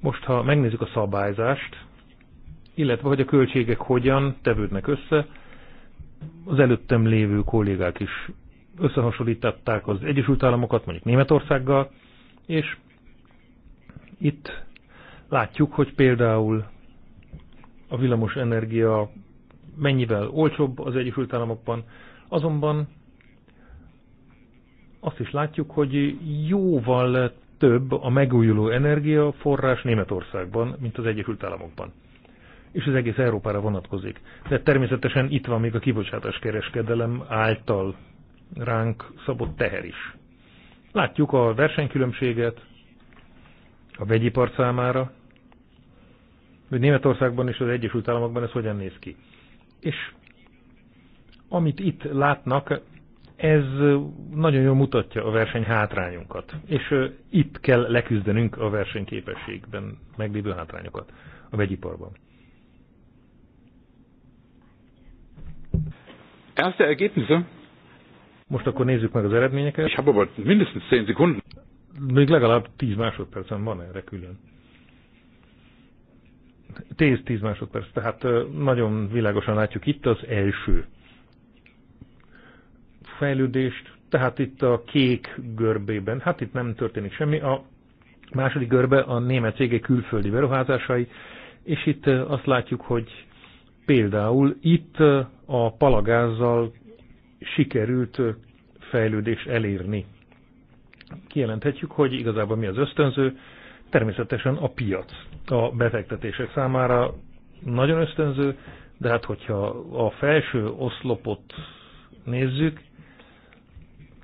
Speaker 1: most ha megnézzük a szabályzást, illetve hogy a költségek hogyan tevődnek össze, az előttem lévő kollégák is összehasonlították az Egyesült Államokat, mondjuk Németországgal, és itt látjuk, hogy például a villamos energia mennyivel olcsóbb az Egyesült Államokban, azonban azt is látjuk, hogy jóval több a megújuló energiaforrás Németországban, mint az Egyesült Államokban. És ez egész Európára vonatkozik. De természetesen itt van még a kibocsátás kereskedelem által ránk szabott teher is. Látjuk a versenykülönbséget a vegyipar számára, hogy Németországban és az Egyesült Államokban ez hogyan néz ki. És amit itt látnak, ez nagyon jól mutatja a verseny hátrányunkat. És itt kell leküzdenünk a versenyképességben meglévő hátrányokat a vegyiparban. Erste Ergebnisse most akkor nézzük meg az eredményeket. Ich habe aber mindestens 10 Sekunden. Még legalább 10 másodpercen van erre külön. 10-10 másodperc, tehát nagyon világosan látjuk itt az első fejlődést, tehát itt a kék görbében, hát itt nem történik semmi, a második görbe a német cégek külföldi beruházásai, és itt azt látjuk, hogy például itt a palagázzal sikerült fejlődés elérni. Kijelenthetjük, hogy igazából mi az ösztönző, természetesen a piac a befektetések számára nagyon ösztönző, de hát hogyha a felső oszlopot nézzük,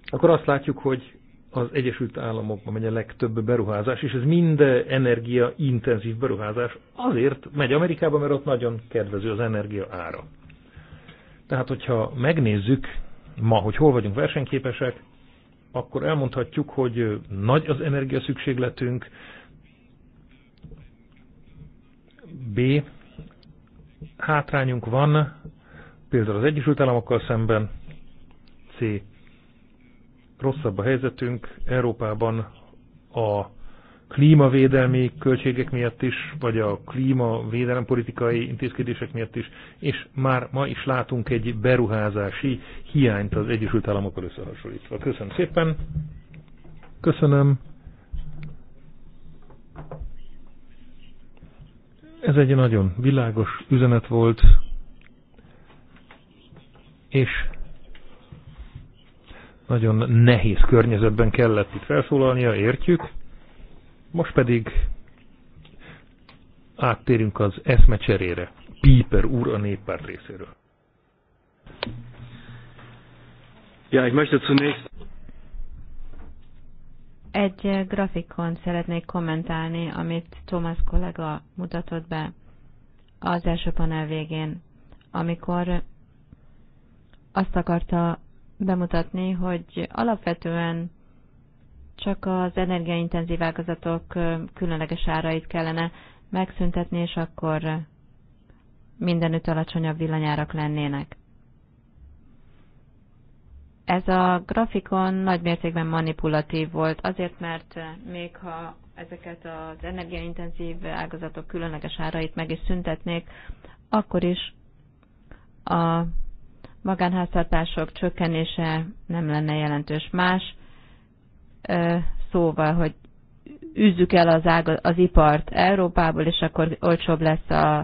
Speaker 1: akkor azt látjuk, hogy az Egyesült Államokban megy a legtöbb beruházás, és ez mind energiaintenzív beruházás. Azért megy Amerikába, mert ott nagyon kedvező az energia ára. Tehát, hogyha megnézzük ma, hogy hol vagyunk versenyképesek, akkor elmondhatjuk, hogy nagy az energia szükségletünk, B. Hátrányunk van, például az Egyesült Államokkal szemben, C. Rosszabb a helyzetünk Európában a klímavédelmi költségek miatt is, vagy a klímavédelempolitikai intézkedések miatt is, és már ma is látunk egy beruházási hiányt az Egyesült Államokkal összehasonlítva. Köszönöm szépen! Köszönöm! Ez egy nagyon világos üzenet volt, és nagyon nehéz környezetben kellett itt felszólalnia, értjük. Most pedig áttérünk az eszmecserére. Píper úr a néppárt részéről. Ja, ich möchte zunächst
Speaker 2: egy grafikon szeretnék kommentálni, amit Thomas kollega mutatott be az első panel végén, amikor azt akarta bemutatni, hogy alapvetően csak az energiaintenzív ágazatok különleges árait kellene megszüntetni, és akkor mindenütt alacsonyabb villanyárak lennének. Ez a grafikon nagy mértékben manipulatív volt, azért mert még ha ezeket az energiaintenzív ágazatok különleges árait meg is szüntetnék, akkor is a magánháztartások csökkenése nem lenne jelentős. Más szóval, hogy üzzük el az, ága, az ipart Európából, és akkor olcsóbb lesz a,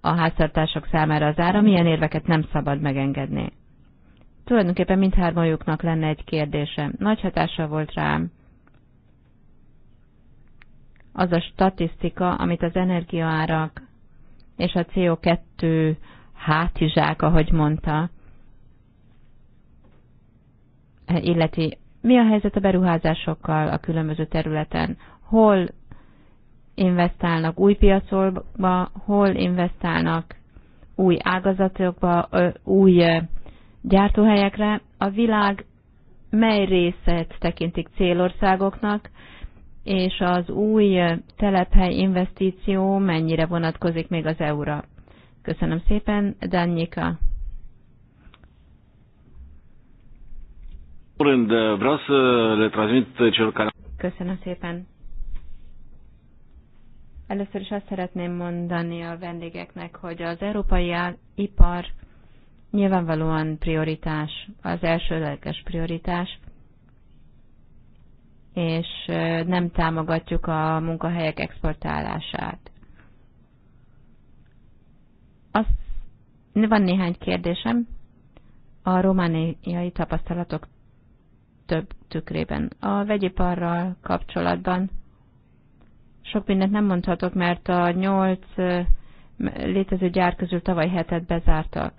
Speaker 2: a háztartások számára az ára. Milyen érveket nem szabad megengedni? Tulajdonképpen mindhármajuknak lenne egy kérdése. Nagy hatása volt rám az a statisztika, amit az energiaárak és a CO2 hátizsák, ahogy mondta, illeti mi a helyzet a beruházásokkal a különböző területen? Hol investálnak új piacokba, hol investálnak új ágazatokba, új gyártóhelyekre. A világ mely részét tekintik célországoknak, és az új telephely investíció mennyire vonatkozik még az EU-ra. Köszönöm szépen, Danika.
Speaker 3: rând, vreau să le transmit celor care...
Speaker 2: Köszönöm szépen. Először is azt szeretném mondani a vendégeknek, hogy az európai ipar nyilvánvalóan prioritás, az elsőleges prioritás, és nem támogatjuk a munkahelyek exportálását. Azt, van néhány kérdésem a romániai tapasztalatok több tükrében. A vegyiparral kapcsolatban sok mindent nem mondhatok, mert a nyolc létező gyár közül tavaly hetet bezártak.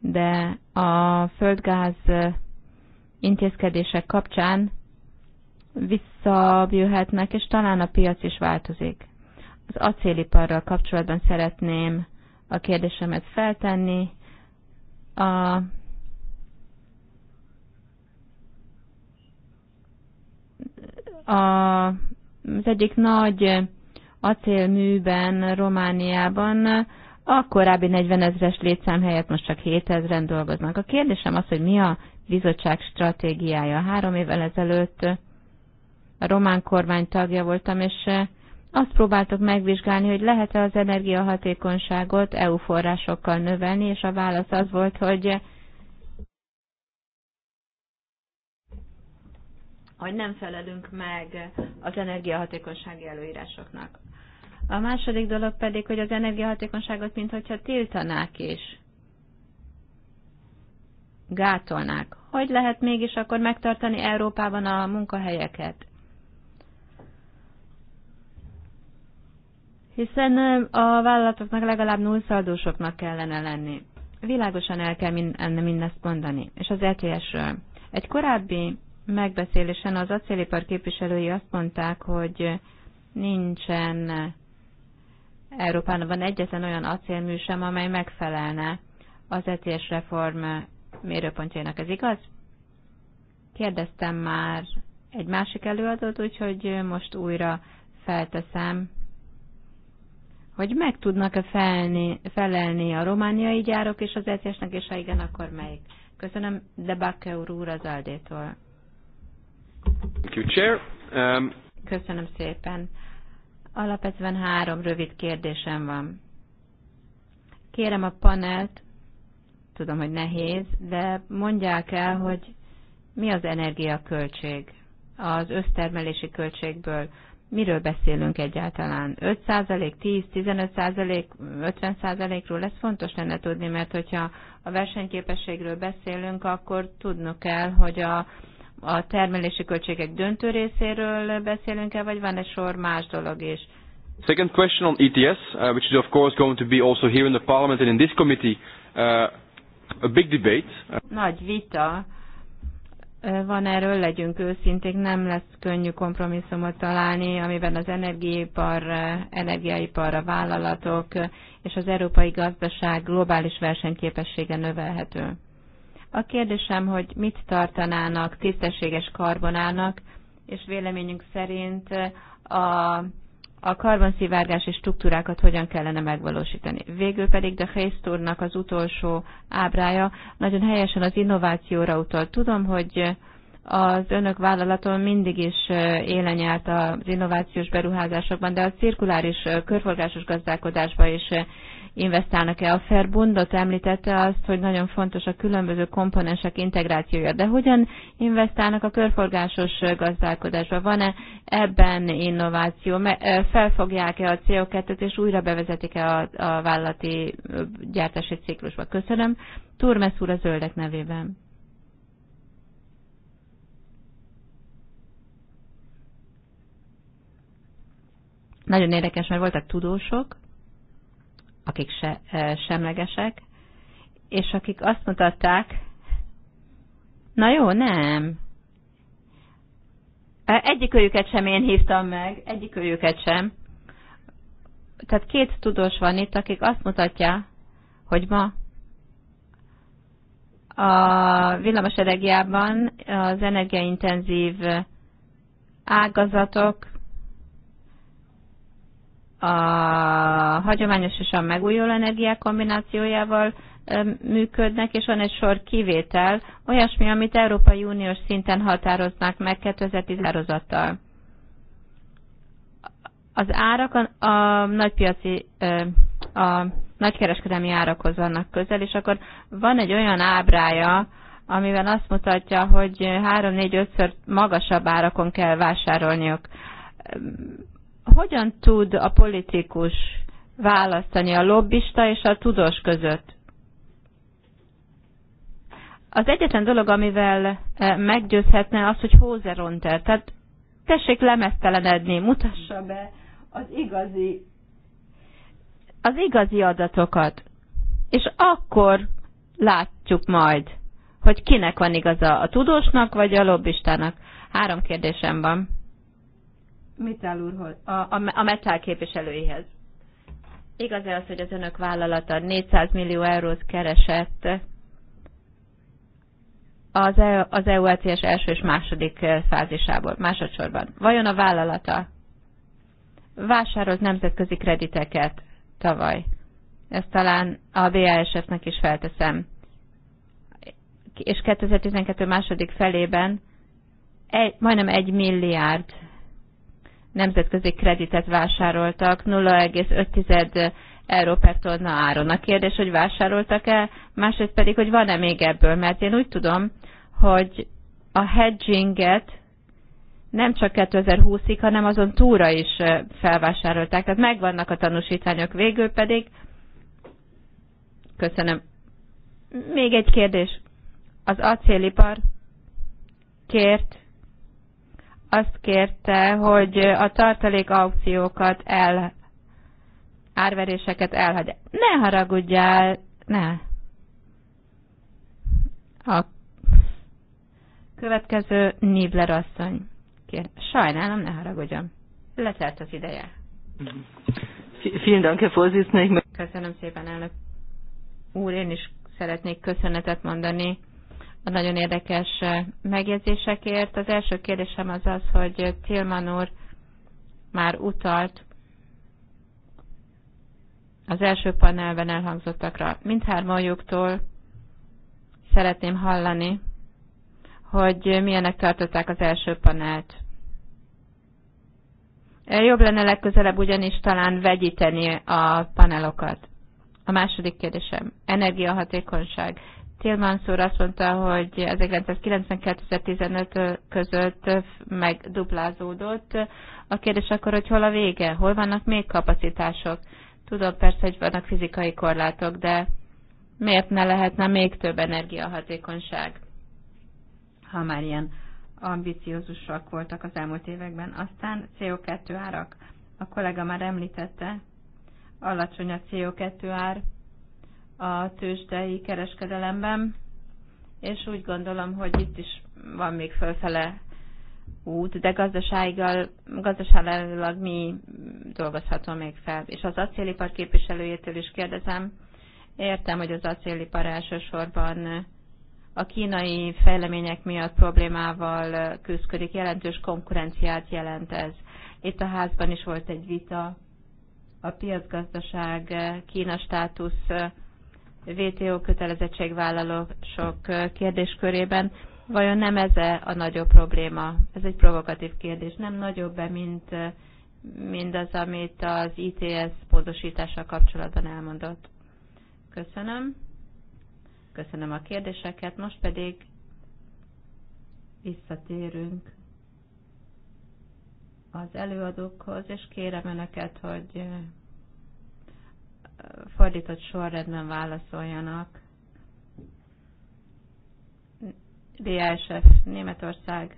Speaker 2: De a földgáz intézkedések kapcsán visszabjöhetnek, és talán a piac is változik. Az acéliparral kapcsolatban szeretném a kérdésemet feltenni. A A, az egyik nagy acélműben Romániában a korábbi 40 ezres létszám helyett most csak 7 ezeren dolgoznak. A kérdésem az, hogy mi a bizottság stratégiája. Három évvel ezelőtt a román kormány tagja voltam, és azt próbáltuk megvizsgálni, hogy lehet-e az energiahatékonyságot EU forrásokkal növelni, és a válasz az volt, hogy hogy nem felelünk meg az energiahatékonysági előírásoknak. A második dolog pedig, hogy az energiahatékonyságot mintha tiltanák is, gátolnák. Hogy lehet mégis akkor megtartani Európában a munkahelyeket? Hiszen a vállalatoknak legalább nullszaldósoknak kellene lenni. Világosan el kell mindezt mondani. És az ETS-ről. Egy korábbi megbeszélésen az acélipar képviselői azt mondták, hogy nincsen Európában van egyetlen olyan acélmű sem, amely megfelelne az ETS reform mérőpontjainak. Ez igaz? Kérdeztem már egy másik előadót, úgyhogy most újra felteszem, hogy meg tudnak-e felni, felelni a romániai gyárok és az ETS-nek, és ha igen, akkor melyik? Köszönöm, de Bakke úr, úr az Aldétól. Um, Köszönöm szépen. Alapvetően három rövid kérdésem van. Kérem a panelt, tudom, hogy nehéz, de mondják el, hogy mi az energiaköltség az össztermelési költségből. Miről beszélünk egyáltalán? 5%, 10, 15%, 50%-ról? Ez fontos lenne tudni, mert hogyha a versenyképességről beszélünk, akkor tudnunk kell, hogy a, a termelési költségek döntő részéről beszélünk-e, vagy van egy sor más dolog is? Second question on ETS, uh, which is of course going to be also here in the Parliament and in this committee uh, a big debate. Nagy vita uh, van erről, legyünk őszinték, nem lesz könnyű kompromisszumot találni, amiben az energiaipar, uh, energiaipar, a vállalatok uh, és az európai gazdaság globális versenyképessége növelhető. A kérdésem, hogy mit tartanának tisztességes karbonának, és véleményünk szerint a, a karbonszivárgási struktúrákat hogyan kellene megvalósítani. Végül pedig de Heist az utolsó ábrája nagyon helyesen az innovációra utal. Tudom, hogy az önök vállalaton mindig is élen járt az innovációs beruházásokban, de a cirkuláris körforgásos gazdálkodásban is investálnak-e. A Fairbundot említette azt, hogy nagyon fontos a különböző komponensek integrációja, de hogyan investálnak a körforgásos gazdálkodásba? Van-e ebben innováció? Felfogják-e a CO2-t és újra bevezetik-e a, a vállalati gyártási ciklusba? Köszönöm. Turmes úr a zöldek nevében. Nagyon érdekes, mert voltak tudósok, akik se, semlegesek, és akik azt mutatták, na jó, nem. egyik őjüket sem én hívtam meg, egyik őjüket sem. Tehát két tudós van itt, akik azt mutatja, hogy ma a villamos energiában az energiaintenzív ágazatok a hagyományos és a megújuló energiák kombinációjával működnek, és van egy sor kivétel, olyasmi, amit Európai Uniós szinten határoznak meg 2010 ározattal. Az árak a, a nagypiaci, a nagykereskedelmi árakhoz vannak közel, és akkor van egy olyan ábrája, amivel azt mutatja, hogy 3-4-5-ször magasabb árakon kell vásárolniuk hogyan tud a politikus választani a lobbista és a tudós között? Az egyetlen dolog, amivel eh, meggyőzhetne az, hogy Hózeronter, tehát tessék lemesztelenedni, mutassa be az igazi, az igazi adatokat. És akkor látjuk majd, hogy kinek van igaza, a tudósnak vagy a lobbistának. Három kérdésem van. Mitál úrhoz, a, a, a Metál képviselőihez. Igaz-e az, hogy az önök vállalata 400 millió eurót keresett az, e, az EUACS első és második eh, fázisából, másodszorban? Vajon a vállalata vásárolt nemzetközi krediteket tavaly? Ezt talán a BASF-nek is felteszem. És 2012 második felében egy, majdnem egy milliárd nemzetközi kreditet vásároltak 0,5 euró per tonna áron. A kérdés, hogy vásároltak-e, másrészt pedig, hogy van-e még ebből, mert én úgy tudom, hogy a hedginget nem csak 2020-ig, hanem azon túra is felvásárolták. Tehát megvannak a tanúsítványok végül pedig. Köszönöm. Még egy kérdés. Az acélipar kért azt kérte, hogy a tartalék aukciókat el árveréseket elhagyja. Ne haragudjál, ne. A következő Nibler asszony. Kér. Sajnálom, ne haragudjam. Letelt az ideje. Köszönöm szépen, elnök úr. Én is szeretnék köszönetet mondani a nagyon érdekes eh, megjegyzésekért. Az első kérdésem az az, hogy Tilman úr már utalt az első panelben elhangzottakra. Mindhármójuktól szeretném hallani, hogy milyenek tartották az első panelt. Eh, jobb lenne legközelebb ugyanis talán vegyíteni a panelokat. A második kérdésem, energiahatékonyság. Tilman szór azt mondta, hogy 1992 2015 között megduplázódott. A kérdés akkor, hogy hol a vége? Hol vannak még kapacitások? Tudom persze, hogy vannak fizikai korlátok, de miért ne lehetne még több energiahatékonyság? Ha már ilyen ambiciózusak voltak az elmúlt években. Aztán CO2 árak. A kollega már említette, alacsony a CO2 ár, a tőzsdei kereskedelemben, és úgy gondolom, hogy itt is van még fölfele út, de gazdasággal, gazdaságilag mi dolgozható még fel. És az acélipar képviselőjétől is kérdezem, értem, hogy az acélipar elsősorban a kínai fejlemények miatt problémával küzdik, jelentős konkurenciát jelent ez. Itt a házban is volt egy vita a piacgazdaság Kína státusz VTO kötelezettségvállalások kérdéskörében, vajon nem ez -e a nagyobb probléma? Ez egy provokatív kérdés. Nem nagyobb-e, mint mindaz, amit az ITS módosítással kapcsolatban elmondott? Köszönöm. Köszönöm a kérdéseket. Most pedig visszatérünk az előadókhoz, és kérem Önöket, hogy fordított sorrendben válaszoljanak. DASF Németország,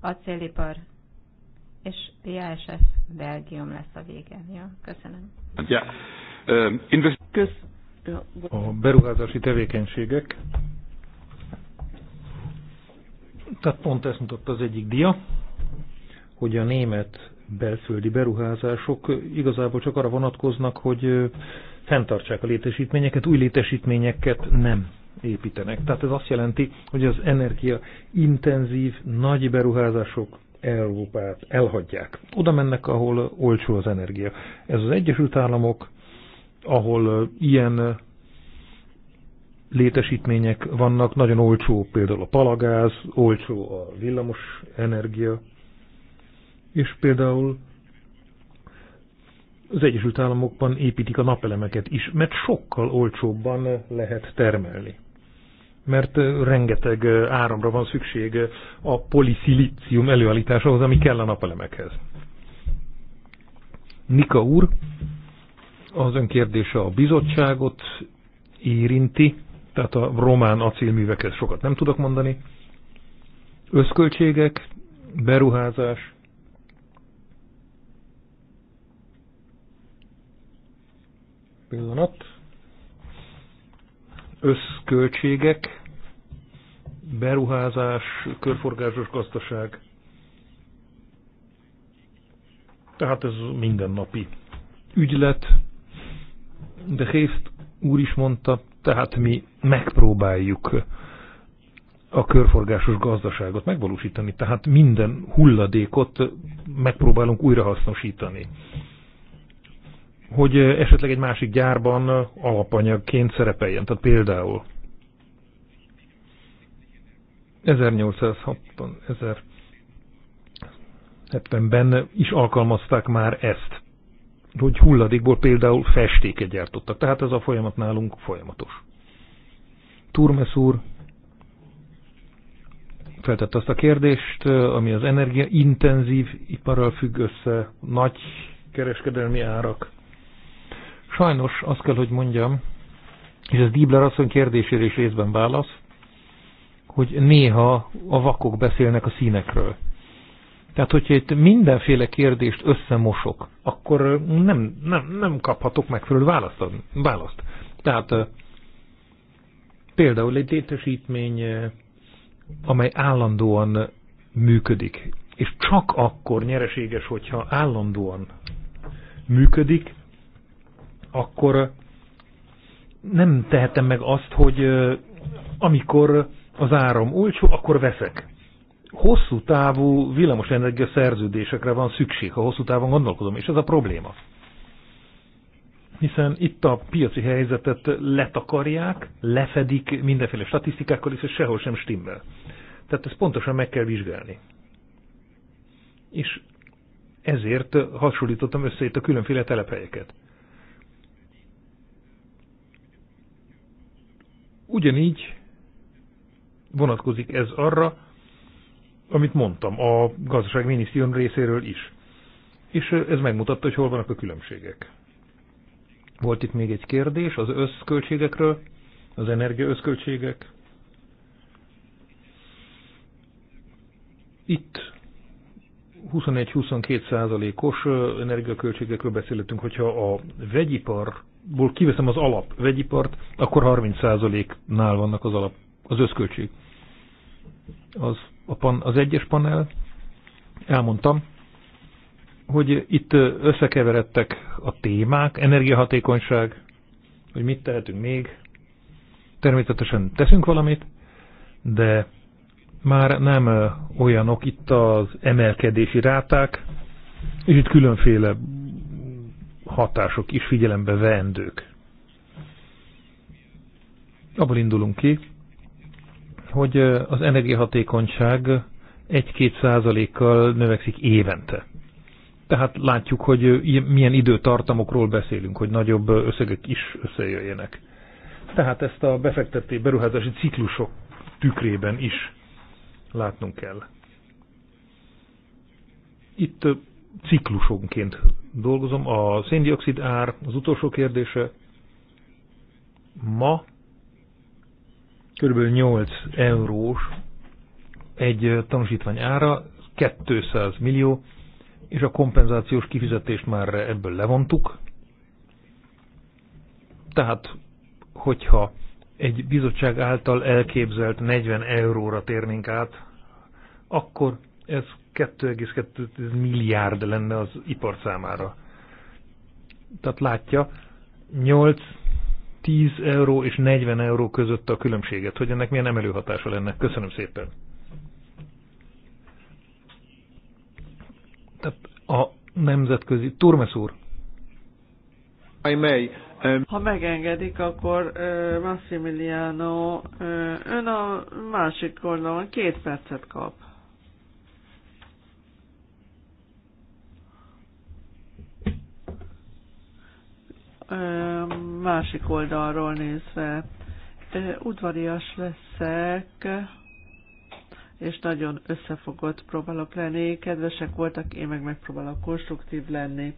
Speaker 2: acélipar és DASF Belgium lesz a vége. Ja, köszönöm.
Speaker 3: Ja,
Speaker 1: a beruházási tevékenységek. Tehát pont ezt mutatta az egyik dia, hogy a német belföldi beruházások igazából csak arra vonatkoznak, hogy fenntartsák a létesítményeket, új létesítményeket nem építenek. Tehát ez azt jelenti, hogy az energia intenzív, nagy beruházások Európát elhagyják. Oda mennek, ahol olcsó az energia. Ez az Egyesült Államok, ahol ilyen létesítmények vannak, nagyon olcsó például a palagáz, olcsó a villamos energia, és például az Egyesült Államokban építik a napelemeket is, mert sokkal olcsóbban lehet termelni. Mert rengeteg áramra van szükség a poliszilícium előállításához, ami kell a napelemekhez. Nika úr, az ön kérdése a bizottságot érinti, tehát a román acélművekhez sokat nem tudok mondani. Összköltségek, beruházás, pillanat. Összköltségek, beruházás, körforgásos gazdaság. Tehát ez mindennapi ügylet, de Hészt úr is mondta, tehát mi megpróbáljuk a körforgásos gazdaságot megvalósítani, tehát minden hulladékot megpróbálunk újrahasznosítani hogy esetleg egy másik gyárban alapanyagként szerepeljen. Tehát például 1860-1070-ben is alkalmazták már ezt, hogy hulladékból például festéket gyártottak. Tehát ez a folyamat nálunk folyamatos. Turmes úr feltette azt a kérdést, ami az energiaintenzív iparral függ össze, nagy kereskedelmi árak. Sajnos azt kell, hogy mondjam, és ez Dibler asszony kérdésére is részben válasz, hogy néha a vakok beszélnek a színekről. Tehát, hogyha itt mindenféle kérdést összemosok, akkor nem, nem, nem kaphatok megfelelő választ. választ. Tehát például egy létesítmény, amely állandóan működik, és csak akkor nyereséges, hogyha állandóan működik, akkor nem tehetem meg azt, hogy amikor az áram olcsó, akkor veszek. Hosszú távú villamosenergia szerződésekre van szükség, ha hosszú távon gondolkodom, és ez a probléma. Hiszen itt a piaci helyzetet letakarják, lefedik mindenféle statisztikákkal, és ez sehol sem stimmel. Tehát ezt pontosan meg kell vizsgálni. És ezért hasonlítottam össze itt a különféle telephelyeket. Ugyanígy vonatkozik ez arra, amit mondtam, a gazdaságminisztérium részéről is. És ez megmutatta, hogy hol vannak a különbségek. Volt itt még egy kérdés az összköltségekről, az energia összköltségek. Itt 21-22 százalékos energiaköltségekről beszéltünk, hogyha a vegyipar alapból kiveszem az alap vegyipart, akkor 30%-nál vannak az alap, az összköltség. Az, a pan, az egyes panel, elmondtam, hogy itt összekeveredtek a témák, energiahatékonyság, hogy mit tehetünk még. Természetesen teszünk valamit, de már nem olyanok itt az emelkedési ráták, és itt különféle hatások is figyelembe veendők. Abból indulunk ki, hogy az energiahatékonyság 1-2 százalékkal növekszik évente. Tehát látjuk, hogy milyen időtartamokról beszélünk, hogy nagyobb összegek is összejöjjenek. Tehát ezt a befektetési beruházási ciklusok tükrében is látnunk kell. Itt ciklusonként dolgozom. A széndiokszid ár, az utolsó kérdése, ma kb. 8 eurós egy tanúsítvány ára, 200 millió, és a kompenzációs kifizetést már ebből levontuk. Tehát, hogyha egy bizottság által elképzelt 40 euróra térnénk át, akkor ez 2,2 milliárd lenne az ipar számára. Tehát látja, 8 10 euró és 40 euró között a különbséget, hogy ennek milyen emelő hatása lenne. Köszönöm szépen. Tehát a nemzetközi... Turmes úr.
Speaker 3: I may. Um, ha megengedik, akkor uh, Massimiliano, uh, ön a másik oldalon két percet kap. másik oldalról nézve. Udvarias leszek, és nagyon összefogott próbálok lenni. Kedvesek voltak, én meg megpróbálok konstruktív lenni.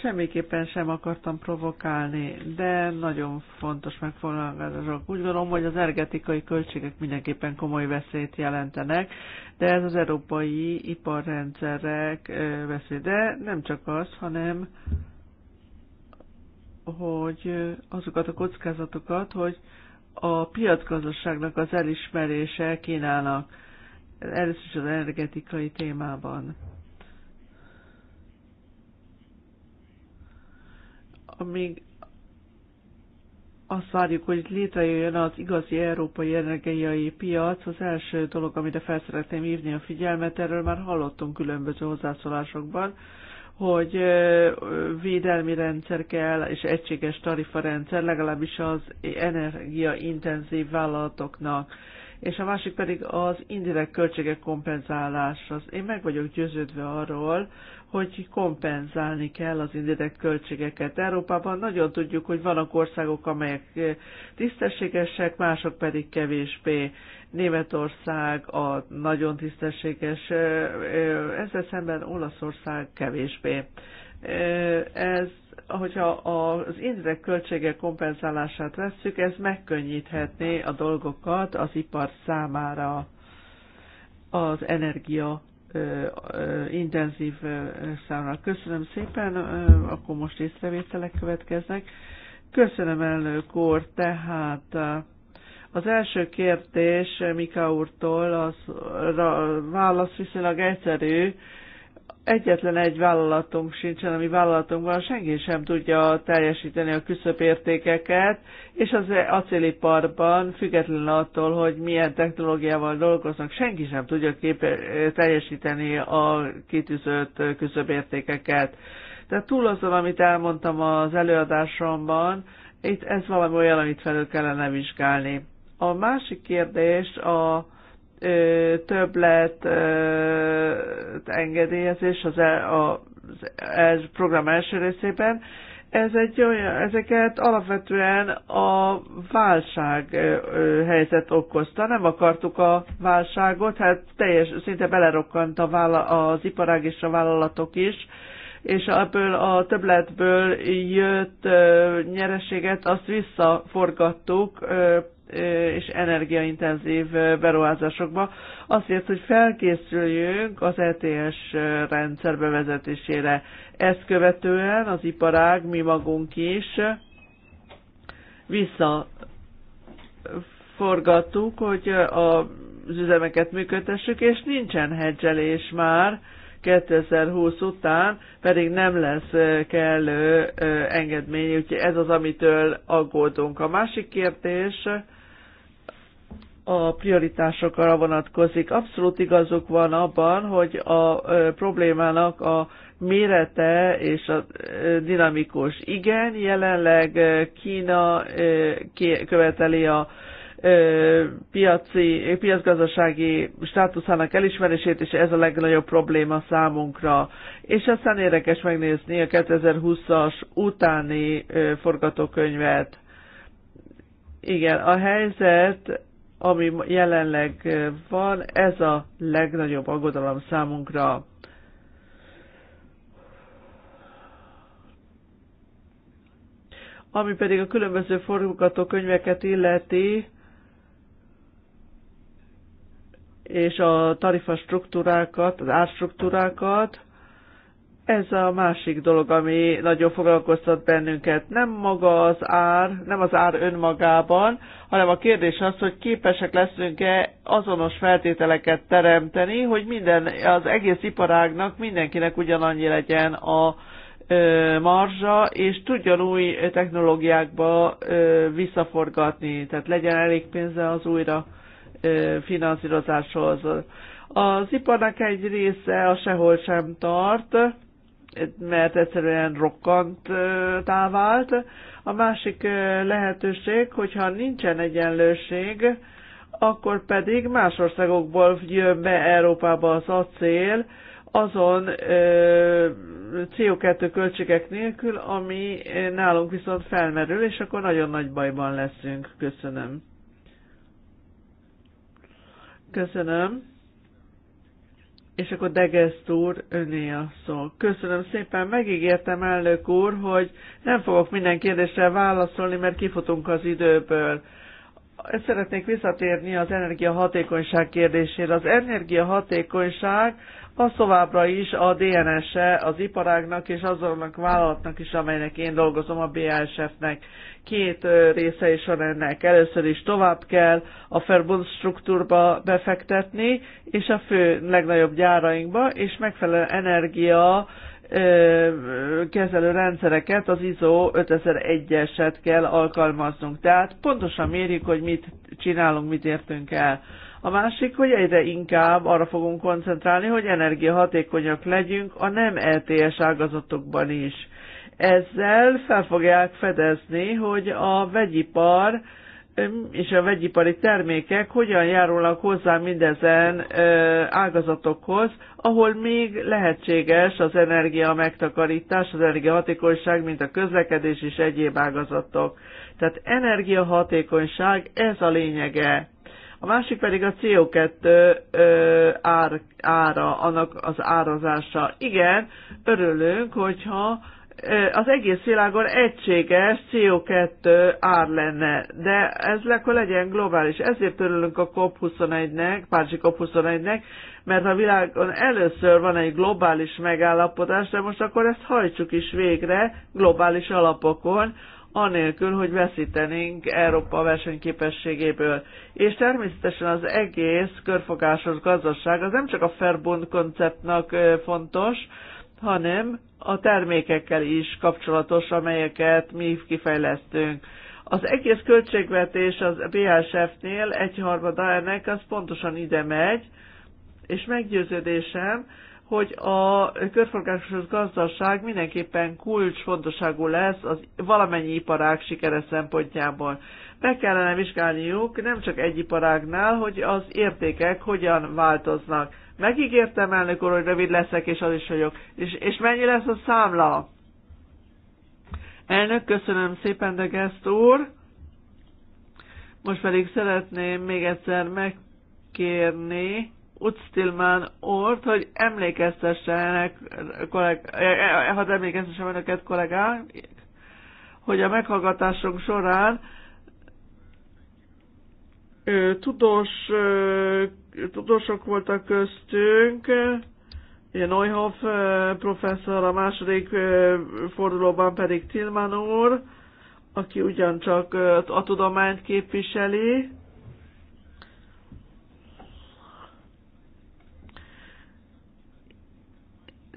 Speaker 3: Semmiképpen sem akartam provokálni, de nagyon fontos megfoglalkozások. Úgy gondolom, hogy az energetikai költségek mindenképpen komoly veszélyt jelentenek, de ez az európai iparrendszerek veszély. De nem csak az, hanem hogy azokat a kockázatokat, hogy a piacgazdaságnak az elismerése kínálnak. először is az energetikai témában. Amíg azt várjuk, hogy létrejöjjön az igazi európai energiai piac, az első dolog, amire fel szeretném hívni a figyelmet, erről már hallottunk különböző hozzászólásokban, hogy védelmi rendszer kell, és egységes tarifarendszer, legalábbis az energiaintenzív vállalatoknak és a másik pedig az indirekt költségek kompenzálása. Én meg vagyok győződve arról, hogy kompenzálni kell az indirekt költségeket. Európában nagyon tudjuk, hogy vannak országok, amelyek eh, tisztességesek, mások pedig kevésbé. Németország a nagyon tisztességes, eh, eh, ezzel szemben Olaszország kevésbé. Ez, hogyha az indirekt költségek kompenzálását vesszük, ez megkönnyíthetné a dolgokat az ipar számára az energia intenzív számra. Köszönöm szépen, akkor most észrevételek következnek. Köszönöm elnök úr, tehát az első kérdés Mika úrtól, az válasz viszonylag egyszerű, egyetlen egy vállalatunk sincsen, ami vállalatunkban senki sem tudja teljesíteni a küszöpértékeket, és az acéliparban, független attól, hogy milyen technológiával dolgoznak, senki sem tudja képe- teljesíteni a kitűzött küszöpértékeket. Tehát túl azon, amit elmondtam az előadásomban, itt ez valami olyan, amit felül kellene vizsgálni. A másik kérdés a többlet engedélyezés az, el, az, el, program első részében, ez egy olyan, ezeket alapvetően a válság helyzet okozta. Nem akartuk a válságot, hát teljes, szinte belerokkant a vála, az iparág és a vállalatok is, és ebből a többletből jött nyereséget, azt visszaforgattuk és energiaintenzív beruházásokba, azért, hogy felkészüljünk az ETS rendszer bevezetésére. Ezt követően az iparág, mi magunk is visszaforgattuk, hogy az üzemeket működtessük, és nincsen hedzselés már, 2020 után pedig nem lesz kellő engedmény, úgyhogy ez az, amitől aggódunk. A másik kérdés, a prioritásokra vonatkozik. Abszolút igazuk van abban, hogy a problémának a mérete és a dinamikus. Igen, jelenleg Kína követeli a piaci, piacgazdasági státuszának elismerését, és ez a legnagyobb probléma számunkra. És aztán érdekes megnézni a 2020-as utáni forgatókönyvet. Igen, a helyzet ami jelenleg van, ez a legnagyobb aggodalom számunkra. Ami pedig a különböző forgatókönyveket illeti, és a tarifa struktúrákat, az árstruktúrákat, ez a másik dolog, ami nagyon foglalkoztat bennünket. Nem maga az ár, nem az ár önmagában, hanem a kérdés az, hogy képesek leszünk-e azonos feltételeket teremteni, hogy minden, az egész iparágnak mindenkinek ugyanannyi legyen a ö, marzsa, és tudjon új technológiákba ö, visszaforgatni, tehát legyen elég pénze az újra ö, finanszírozáshoz. Az iparnak egy része a sehol sem tart, mert egyszerűen rokkant távált A másik lehetőség, hogyha nincsen egyenlőség, akkor pedig más országokból jön be Európába az acél, azon ö, CO2 költségek nélkül, ami nálunk viszont felmerül, és akkor nagyon nagy bajban leszünk. Köszönöm. Köszönöm. És akkor Degeszt úr, öné a szó. Köszönöm szépen, megígértem elnök úr, hogy nem fogok minden kérdésre válaszolni, mert kifutunk az időből. Szeretnék visszatérni az energiahatékonyság kérdésére. Az energiahatékonyság az továbbra is a DNS-e az iparágnak és azonnak vállalatnak is, amelynek én dolgozom, a BASF-nek. Két része is van ennek. Először is tovább kell a Verbund struktúrba befektetni, és a fő legnagyobb gyárainkba, és megfelelő energia kezelő rendszereket, az ISO 5001-eset kell alkalmaznunk. Tehát pontosan mérjük, hogy mit csinálunk, mit értünk el. A másik, hogy egyre inkább arra fogunk koncentrálni, hogy energiahatékonyak legyünk a nem LTS e ágazatokban is. Ezzel fel fogják fedezni, hogy a vegyipar és a vegyipari termékek hogyan járulnak hozzá mindezen ágazatokhoz, ahol még lehetséges az energia megtakarítás, az energiahatékonyság, mint a közlekedés és egyéb ágazatok. Tehát energiahatékonyság, ez a lényege a másik pedig a CO2 ö, ár, ára, annak az árazása. Igen, örülünk, hogyha az egész világon egységes CO2 ár lenne, de ez akkor legyen globális. Ezért örülünk a COP21-nek, Párizsi COP21-nek, mert a világon először van egy globális megállapodás, de most akkor ezt hajtsuk is végre globális alapokon, anélkül, hogy veszítenénk Európa versenyképességéből. És természetesen az egész körfogásos gazdaság az nem csak a Fairbund konceptnak fontos, hanem a termékekkel is kapcsolatos, amelyeket mi kifejlesztünk. Az egész költségvetés az BHSF-nél egyharmada ennek az pontosan ide megy, és meggyőződésem, hogy a körforgásos gazdaság mindenképpen kulcsfontosságú lesz az valamennyi iparág sikere szempontjából. Meg kellene vizsgálniuk nem csak egy iparágnál, hogy az értékek hogyan változnak. Megígértem elnök úr, hogy rövid leszek, és az is vagyok. És, és mennyi lesz a számla? Elnök, köszönöm szépen, de Geszt úr. Most pedig szeretném még egyszer megkérni, utstilman ort, hogy emlékeztessenek, kolleg, eh, eh, hadd emlékeztessem önöket kollégák, hogy a meghallgatásunk során tudós, tudósok voltak köztünk, ugye Neuhoff professzor, a második fordulóban pedig tilman úr, aki ugyancsak a tudományt képviseli,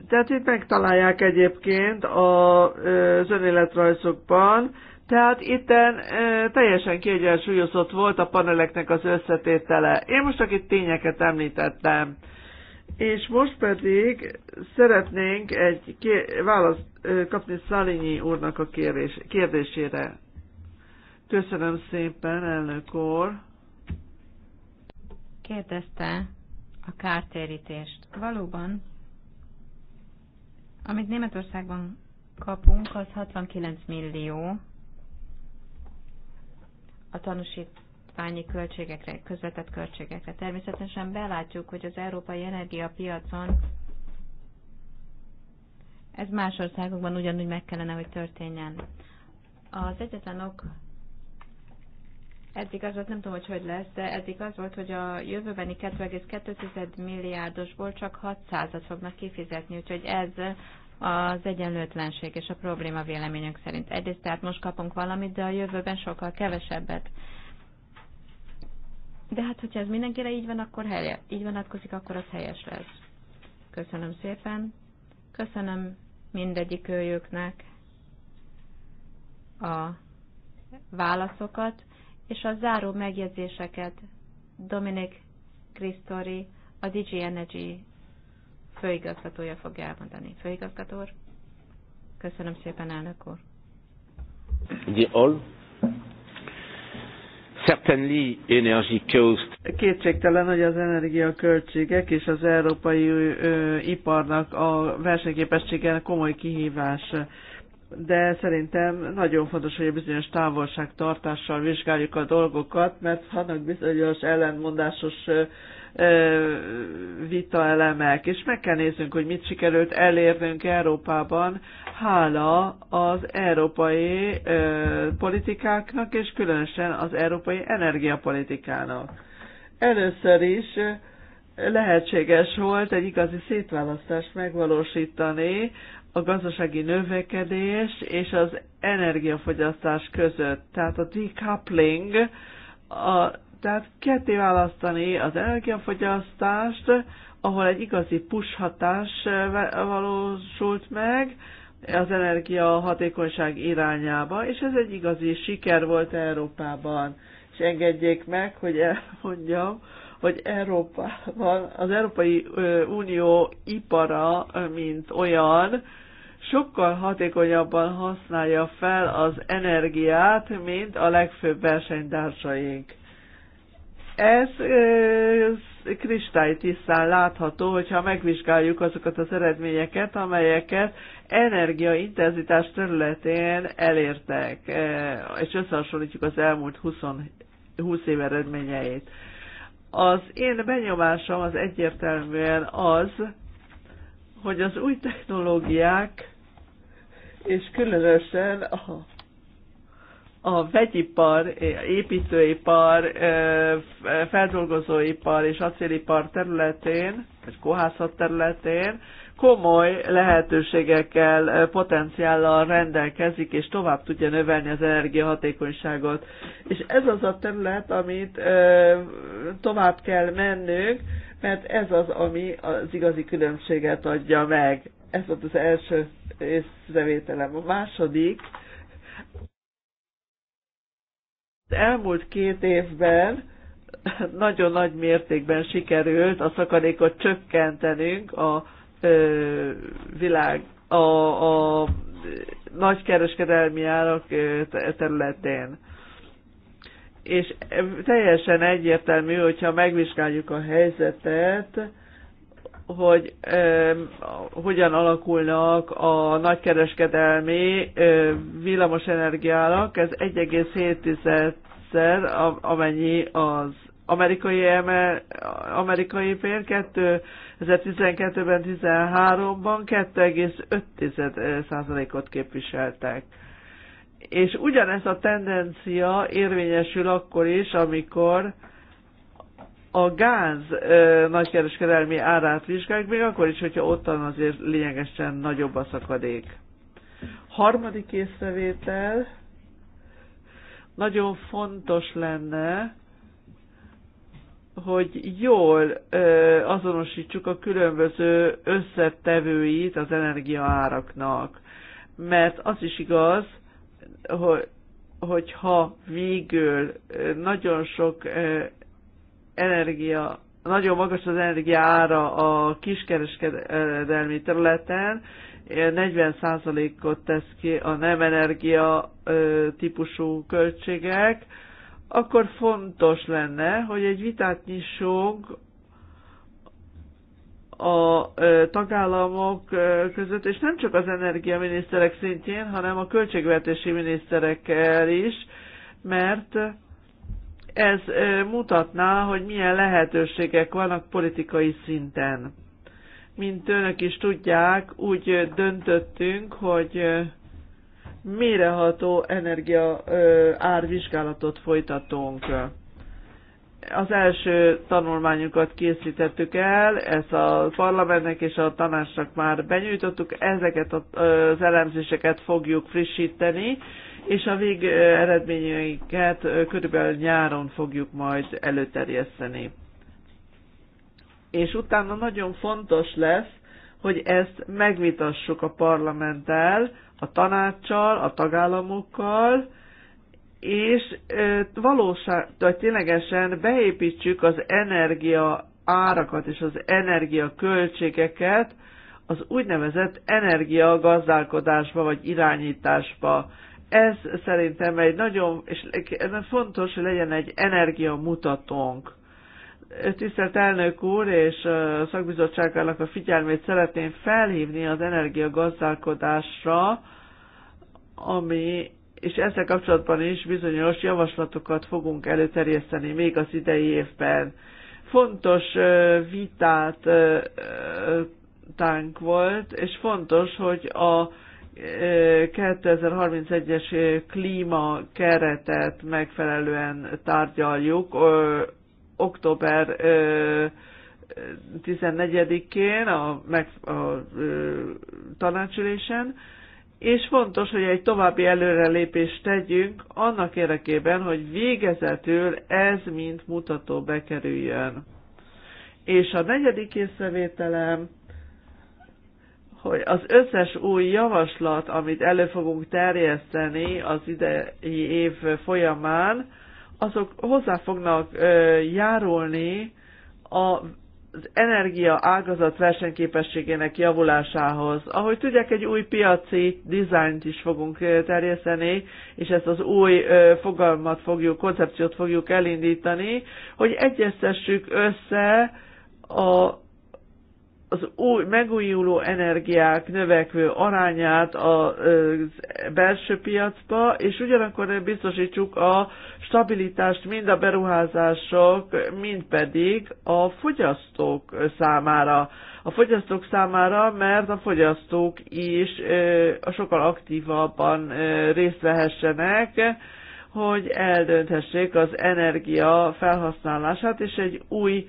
Speaker 3: tehát itt megtalálják egyébként az önéletrajzokban, tehát itten e, teljesen kiegyensúlyozott volt a paneleknek az összetétele. Én most csak itt tényeket említettem. És most pedig szeretnénk egy ké- választ kapni Szalinyi úrnak a kérés- kérdésére. Köszönöm szépen, elnök úr. Kérdezte
Speaker 2: a kártérítést. Valóban amit Németországban kapunk, az 69 millió a tanúsítványi költségekre, közvetett költségekre. Természetesen belátjuk, hogy az európai energiapiacon ez más országokban ugyanúgy meg kellene, hogy történjen. Az egyetlen ok, eddig az volt, nem tudom, hogy hogy lesz, de eddig az volt, hogy a jövőbeni 2,2 milliárdosból csak 600-at fognak kifizetni, úgyhogy ez az egyenlőtlenség és a probléma véleményünk szerint. Egyrészt tehát most kapunk valamit, de a jövőben sokkal kevesebbet. De hát, hogyha ez mindenkire így van, akkor helye, így vonatkozik, akkor az helyes lesz. Köszönöm szépen. Köszönöm mindegyik őjüknek a válaszokat és a záró megjegyzéseket Dominik Krisztori, a DG Energy főigazgatója fog elmondani. Főigazgató úr,
Speaker 3: köszönöm szépen, elnök úr. all certainly energy cost. Kétségtelen, hogy az energiaköltségek és az európai ö, iparnak a versenyképessége komoly kihívás de szerintem nagyon fontos, hogy bizonyos távolságtartással vizsgáljuk a dolgokat, mert vannak bizonyos ellenmondásos vita elemek, és meg kell néznünk, hogy mit sikerült elérnünk Európában, hála az európai politikáknak, és különösen az európai energiapolitikának. Először is lehetséges volt egy igazi szétválasztást megvalósítani a gazdasági növekedés és az energiafogyasztás között. Tehát a decoupling, a, tehát ketté választani az energiafogyasztást, ahol egy igazi push hatás eh, valósult meg az energia hatékonyság irányába, és ez egy igazi siker volt Európában. És engedjék meg, hogy elmondjam, hogy Európában az Európai Unió ipara, mint olyan, sokkal hatékonyabban használja fel az energiát, mint a legfőbb versenytársaink. Ez, ez kristálytisztán látható, hogyha megvizsgáljuk azokat az eredményeket, amelyeket energiaintenzitás területén elértek, és összehasonlítjuk az elmúlt 20, 20 év eredményeit. Az én benyomásom az egyértelműen az, hogy az új technológiák és különösen a, a vegyipar, építőipar, feldolgozóipar és acélipar területén, vagy kohászat területén komoly lehetőségekkel, potenciállal rendelkezik, és tovább tudja növelni az energiahatékonyságot. És ez az a terület, amit tovább kell mennünk, mert ez az, ami az igazi különbséget adja meg ez volt az első észrevételem. A második, az elmúlt két évben nagyon nagy mértékben sikerült a szakadékot csökkentenünk a ö, világ, a, a nagykereskedelmi árak területén. És teljesen egyértelmű, hogyha megvizsgáljuk a helyzetet, hogy ö, hogyan alakulnak a nagykereskedelmi ö, villamosenergiának. Ez 1,7-szer, amennyi az amerikai, emel, amerikai pér 2012-ben, 13-ban 2,5%-ot képviseltek. És ugyanez a tendencia érvényesül akkor is, amikor a gáz ö, nagykereskedelmi árát vizsgáljuk, még akkor is, hogyha ottan azért lényegesen nagyobb a szakadék. Harmadik észrevétel, nagyon fontos lenne, hogy jól ö, azonosítsuk a különböző összetevőit az energiaáraknak. Mert az is igaz, hogy hogyha végül nagyon sok energia, nagyon magas az energia ára a kiskereskedelmi területen, 40%-ot tesz ki a nem energia típusú költségek, akkor fontos lenne, hogy egy vitát nyissunk a tagállamok között, és nem csak az energiaminiszterek szintjén, hanem a költségvetési miniszterekkel is, mert ez mutatná, hogy milyen lehetőségek vannak politikai szinten. Mint önök is tudják, úgy döntöttünk, hogy méreható energia árvizsgálatot folytatunk. Az első tanulmányunkat készítettük el, ezt a parlamentnek és a tanácsnak már benyújtottuk, ezeket az elemzéseket fogjuk frissíteni, és a vég eredményeiket körülbelül nyáron fogjuk majd előterjeszteni. És utána nagyon fontos lesz, hogy ezt megvitassuk a parlamenttel, a tanácssal, a tagállamokkal, és valóság, vagy ténylegesen beépítsük az energia árakat és az energia költségeket az úgynevezett energiagazdálkodásba vagy irányításba. Ez szerintem egy nagyon, és fontos, hogy legyen egy energiamutatónk. Tisztelt elnök úr és a szakbizottságának a figyelmét szeretném felhívni az energiagazdálkodásra, ami, és ezzel kapcsolatban is bizonyos javaslatokat fogunk előterjeszteni még az idei évben. Fontos vitát tánk volt, és fontos, hogy a 2031-es klíma keretet megfelelően tárgyaljuk október 14-én a, meg, a tanácsülésen, és fontos, hogy egy további előrelépést tegyünk annak érdekében, hogy végezetül ez mint mutató bekerüljön. És a negyedik észrevételem hogy az összes új javaslat, amit elő fogunk terjeszteni az idei év folyamán, azok hozzá fognak járulni a az energia ágazat versenyképességének javulásához. Ahogy tudják, egy új piaci dizájnt is fogunk terjeszteni, és ezt az új fogalmat fogjuk, koncepciót fogjuk elindítani, hogy egyeztessük össze a az új megújuló energiák növekvő arányát a belső piacba, és ugyanakkor biztosítsuk a stabilitást mind a beruházások, mind pedig a fogyasztók számára. A fogyasztók számára, mert a fogyasztók is a sokkal aktívabban részt vehessenek, hogy eldönthessék az energia felhasználását, és egy új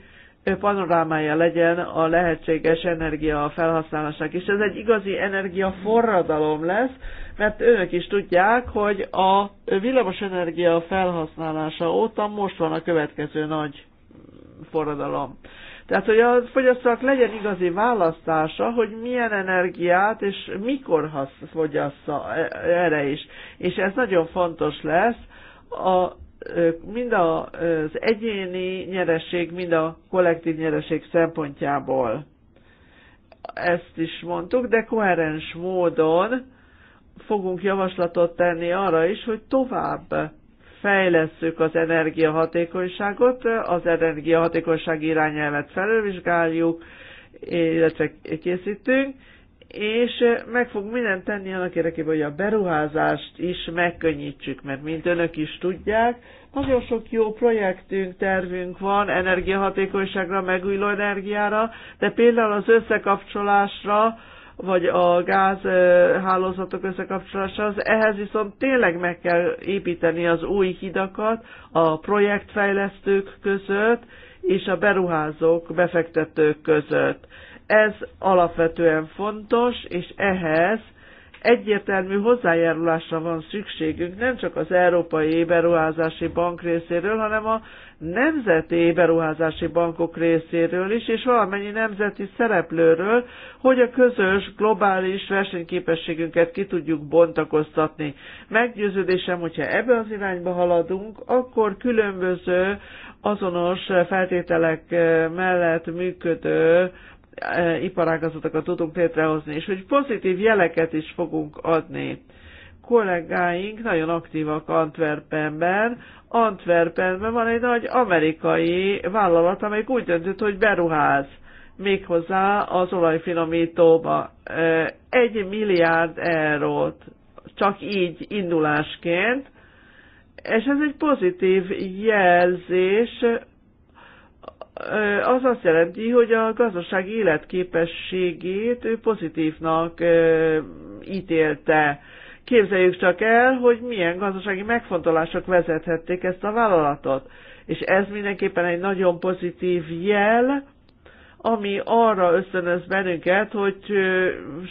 Speaker 3: panorámája legyen a lehetséges energia felhasználásnak. És ez egy igazi energiaforradalom lesz, mert önök is tudják, hogy a energia felhasználása óta most van a következő nagy forradalom. Tehát, hogy a fogyasztóak legyen igazi választása, hogy milyen energiát és mikor fogyassza e-, erre is. És ez nagyon fontos lesz, a mind az egyéni nyereség, mind a kollektív nyereség szempontjából. Ezt is mondtuk, de koherens módon fogunk javaslatot tenni arra is, hogy tovább fejlesszük az energiahatékonyságot, az energiahatékonyság irányelvet felülvizsgáljuk, illetve készítünk, és meg fog mindent tenni annak érdekében, hogy a beruházást is megkönnyítsük, mert mint önök is tudják, nagyon sok jó projektünk, tervünk van energiahatékonyságra, megújuló energiára, de például az összekapcsolásra, vagy a gázhálózatok összekapcsolása, az ehhez viszont tényleg meg kell építeni az új hidakat a projektfejlesztők között és a beruházók, befektetők között. Ez alapvetően fontos, és ehhez egyértelmű hozzájárulásra van szükségünk, nem csak az Európai éberuházási Bank részéről, hanem a nemzeti éberuházási bankok részéről is, és valamennyi nemzeti szereplőről, hogy a közös globális versenyképességünket ki tudjuk bontakoztatni. Meggyőződésem, hogyha ebbe az irányba haladunk, akkor különböző azonos feltételek mellett működő E, iparágazatokat tudunk létrehozni, és hogy pozitív jeleket is fogunk adni. Kollégáink nagyon aktívak Antwerpenben. Antwerpenben van egy nagy amerikai vállalat, amelyik úgy döntött, hogy beruház méghozzá az olajfinomítóba. E, egy milliárd eurót csak így indulásként, és ez egy pozitív jelzés az azt jelenti, hogy a gazdaság életképességét ő pozitívnak ítélte. Képzeljük csak el, hogy milyen gazdasági megfontolások vezethették ezt a vállalatot. És ez mindenképpen egy nagyon pozitív jel, ami arra ösztönöz bennünket, hogy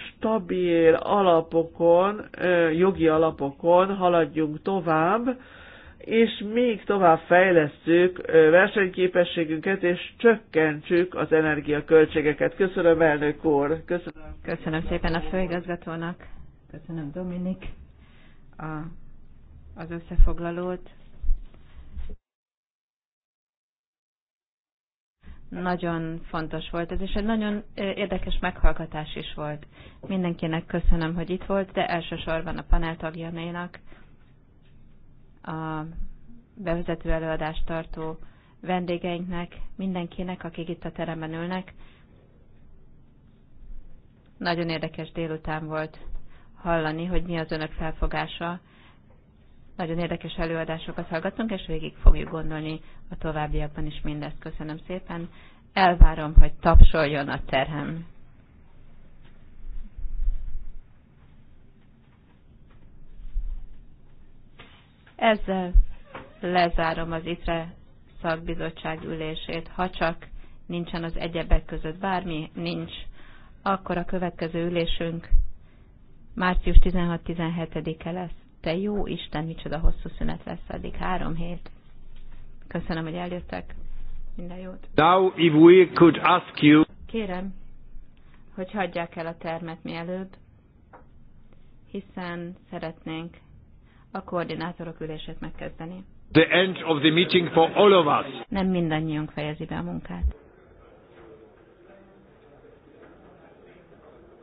Speaker 3: stabil alapokon, jogi alapokon haladjunk tovább, és még tovább fejlesztjük versenyképességünket, és csökkentsük az energiaköltségeket. Köszönöm, elnök úr! Köszönöm,
Speaker 2: Köszönöm szépen a főigazgatónak, köszönöm Dominik a, az összefoglalót. Nagyon fontos volt ez, és egy nagyon érdekes meghallgatás is volt. Mindenkinek köszönöm, hogy itt volt, de elsősorban a panel tagjainak, a bevezető előadást tartó vendégeinknek, mindenkinek, akik itt a teremben ülnek. Nagyon érdekes délután volt hallani, hogy mi az önök felfogása. Nagyon érdekes előadásokat hallgattunk, és végig fogjuk gondolni a továbbiakban is mindezt. Köszönöm szépen. Elvárom, hogy tapsoljon a terem. Ezzel lezárom az ITRE szakbizottság ülését. Ha csak nincsen az egyebek között bármi, nincs, akkor a következő ülésünk március 16-17-e lesz. Te jó Isten, micsoda hosszú szünet lesz addig, három hét. Köszönöm, hogy eljöttek. Minden jót.
Speaker 1: Now, if we could ask you...
Speaker 2: Kérem, hogy hagyják el a termet mielőbb, hiszen szeretnénk a koordinátorok ülését megkezdeni.
Speaker 3: The end of
Speaker 1: the meeting for all of us.
Speaker 2: Nem mindannyiunk fejezi be a munkát.